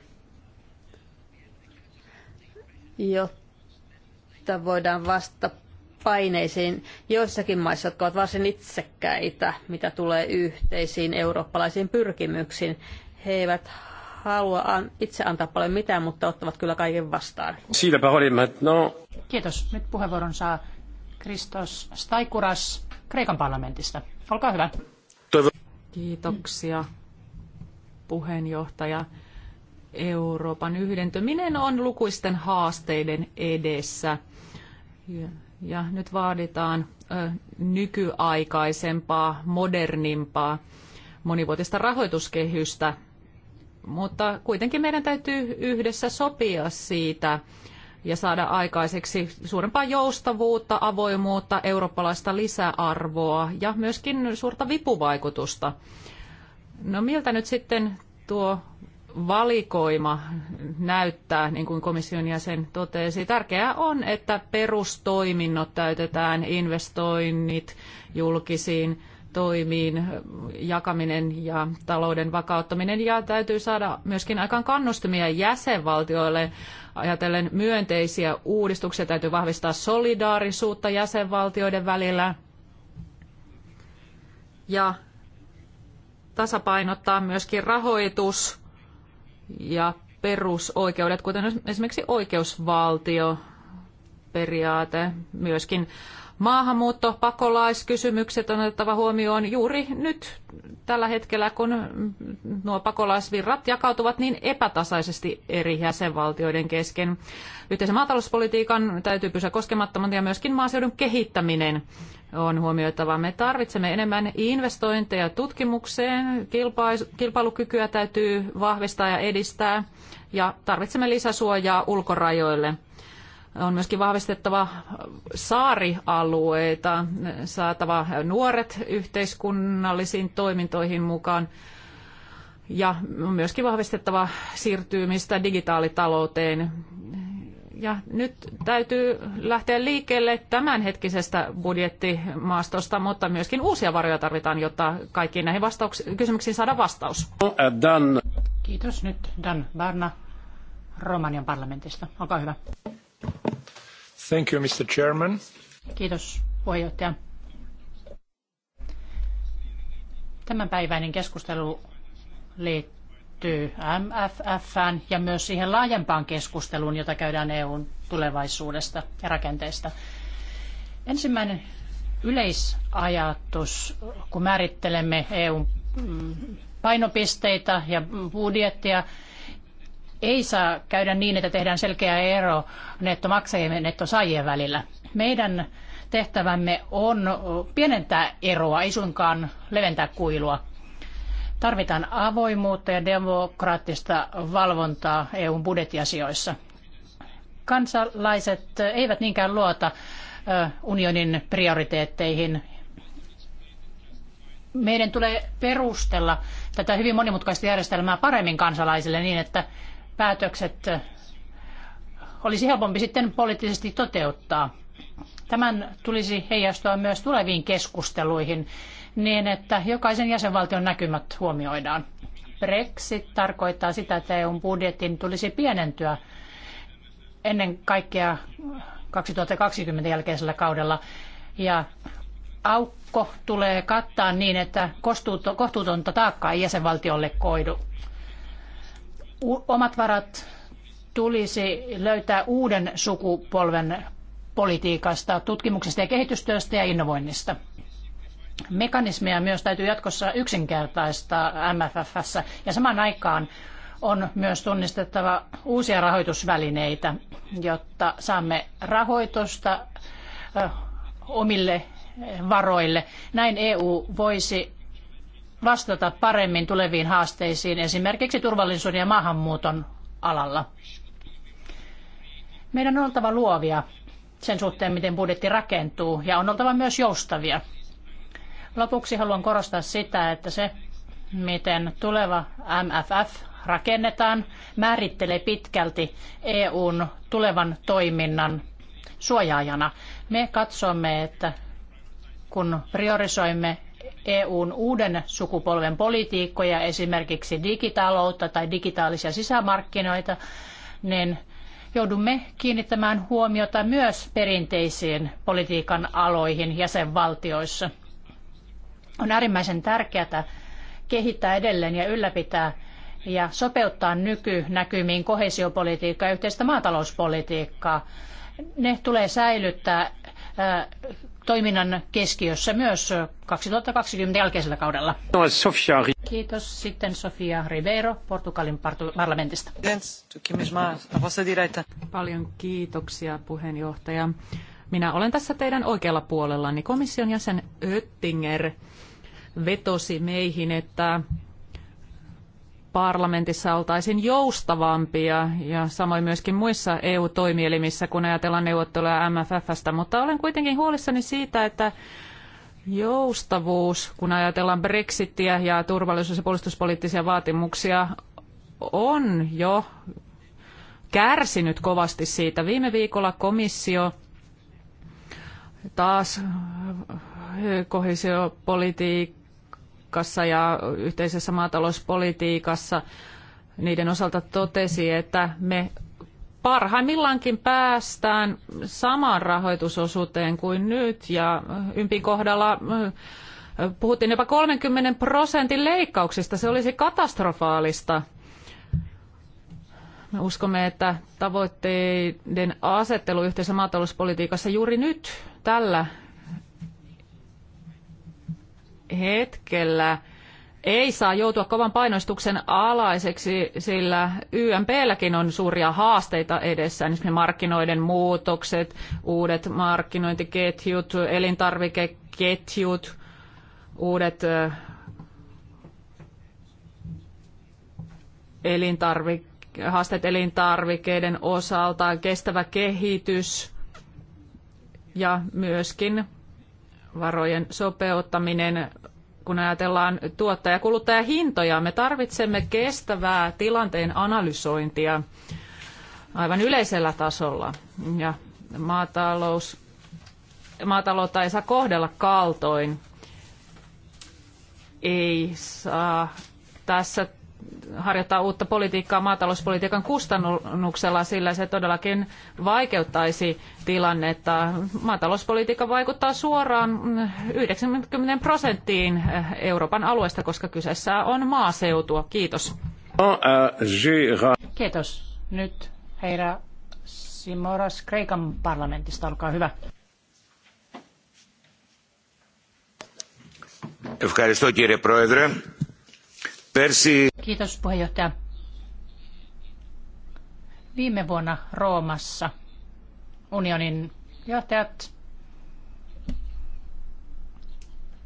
Jotta voidaan vastata paineisiin joissakin maissa, jotka ovat varsin itsekkäitä, mitä tulee yhteisiin eurooppalaisiin pyrkimyksiin. He eivät halua itse antaa paljon mitään, mutta ottavat kyllä kaiken vastaan. Siitä no. Kiitos. Nyt puheenvuoron saa Kristos Staikuras Kreikan parlamentista. Olkaa hyvä. Toivon. Kiitoksia puheenjohtaja. Euroopan yhdentyminen on lukuisten haasteiden edessä. Ja, nyt vaaditaan nykyaikaisempaa, modernimpaa, monivuotista rahoituskehystä. Mutta kuitenkin meidän täytyy yhdessä sopia siitä, ja saada aikaiseksi suurempaa joustavuutta, avoimuutta, eurooppalaista lisäarvoa ja myöskin suurta vipuvaikutusta. No miltä nyt sitten tuo valikoima näyttää, niin kuin komission jäsen totesi. Tärkeää on, että perustoiminnot täytetään, investoinnit julkisiin toimiin jakaminen ja talouden vakauttaminen ja täytyy saada myöskin aikaan kannustumia jäsenvaltioille ajatellen myönteisiä uudistuksia. Täytyy vahvistaa solidaarisuutta jäsenvaltioiden välillä ja tasapainottaa myöskin rahoitus ja perusoikeudet, kuten esimerkiksi oikeusvaltio, periaate, myöskin Maahanmuutto, pakolaiskysymykset on otettava huomioon juuri nyt tällä hetkellä, kun nuo pakolaisvirrat jakautuvat niin epätasaisesti eri jäsenvaltioiden kesken. Yhteisen maatalouspolitiikan täytyy pysyä koskemattomana ja myöskin maaseudun kehittäminen on huomioitava. Me tarvitsemme enemmän investointeja tutkimukseen, kilpailukykyä täytyy vahvistaa ja edistää ja tarvitsemme lisäsuojaa ulkorajoille – on myöskin vahvistettava saarialueita, saatava nuoret yhteiskunnallisiin toimintoihin mukaan ja on myöskin vahvistettava siirtymistä digitaalitalouteen. Ja nyt täytyy lähteä liikkeelle tämänhetkisestä budjettimaastosta, mutta myöskin uusia varoja tarvitaan, jotta kaikkiin näihin kysymyksiin saadaan vastaus. Dan. Kiitos nyt Dan Barna Romanian parlamentista. Olkaa hyvä. Thank you, Mr. Chairman. Kiitos, puheenjohtaja. Tämänpäiväinen keskustelu liittyy MFFään ja myös siihen laajempaan keskusteluun, jota käydään EUn tulevaisuudesta ja rakenteista. Ensimmäinen yleisajatus, kun määrittelemme EUn mm, painopisteitä ja budjettia, ei saa käydä niin, että tehdään selkeä ero nettomaksajien ja nettosaajien välillä. Meidän tehtävämme on pienentää eroa, ei suinkaan leventää kuilua. Tarvitaan avoimuutta ja demokraattista valvontaa EUn budjettiasioissa. Kansalaiset eivät niinkään luota unionin prioriteetteihin. Meidän tulee perustella tätä hyvin monimutkaista järjestelmää paremmin kansalaisille niin, että päätökset olisi helpompi sitten poliittisesti toteuttaa. Tämän tulisi heijastua myös tuleviin keskusteluihin niin, että jokaisen jäsenvaltion näkymät huomioidaan. Brexit tarkoittaa sitä, että EUn budjetin tulisi pienentyä ennen kaikkea 2020 jälkeisellä kaudella. Ja aukko tulee kattaa niin, että kohtuutonta taakkaa ei jäsenvaltiolle koidu omat varat tulisi löytää uuden sukupolven politiikasta, tutkimuksesta ja kehitystyöstä ja innovoinnista. Mekanismeja myös täytyy jatkossa yksinkertaistaa MFFssä ja samaan aikaan on myös tunnistettava uusia rahoitusvälineitä, jotta saamme rahoitusta omille varoille. Näin EU voisi vastata paremmin tuleviin haasteisiin, esimerkiksi turvallisuuden ja maahanmuuton alalla. Meidän on oltava luovia sen suhteen, miten budjetti rakentuu, ja on oltava myös joustavia. Lopuksi haluan korostaa sitä, että se, miten tuleva MFF rakennetaan, määrittelee pitkälti EUn tulevan toiminnan suojaajana. Me katsomme, että kun priorisoimme EUn uuden sukupolven politiikkoja, esimerkiksi digitaloutta tai digitaalisia sisämarkkinoita, niin joudumme kiinnittämään huomiota myös perinteisiin politiikan aloihin jäsenvaltioissa. On äärimmäisen tärkeää kehittää edelleen ja ylläpitää ja sopeuttaa nykynäkymiin koheesiopolitiikkaa ja yhteistä maatalouspolitiikkaa. Ne tulee säilyttää toiminnan keskiössä myös 2020 jälkeisellä kaudella. Kiitos. Sitten Sofia Rivero, Portugalin parlamentista. Paljon kiitoksia puheenjohtaja. Minä olen tässä teidän oikealla puolellani. Komission jäsen Oettinger vetosi meihin, että parlamentissa oltaisiin joustavampia ja samoin myöskin muissa EU-toimielimissä, kun ajatellaan neuvotteluja MFFstä, mutta olen kuitenkin huolissani siitä, että joustavuus, kun ajatellaan Brexittiä ja turvallisuus- ja puolustuspoliittisia vaatimuksia, on jo kärsinyt kovasti siitä. Viime viikolla komissio taas kohesiopolitiikka politiikassa ja yhteisessä maatalouspolitiikassa niiden osalta totesi, että me parhaimmillaankin päästään samaan rahoitusosuuteen kuin nyt ja ympin kohdalla puhuttiin jopa 30 prosentin leikkauksista. Se olisi katastrofaalista. Me uskomme, että tavoitteiden asettelu yhteisessä maatalouspolitiikassa juuri nyt tällä hetkellä ei saa joutua kovan painostuksen alaiseksi, sillä YMPlläkin on suuria haasteita edessä, esimerkiksi markkinoiden muutokset, uudet markkinointiketjut, elintarvikeketjut, uudet elintarvik- haasteet elintarvikeiden osalta, kestävä kehitys ja myöskin varojen sopeuttaminen kun ajatellaan tuottaja- ja kuluttajahintoja. Me tarvitsemme kestävää tilanteen analysointia aivan yleisellä tasolla. Ja maatalous, maataloutta ei saa kohdella kaltoin. Ei saa tässä harjoittaa uutta politiikkaa maatalouspolitiikan kustannuksella, sillä se todellakin vaikeuttaisi tilannetta. Maatalouspolitiikka vaikuttaa suoraan 90 prosenttiin Euroopan alueesta, koska kyseessä on maaseutua. Kiitos. Kiitos. Nyt Heira Simoras Kreikan parlamentista, olkaa hyvä. Ευχαριστώ κύριε Persi. Kiitos puheenjohtaja. Viime vuonna Roomassa unionin johtajat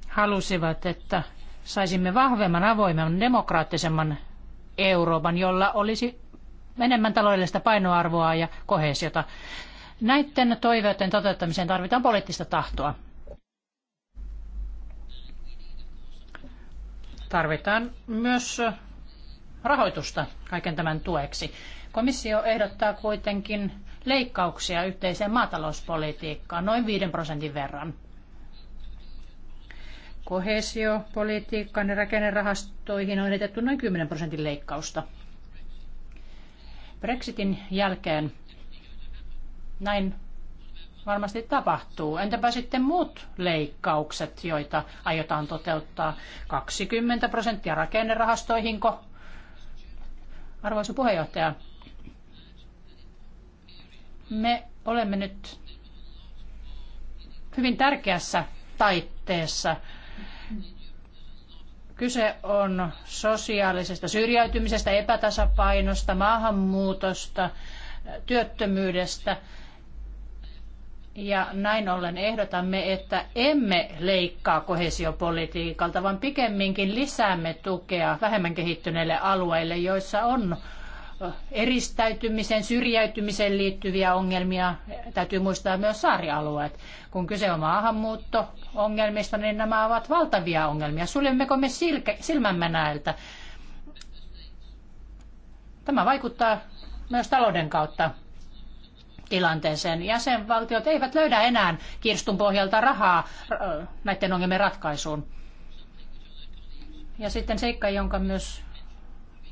halusivat, että saisimme vahvemman, avoimemman, demokraattisemman Euroopan, jolla olisi enemmän taloudellista painoarvoa ja kohesiota. Näiden toiveiden toteuttamiseen tarvitaan poliittista tahtoa. Tarvitaan myös rahoitusta kaiken tämän tueksi. Komissio ehdottaa kuitenkin leikkauksia yhteiseen maatalouspolitiikkaan noin 5 prosentin verran. Kohesiopolitiikkaan ja rakennerahastoihin on edetetty noin 10 prosentin leikkausta. Brexitin jälkeen näin varmasti tapahtuu. Entäpä sitten muut leikkaukset, joita aiotaan toteuttaa? 20 prosenttia rakennerahastoihinko? Arvoisa puheenjohtaja, me olemme nyt hyvin tärkeässä taitteessa. Kyse on sosiaalisesta syrjäytymisestä, epätasapainosta, maahanmuutosta, työttömyydestä – ja näin ollen ehdotamme, että emme leikkaa kohesiopolitiikalta, vaan pikemminkin lisäämme tukea vähemmän kehittyneille alueille, joissa on eristäytymisen, syrjäytymiseen liittyviä ongelmia. Täytyy muistaa myös saarialueet. Kun kyse on maahanmuutto-ongelmista, niin nämä ovat valtavia ongelmia. Suljemmeko me silke, silmämme näiltä? Tämä vaikuttaa myös talouden kautta tilanteeseen. Jäsenvaltiot eivät löydä enää kirstun pohjalta rahaa äh, näiden ongelmien ratkaisuun. Ja sitten seikka, jonka myös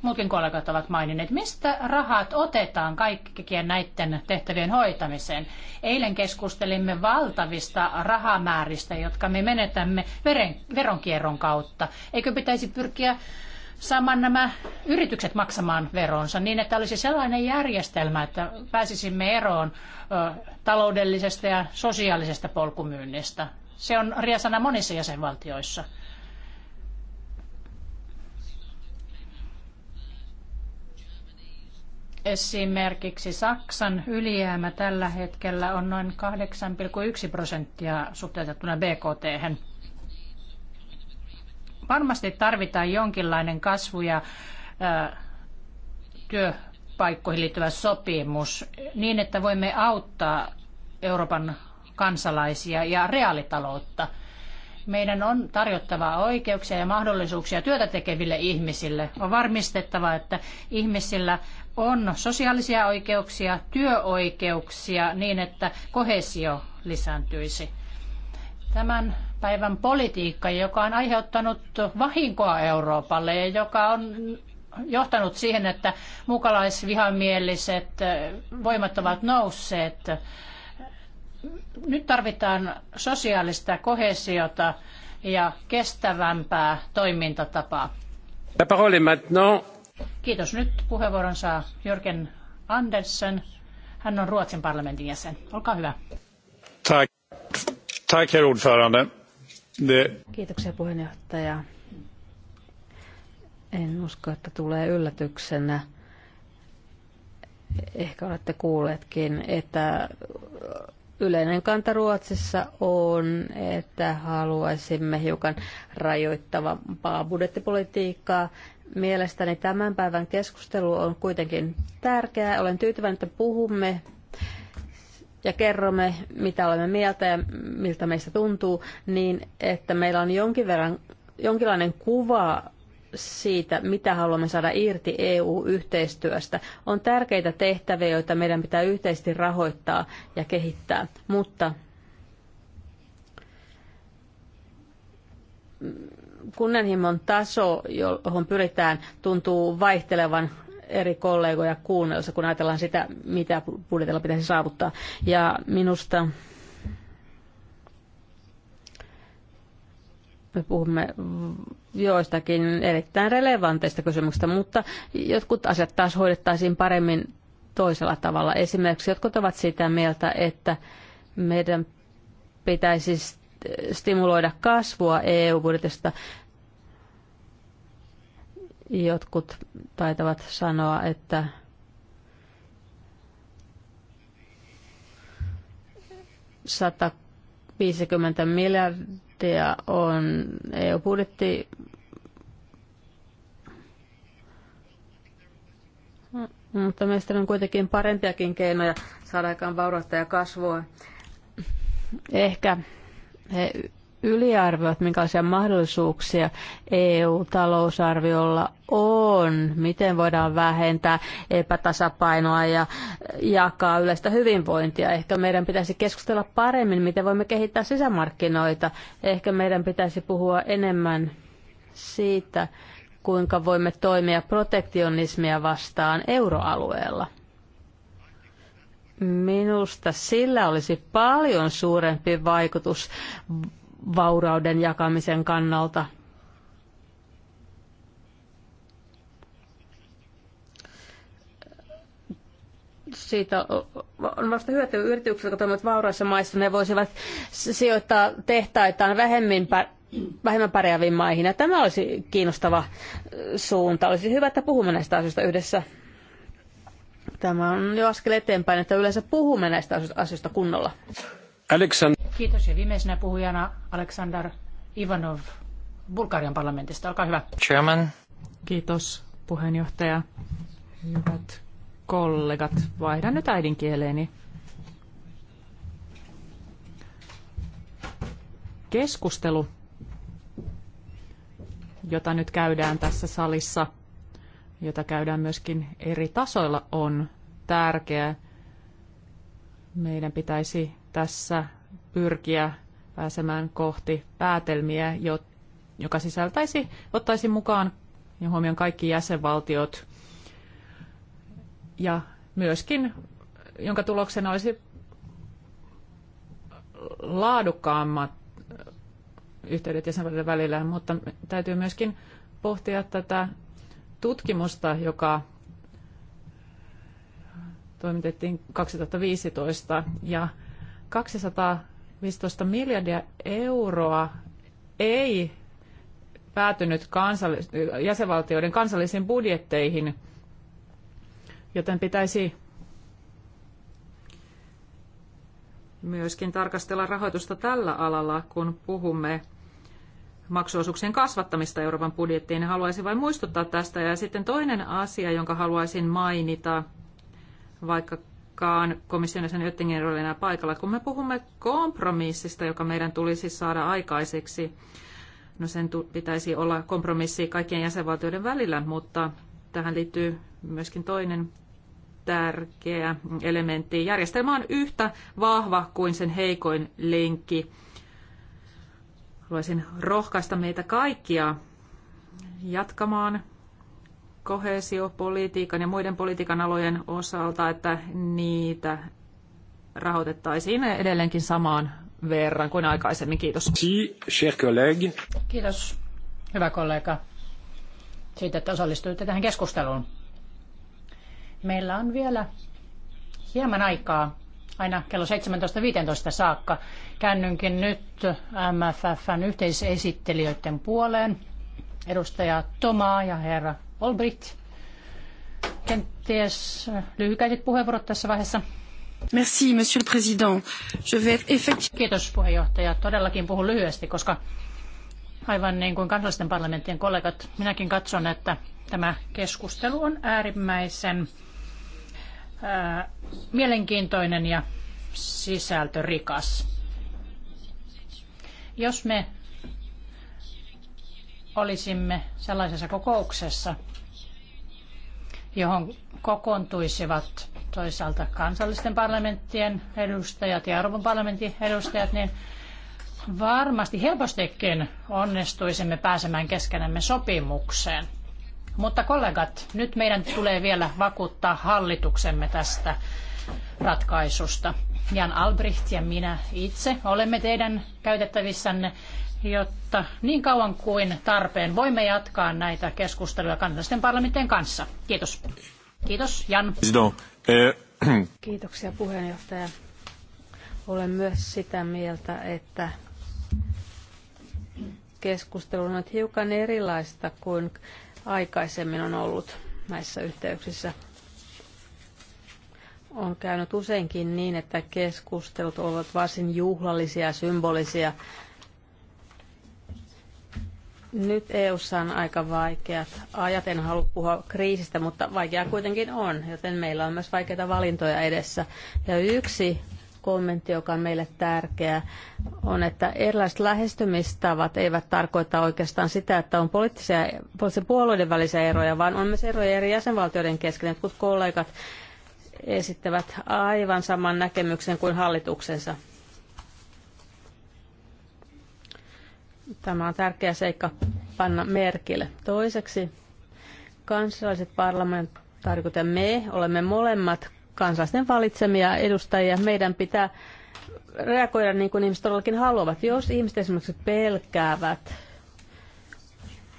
muutkin kollegat ovat maininneet. Mistä rahat otetaan kaikkien näiden tehtävien hoitamiseen? Eilen keskustelimme valtavista rahamääristä, jotka me menetämme veren, veronkierron kautta. Eikö pitäisi pyrkiä saamaan nämä yritykset maksamaan veronsa niin, että olisi sellainen järjestelmä, että pääsisimme eroon taloudellisesta ja sosiaalisesta polkumyynnistä. Se on riasana monissa jäsenvaltioissa. Esimerkiksi Saksan ylijäämä tällä hetkellä on noin 8,1 prosenttia suhteutettuna BKT. -hän varmasti tarvitaan jonkinlainen kasvu ja työpaikkoihin liittyvä sopimus niin, että voimme auttaa Euroopan kansalaisia ja reaalitaloutta. Meidän on tarjottava oikeuksia ja mahdollisuuksia työtä tekeville ihmisille. On varmistettava, että ihmisillä on sosiaalisia oikeuksia, työoikeuksia niin, että kohesio lisääntyisi. Tämän päivän politiikka, joka on aiheuttanut vahinkoa Euroopalle ja joka on johtanut siihen, että mukalaisvihamieliset voimat ovat nousseet. Nyt tarvitaan sosiaalista kohesiota ja kestävämpää toimintatapaa. La parole maintenant. Kiitos. Nyt puheenvuoron saa Jörgen Andersen. Hän on Ruotsin parlamentin jäsen. Olkaa hyvä. Tack. Tack, herr ordförande. Kiitoksia puheenjohtaja. En usko, että tulee yllätyksenä. Ehkä olette kuulleetkin, että yleinen kanta Ruotsissa on, että haluaisimme hiukan rajoittavampaa budjettipolitiikkaa. Mielestäni tämän päivän keskustelu on kuitenkin tärkeää. Olen tyytyväinen, että puhumme ja kerromme, mitä olemme mieltä ja miltä meistä tuntuu, niin että meillä on jonkin verran, jonkinlainen kuva siitä, mitä haluamme saada irti EU-yhteistyöstä. On tärkeitä tehtäviä, joita meidän pitää yhteisesti rahoittaa ja kehittää, mutta kunnianhimon taso, johon pyritään, tuntuu vaihtelevan eri kollegoja kuunnellessa, kun ajatellaan sitä, mitä budjetilla pitäisi saavuttaa. Ja minusta me puhumme joistakin erittäin relevanteista kysymyksistä, mutta jotkut asiat taas hoidettaisiin paremmin toisella tavalla. Esimerkiksi jotkut ovat sitä mieltä, että meidän pitäisi stimuloida kasvua EU-budjetista. Jotkut taitavat sanoa, että sata 50 miljardia on EU-budjetti. Mutta mielestäni on kuitenkin parempiakin keinoja saada aikaan vaurautta ja kasvua. Ehkä he yliarvioit, minkälaisia mahdollisuuksia EU-talousarviolla on, miten voidaan vähentää epätasapainoa ja jakaa yleistä hyvinvointia. Ehkä meidän pitäisi keskustella paremmin, miten voimme kehittää sisämarkkinoita. Ehkä meidän pitäisi puhua enemmän siitä, kuinka voimme toimia protektionismia vastaan euroalueella. Minusta sillä olisi paljon suurempi vaikutus vaurauden jakamisen kannalta. siitä on vasta hyötyä yrityksiä, jotka toimivat vauraissa maissa, ne voisivat sijoittaa tehtaitaan vähemmän, vähemmän pärjääviin maihin. Ja tämä olisi kiinnostava äh, suunta. Olisi hyvä, että puhumme näistä asioista yhdessä. Tämä on jo askel eteenpäin, että yleensä puhumme näistä asioista kunnolla. Alexander. Kiitos ja viimeisenä puhujana Aleksandar Ivanov Bulgarian parlamentista. Olkaa hyvä. Chairman. Kiitos puheenjohtaja. Hyvät kollegat, vaihdan nyt äidinkieleeni. Keskustelu, jota nyt käydään tässä salissa, jota käydään myöskin eri tasoilla, on tärkeä. Meidän pitäisi tässä pyrkiä pääsemään kohti päätelmiä, joka sisältäisi, ottaisi mukaan ja huomioon kaikki jäsenvaltiot ja myöskin, jonka tuloksena olisi laadukkaammat yhteydet jäsenvaltioiden välillä, mutta täytyy myöskin pohtia tätä tutkimusta, joka toimitettiin 2015 ja 200 15 miljardia euroa ei päätynyt kansallis- jäsenvaltioiden kansallisiin budjetteihin, joten pitäisi myöskin tarkastella rahoitusta tällä alalla, kun puhumme maksuosuuksien kasvattamista Euroopan budjettiin. Haluaisin vain muistuttaa tästä. Ja sitten toinen asia, jonka haluaisin mainita, vaikka ollenkaan komission jäsen Öttingen ole enää paikalla, kun me puhumme kompromissista, joka meidän tulisi saada aikaiseksi. No sen pitäisi olla kompromissi kaikkien jäsenvaltioiden välillä, mutta tähän liittyy myöskin toinen tärkeä elementti. Järjestelmä on yhtä vahva kuin sen heikoin lenkki. Haluaisin rohkaista meitä kaikkia jatkamaan kohesiopolitiikan ja muiden politiikan alojen osalta, että niitä rahoitettaisiin edelleenkin samaan verran kuin aikaisemmin. Kiitos. Kiitos, hyvä kollega, siitä, että osallistuitte tähän keskusteluun. Meillä on vielä hieman aikaa aina kello 17.15 saakka. Käännynkin nyt MFFn yhteisesittelijöiden puoleen edustaja Tomaa ja herra Olbricht. Kenties lyhykäiset puheenvuorot tässä vaiheessa. Merci, monsieur le président. Je vais effect... Kiitos puheenjohtaja. Todellakin puhun lyhyesti, koska aivan niin kuin kansallisten parlamenttien kollegat, minäkin katson, että tämä keskustelu on äärimmäisen ää, mielenkiintoinen ja sisältörikas. Jos me olisimme sellaisessa kokouksessa, johon kokoontuisivat toisaalta kansallisten parlamenttien edustajat ja Euroopan parlamentin edustajat, niin varmasti helpostikin onnistuisimme pääsemään keskenämme sopimukseen. Mutta kollegat, nyt meidän tulee vielä vakuuttaa hallituksemme tästä ratkaisusta. Jan Albrecht ja minä itse olemme teidän käytettävissänne jotta niin kauan kuin tarpeen voimme jatkaa näitä keskusteluja kansallisten parlamenttien kanssa. Kiitos. Kiitos, Jan. Eh, [clears throat] Kiitoksia puheenjohtaja. Olen myös sitä mieltä, että keskustelu on hiukan erilaista kuin aikaisemmin on ollut näissä yhteyksissä. On käynyt useinkin niin, että keskustelut ovat varsin juhlallisia ja symbolisia nyt EU:ssa on aika vaikeat ajat. En halua puhua kriisistä, mutta vaikeaa kuitenkin on, joten meillä on myös vaikeita valintoja edessä. Ja yksi kommentti, joka on meille tärkeä, on, että erilaiset lähestymistavat eivät tarkoita oikeastaan sitä, että on poliittisia, poliittisia puolueiden välisiä eroja, vaan on myös eroja eri jäsenvaltioiden kesken. kun kollegat esittävät aivan saman näkemyksen kuin hallituksensa Tämä on tärkeä seikka panna merkille. Toiseksi kansalliset parlamentaarikot ja me olemme molemmat kansalaisten valitsemia edustajia. Meidän pitää reagoida niin kuin ihmiset todellakin haluavat. Jos ihmiset esimerkiksi pelkäävät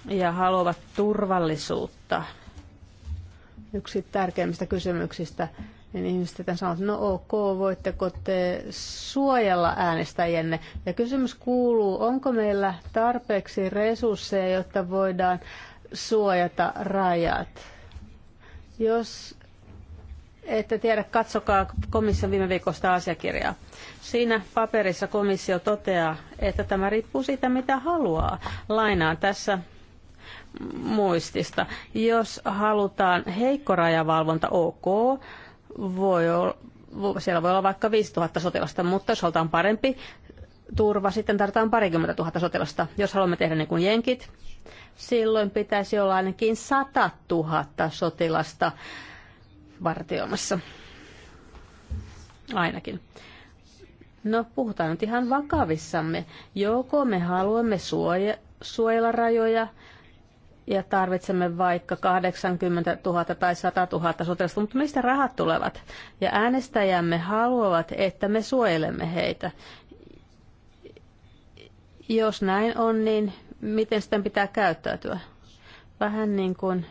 ja haluavat turvallisuutta, yksi tärkeimmistä kysymyksistä, niin ihmiset sitten sanovat, no ok, voitteko te suojella äänestäjienne? Ja kysymys kuuluu, onko meillä tarpeeksi resursseja, jotta voidaan suojata rajat? Jos ette tiedä, katsokaa komission viime viikosta asiakirjaa. Siinä paperissa komissio toteaa, että tämä riippuu siitä, mitä haluaa. Lainaan tässä muistista. Jos halutaan heikko rajavalvonta, ok voi olla, siellä voi olla vaikka 5000 sotilasta, mutta jos halutaan parempi turva, sitten tarvitaan parikymmentä tuhatta sotilasta. Jos haluamme tehdä niin kuin jenkit, silloin pitäisi olla ainakin 100 000 sotilasta vartioimassa. Ainakin. No puhutaan nyt ihan vakavissamme. Joko me haluamme suoja, suojella rajoja ja tarvitsemme vaikka 80 000 tai 100 000 sotilasta, mutta mistä rahat tulevat? Ja äänestäjämme haluavat, että me suojelemme heitä. Jos näin on, niin miten sitä pitää käyttäytyä? Vähän niin kuin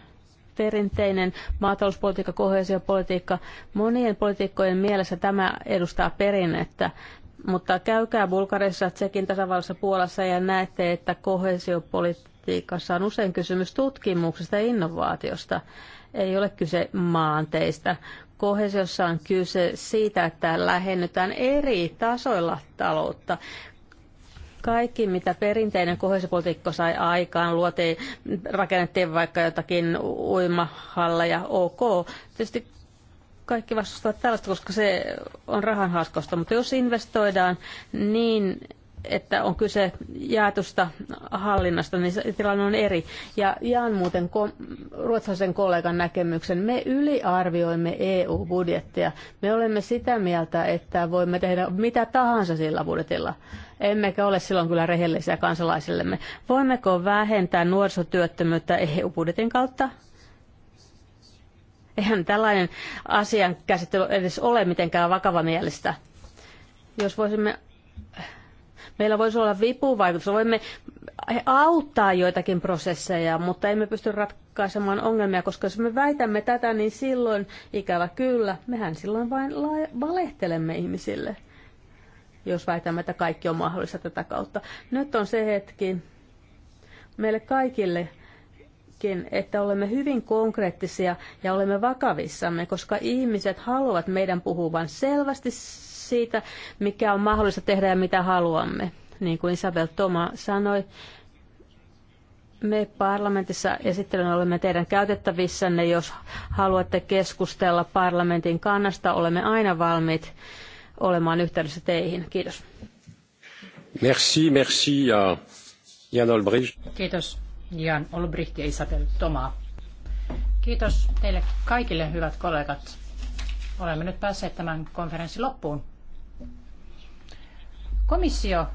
perinteinen maatalouspolitiikka, kohesiopolitiikka. Monien poliitikkojen mielessä tämä edustaa perinnettä, mutta käykää Bulgarissa, Tsekin tasavallassa, Puolassa ja näette, että kohesiopolitiikka politiikassa on usein kysymys tutkimuksesta ja innovaatiosta. Ei ole kyse maanteista. Kohesiossa on kyse siitä, että lähennytään eri tasoilla taloutta kaikki, mitä perinteinen kohesiopolitiikko sai aikaan, luotiin, rakennettiin vaikka jotakin ja ok. Tietysti kaikki vastustavat tällaista, koska se on rahan mutta jos investoidaan niin että on kyse jaetusta hallinnasta, niin tilanne on eri. Ja jaan muuten ko- ruotsalaisen kollegan näkemyksen. Me yliarvioimme EU-budjettia. Me olemme sitä mieltä, että voimme tehdä mitä tahansa sillä budjetilla. Emmekä ole silloin kyllä rehellisiä kansalaisillemme. Voimmeko vähentää nuorisotyöttömyyttä EU-budjetin kautta? Eihän tällainen asian käsittely edes ole mitenkään vakavamielistä. Jos voisimme Meillä voisi olla vipuvaikutus. Voimme auttaa joitakin prosesseja, mutta emme pysty ratkaisemaan ongelmia, koska jos me väitämme tätä, niin silloin ikävä kyllä, mehän silloin vain valehtelemme ihmisille, jos väitämme, että kaikki on mahdollista tätä kautta. Nyt on se hetki meille kaikille, että olemme hyvin konkreettisia ja olemme vakavissamme, koska ihmiset haluavat meidän puhuvan selvästi siitä, mikä on mahdollista tehdä ja mitä haluamme. Niin kuin Isabel Toma sanoi, me parlamentissa esittelyn olemme teidän käytettävissänne. Jos haluatte keskustella parlamentin kannasta, olemme aina valmiit olemaan yhteydessä teihin. Kiitos. Merci, merci ja Jan Olbricht. Kiitos Jan Olbricht ja Isabel Toma. Kiitos teille kaikille hyvät kollegat. Olemme nyt päässeet tämän konferenssin loppuun. Komissio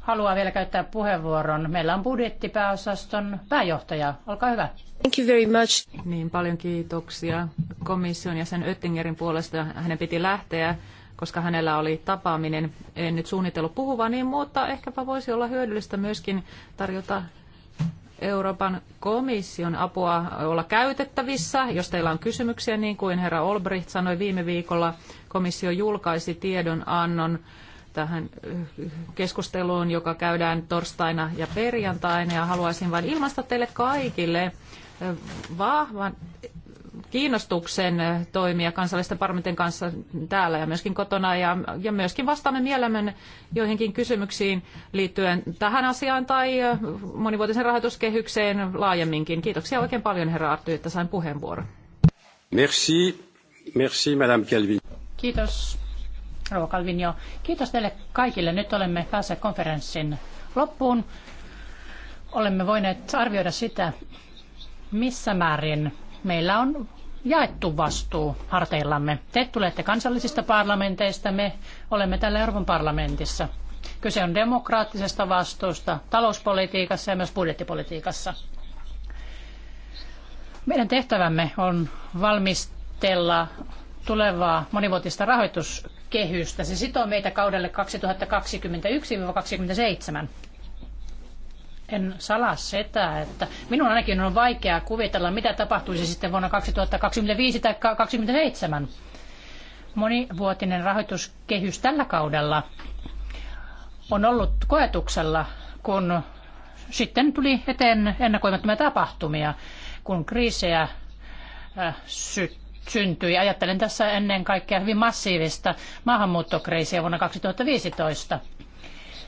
haluaa vielä käyttää puheenvuoron. Meillä on budjettipääosaston pääjohtaja. Olkaa hyvä. Thank you very much. Niin paljon kiitoksia komission ja sen Öttingerin puolesta. Hänen piti lähteä, koska hänellä oli tapaaminen. En nyt suunnitellut puhuva niin, mutta ehkäpä voisi olla hyödyllistä myöskin tarjota Euroopan komission apua olla käytettävissä. Jos teillä on kysymyksiä, niin kuin herra Olbricht sanoi viime viikolla, komissio julkaisi tiedonannon tähän keskusteluun, joka käydään torstaina ja perjantaina. Ja haluaisin vain ilmaista teille kaikille vahvan kiinnostuksen toimia kansallisten parlamentin kanssa täällä ja myöskin kotona ja, ja myöskin vastaamme mielemme joihinkin kysymyksiin liittyen tähän asiaan tai monivuotisen rahoituskehykseen laajemminkin. Kiitoksia oikein paljon herra Arty, että sain puheenvuoron. Merci. Merci, Madame Calvi. Kiitos Rouva Kalvinio, kiitos teille kaikille. Nyt olemme päässeet konferenssin loppuun. Olemme voineet arvioida sitä, missä määrin meillä on jaettu vastuu harteillamme. Te tulette kansallisista parlamenteista, me olemme täällä Euroopan parlamentissa. Kyse on demokraattisesta vastuusta talouspolitiikassa ja myös budjettipolitiikassa. Meidän tehtävämme on valmistella tulevaa monivuotista rahoitus kehystä. Se sitoo meitä kaudelle 2021-2027. En salaa sitä, että minun ainakin on vaikea kuvitella, mitä tapahtuisi sitten vuonna 2025 tai 2027. Monivuotinen rahoituskehys tällä kaudella on ollut koetuksella, kun sitten tuli eteen ennakoimattomia tapahtumia, kun kriisejä äh, syttyi syntyi. Ajattelen tässä ennen kaikkea hyvin massiivista maahanmuuttokriisiä vuonna 2015.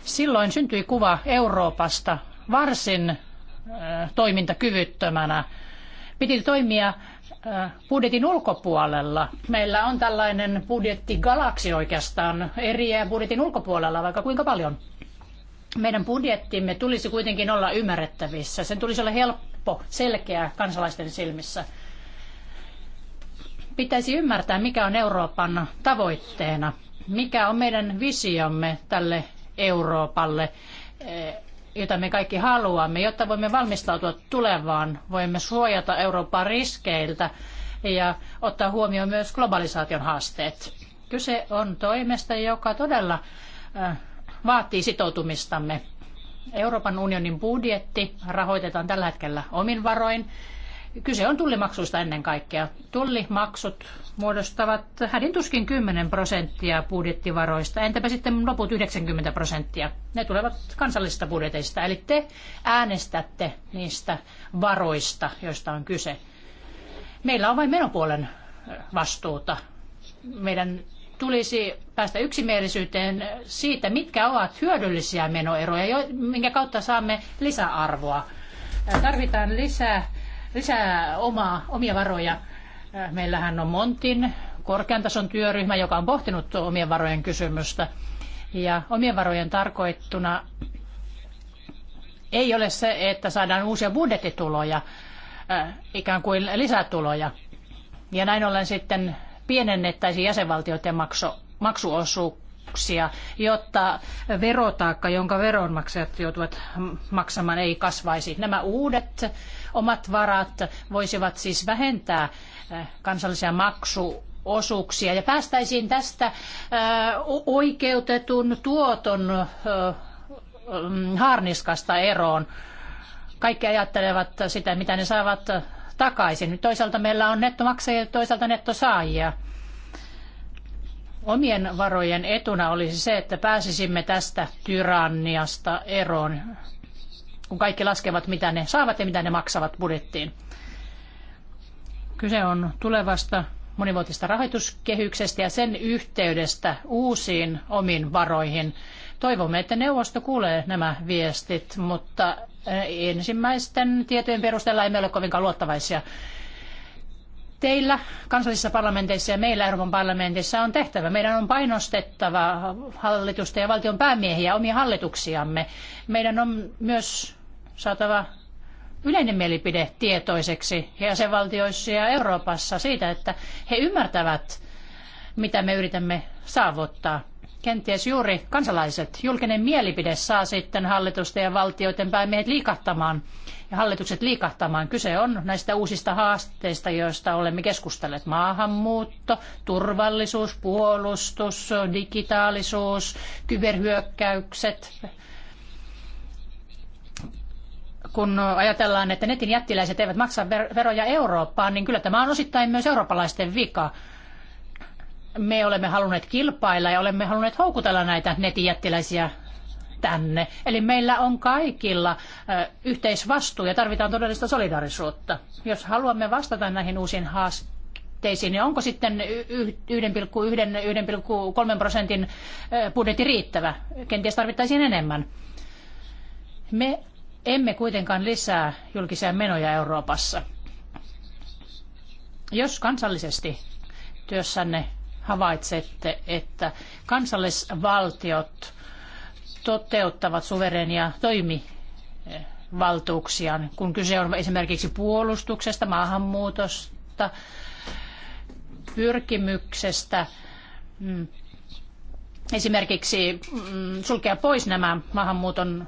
Silloin syntyi kuva Euroopasta varsin toimintakyvyttömänä. Piti toimia budjetin ulkopuolella. Meillä on tällainen budjettigalaksi oikeastaan eriä budjetin ulkopuolella vaikka kuinka paljon. Meidän budjettimme tulisi kuitenkin olla ymmärrettävissä. Sen tulisi olla helppo, selkeä kansalaisten silmissä pitäisi ymmärtää, mikä on Euroopan tavoitteena, mikä on meidän visiomme tälle Euroopalle, eh, jota me kaikki haluamme, jotta voimme valmistautua tulevaan, voimme suojata Eurooppaa riskeiltä ja ottaa huomioon myös globalisaation haasteet. Kyse on toimesta, joka todella eh, vaatii sitoutumistamme. Euroopan unionin budjetti rahoitetaan tällä hetkellä omin varoin Kyse on tullimaksuista ennen kaikkea. Tullimaksut muodostavat tuskin 10 prosenttia budjettivaroista, entäpä sitten loput 90 prosenttia. Ne tulevat kansallisista budjeteista, eli te äänestätte niistä varoista, joista on kyse. Meillä on vain menopuolen vastuuta. Meidän tulisi päästä yksimielisyyteen siitä, mitkä ovat hyödyllisiä menoeroja, minkä kautta saamme lisäarvoa. Tarvitaan lisää lisää omaa, omia varoja. Äh, meillähän on Montin korkean tason työryhmä, joka on pohtinut omien varojen kysymystä. Ja omien varojen tarkoittuna ei ole se, että saadaan uusia budjettituloja, äh, ikään kuin lisätuloja. Ja näin ollen sitten pienennettäisiin jäsenvaltioiden makso, maksuosuuksia, jotta verotaakka, jonka veronmaksajat joutuvat maksamaan, ei kasvaisi. Nämä uudet Omat varat voisivat siis vähentää äh, kansallisia maksu osuuksia ja päästäisiin tästä äh, oikeutetun tuoton äh, mm, haarniskasta eroon. Kaikki ajattelevat sitä, mitä ne saavat takaisin. Toisaalta meillä on nettomaksajia ja toisaalta nettosaajia. Omien varojen etuna olisi se, että pääsisimme tästä tyranniasta eroon kun kaikki laskevat, mitä ne saavat ja mitä ne maksavat budjettiin. Kyse on tulevasta monivuotista rahoituskehyksestä ja sen yhteydestä uusiin omiin varoihin. Toivomme, että neuvosto kuulee nämä viestit, mutta eh, ensimmäisten tietojen perusteella emme ole kovinkaan luottavaisia. Teillä kansallisissa parlamenteissa ja meillä Euroopan parlamentissa on tehtävä. Meidän on painostettava hallitusta ja valtion päämiehiä, omia hallituksiamme. Meidän on myös saatava yleinen mielipide tietoiseksi jäsenvaltioissa ja Euroopassa siitä, että he ymmärtävät, mitä me yritämme saavuttaa. Kenties juuri kansalaiset, julkinen mielipide saa sitten hallitusten ja valtioiden päämiehet liikahtamaan ja hallitukset liikahtamaan. Kyse on näistä uusista haasteista, joista olemme keskustelleet. Maahanmuutto, turvallisuus, puolustus, digitaalisuus, kyberhyökkäykset, kun ajatellaan, että netin jättiläiset eivät maksa veroja Eurooppaan, niin kyllä tämä on osittain myös eurooppalaisten vika. Me olemme halunneet kilpailla ja olemme halunneet houkutella näitä netin jättiläisiä tänne. Eli meillä on kaikilla yhteisvastuu ja tarvitaan todellista solidaarisuutta. Jos haluamme vastata näihin uusiin haasteisiin, niin onko sitten 1,1-1,3 prosentin budjetti riittävä? Kenties tarvittaisiin enemmän. Me emme kuitenkaan lisää julkisia menoja Euroopassa. Jos kansallisesti työssänne havaitsette, että kansallisvaltiot toteuttavat suverenia toimivaltuuksiaan, kun kyse on esimerkiksi puolustuksesta, maahanmuutosta, pyrkimyksestä mm, esimerkiksi mm, sulkea pois nämä maahanmuuton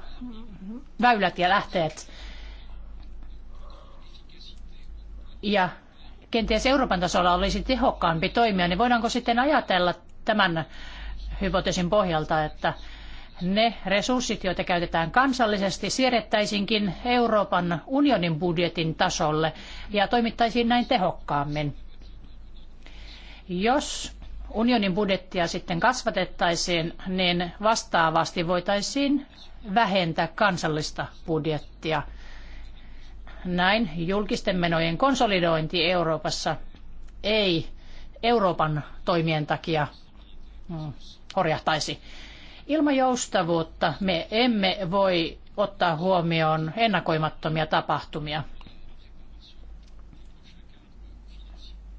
väylät ja lähteet. Ja kenties Euroopan tasolla olisi tehokkaampi toimia, niin voidaanko sitten ajatella tämän hypoteesin pohjalta, että ne resurssit, joita käytetään kansallisesti, siirrettäisinkin Euroopan unionin budjetin tasolle ja toimittaisiin näin tehokkaammin. Jos unionin budjettia sitten kasvatettaisiin, niin vastaavasti voitaisiin vähentää kansallista budjettia. Näin julkisten menojen konsolidointi Euroopassa ei Euroopan toimien takia mm, horjahtaisi. Ilman joustavuutta me emme voi ottaa huomioon ennakoimattomia tapahtumia.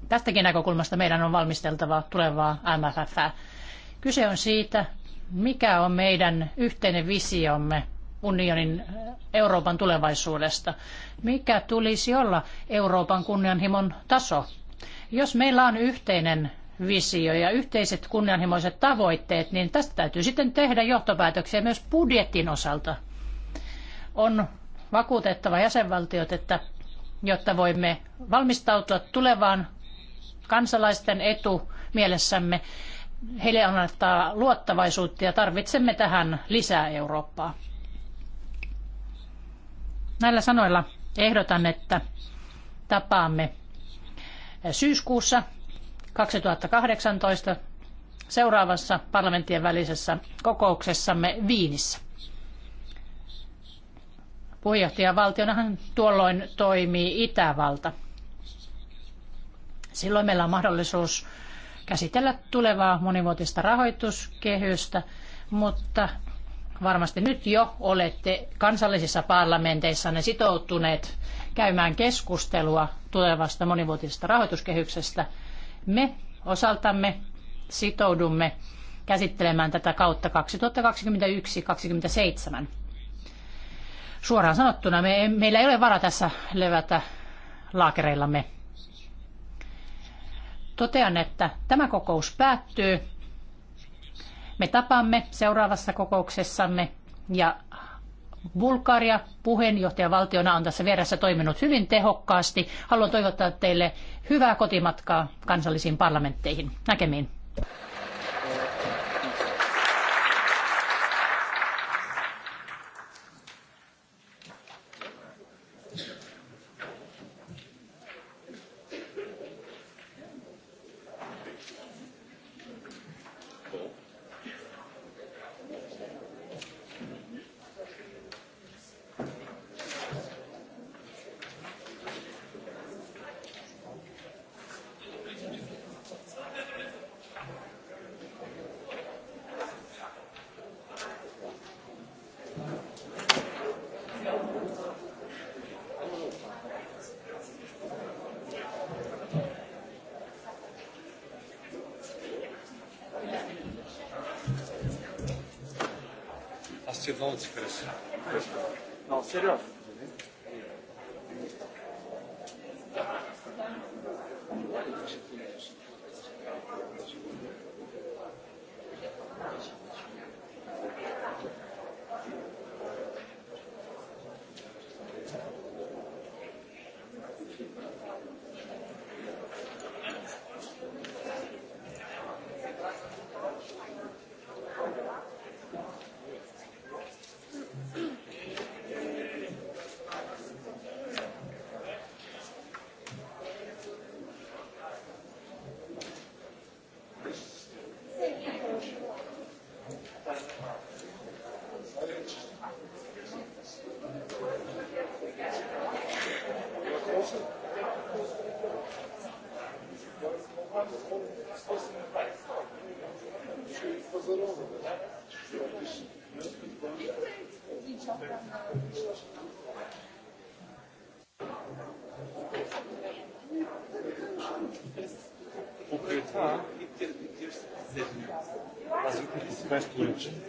Tästäkin näkökulmasta meidän on valmisteltava tulevaa MFF. Kyse on siitä, mikä on meidän yhteinen visiomme unionin Euroopan tulevaisuudesta? Mikä tulisi olla Euroopan kunnianhimon taso? Jos meillä on yhteinen visio ja yhteiset kunnianhimoiset tavoitteet, niin tästä täytyy sitten tehdä johtopäätöksiä myös budjetin osalta. On vakuutettava jäsenvaltiot, että jotta voimme valmistautua tulevaan kansalaisten etu mielessämme, heille annettava luottavaisuutta ja tarvitsemme tähän lisää Eurooppaa. Näillä sanoilla ehdotan, että tapaamme syyskuussa 2018 seuraavassa parlamenttien välisessä kokouksessamme Viinissä. Puheenjohtajavaltionahan tuolloin toimii Itävalta. Silloin meillä on mahdollisuus käsitellä tulevaa monivuotista rahoituskehystä, mutta varmasti nyt jo olette kansallisissa parlamenteissanne sitoutuneet käymään keskustelua tulevasta monivuotisesta rahoituskehyksestä. Me osaltamme sitoudumme käsittelemään tätä kautta 2021-2027. Suoraan sanottuna me, meillä ei ole vara tässä levätä laakereillamme. Totean, että tämä kokous päättyy. Me tapaamme seuraavassa kokouksessamme ja Bulgaria puheenjohtajavaltiona on tässä vieressä toiminut hyvin tehokkaasti. Haluan toivottaa teille hyvää kotimatkaa kansallisiin parlamentteihin. Näkemiin. Luigi.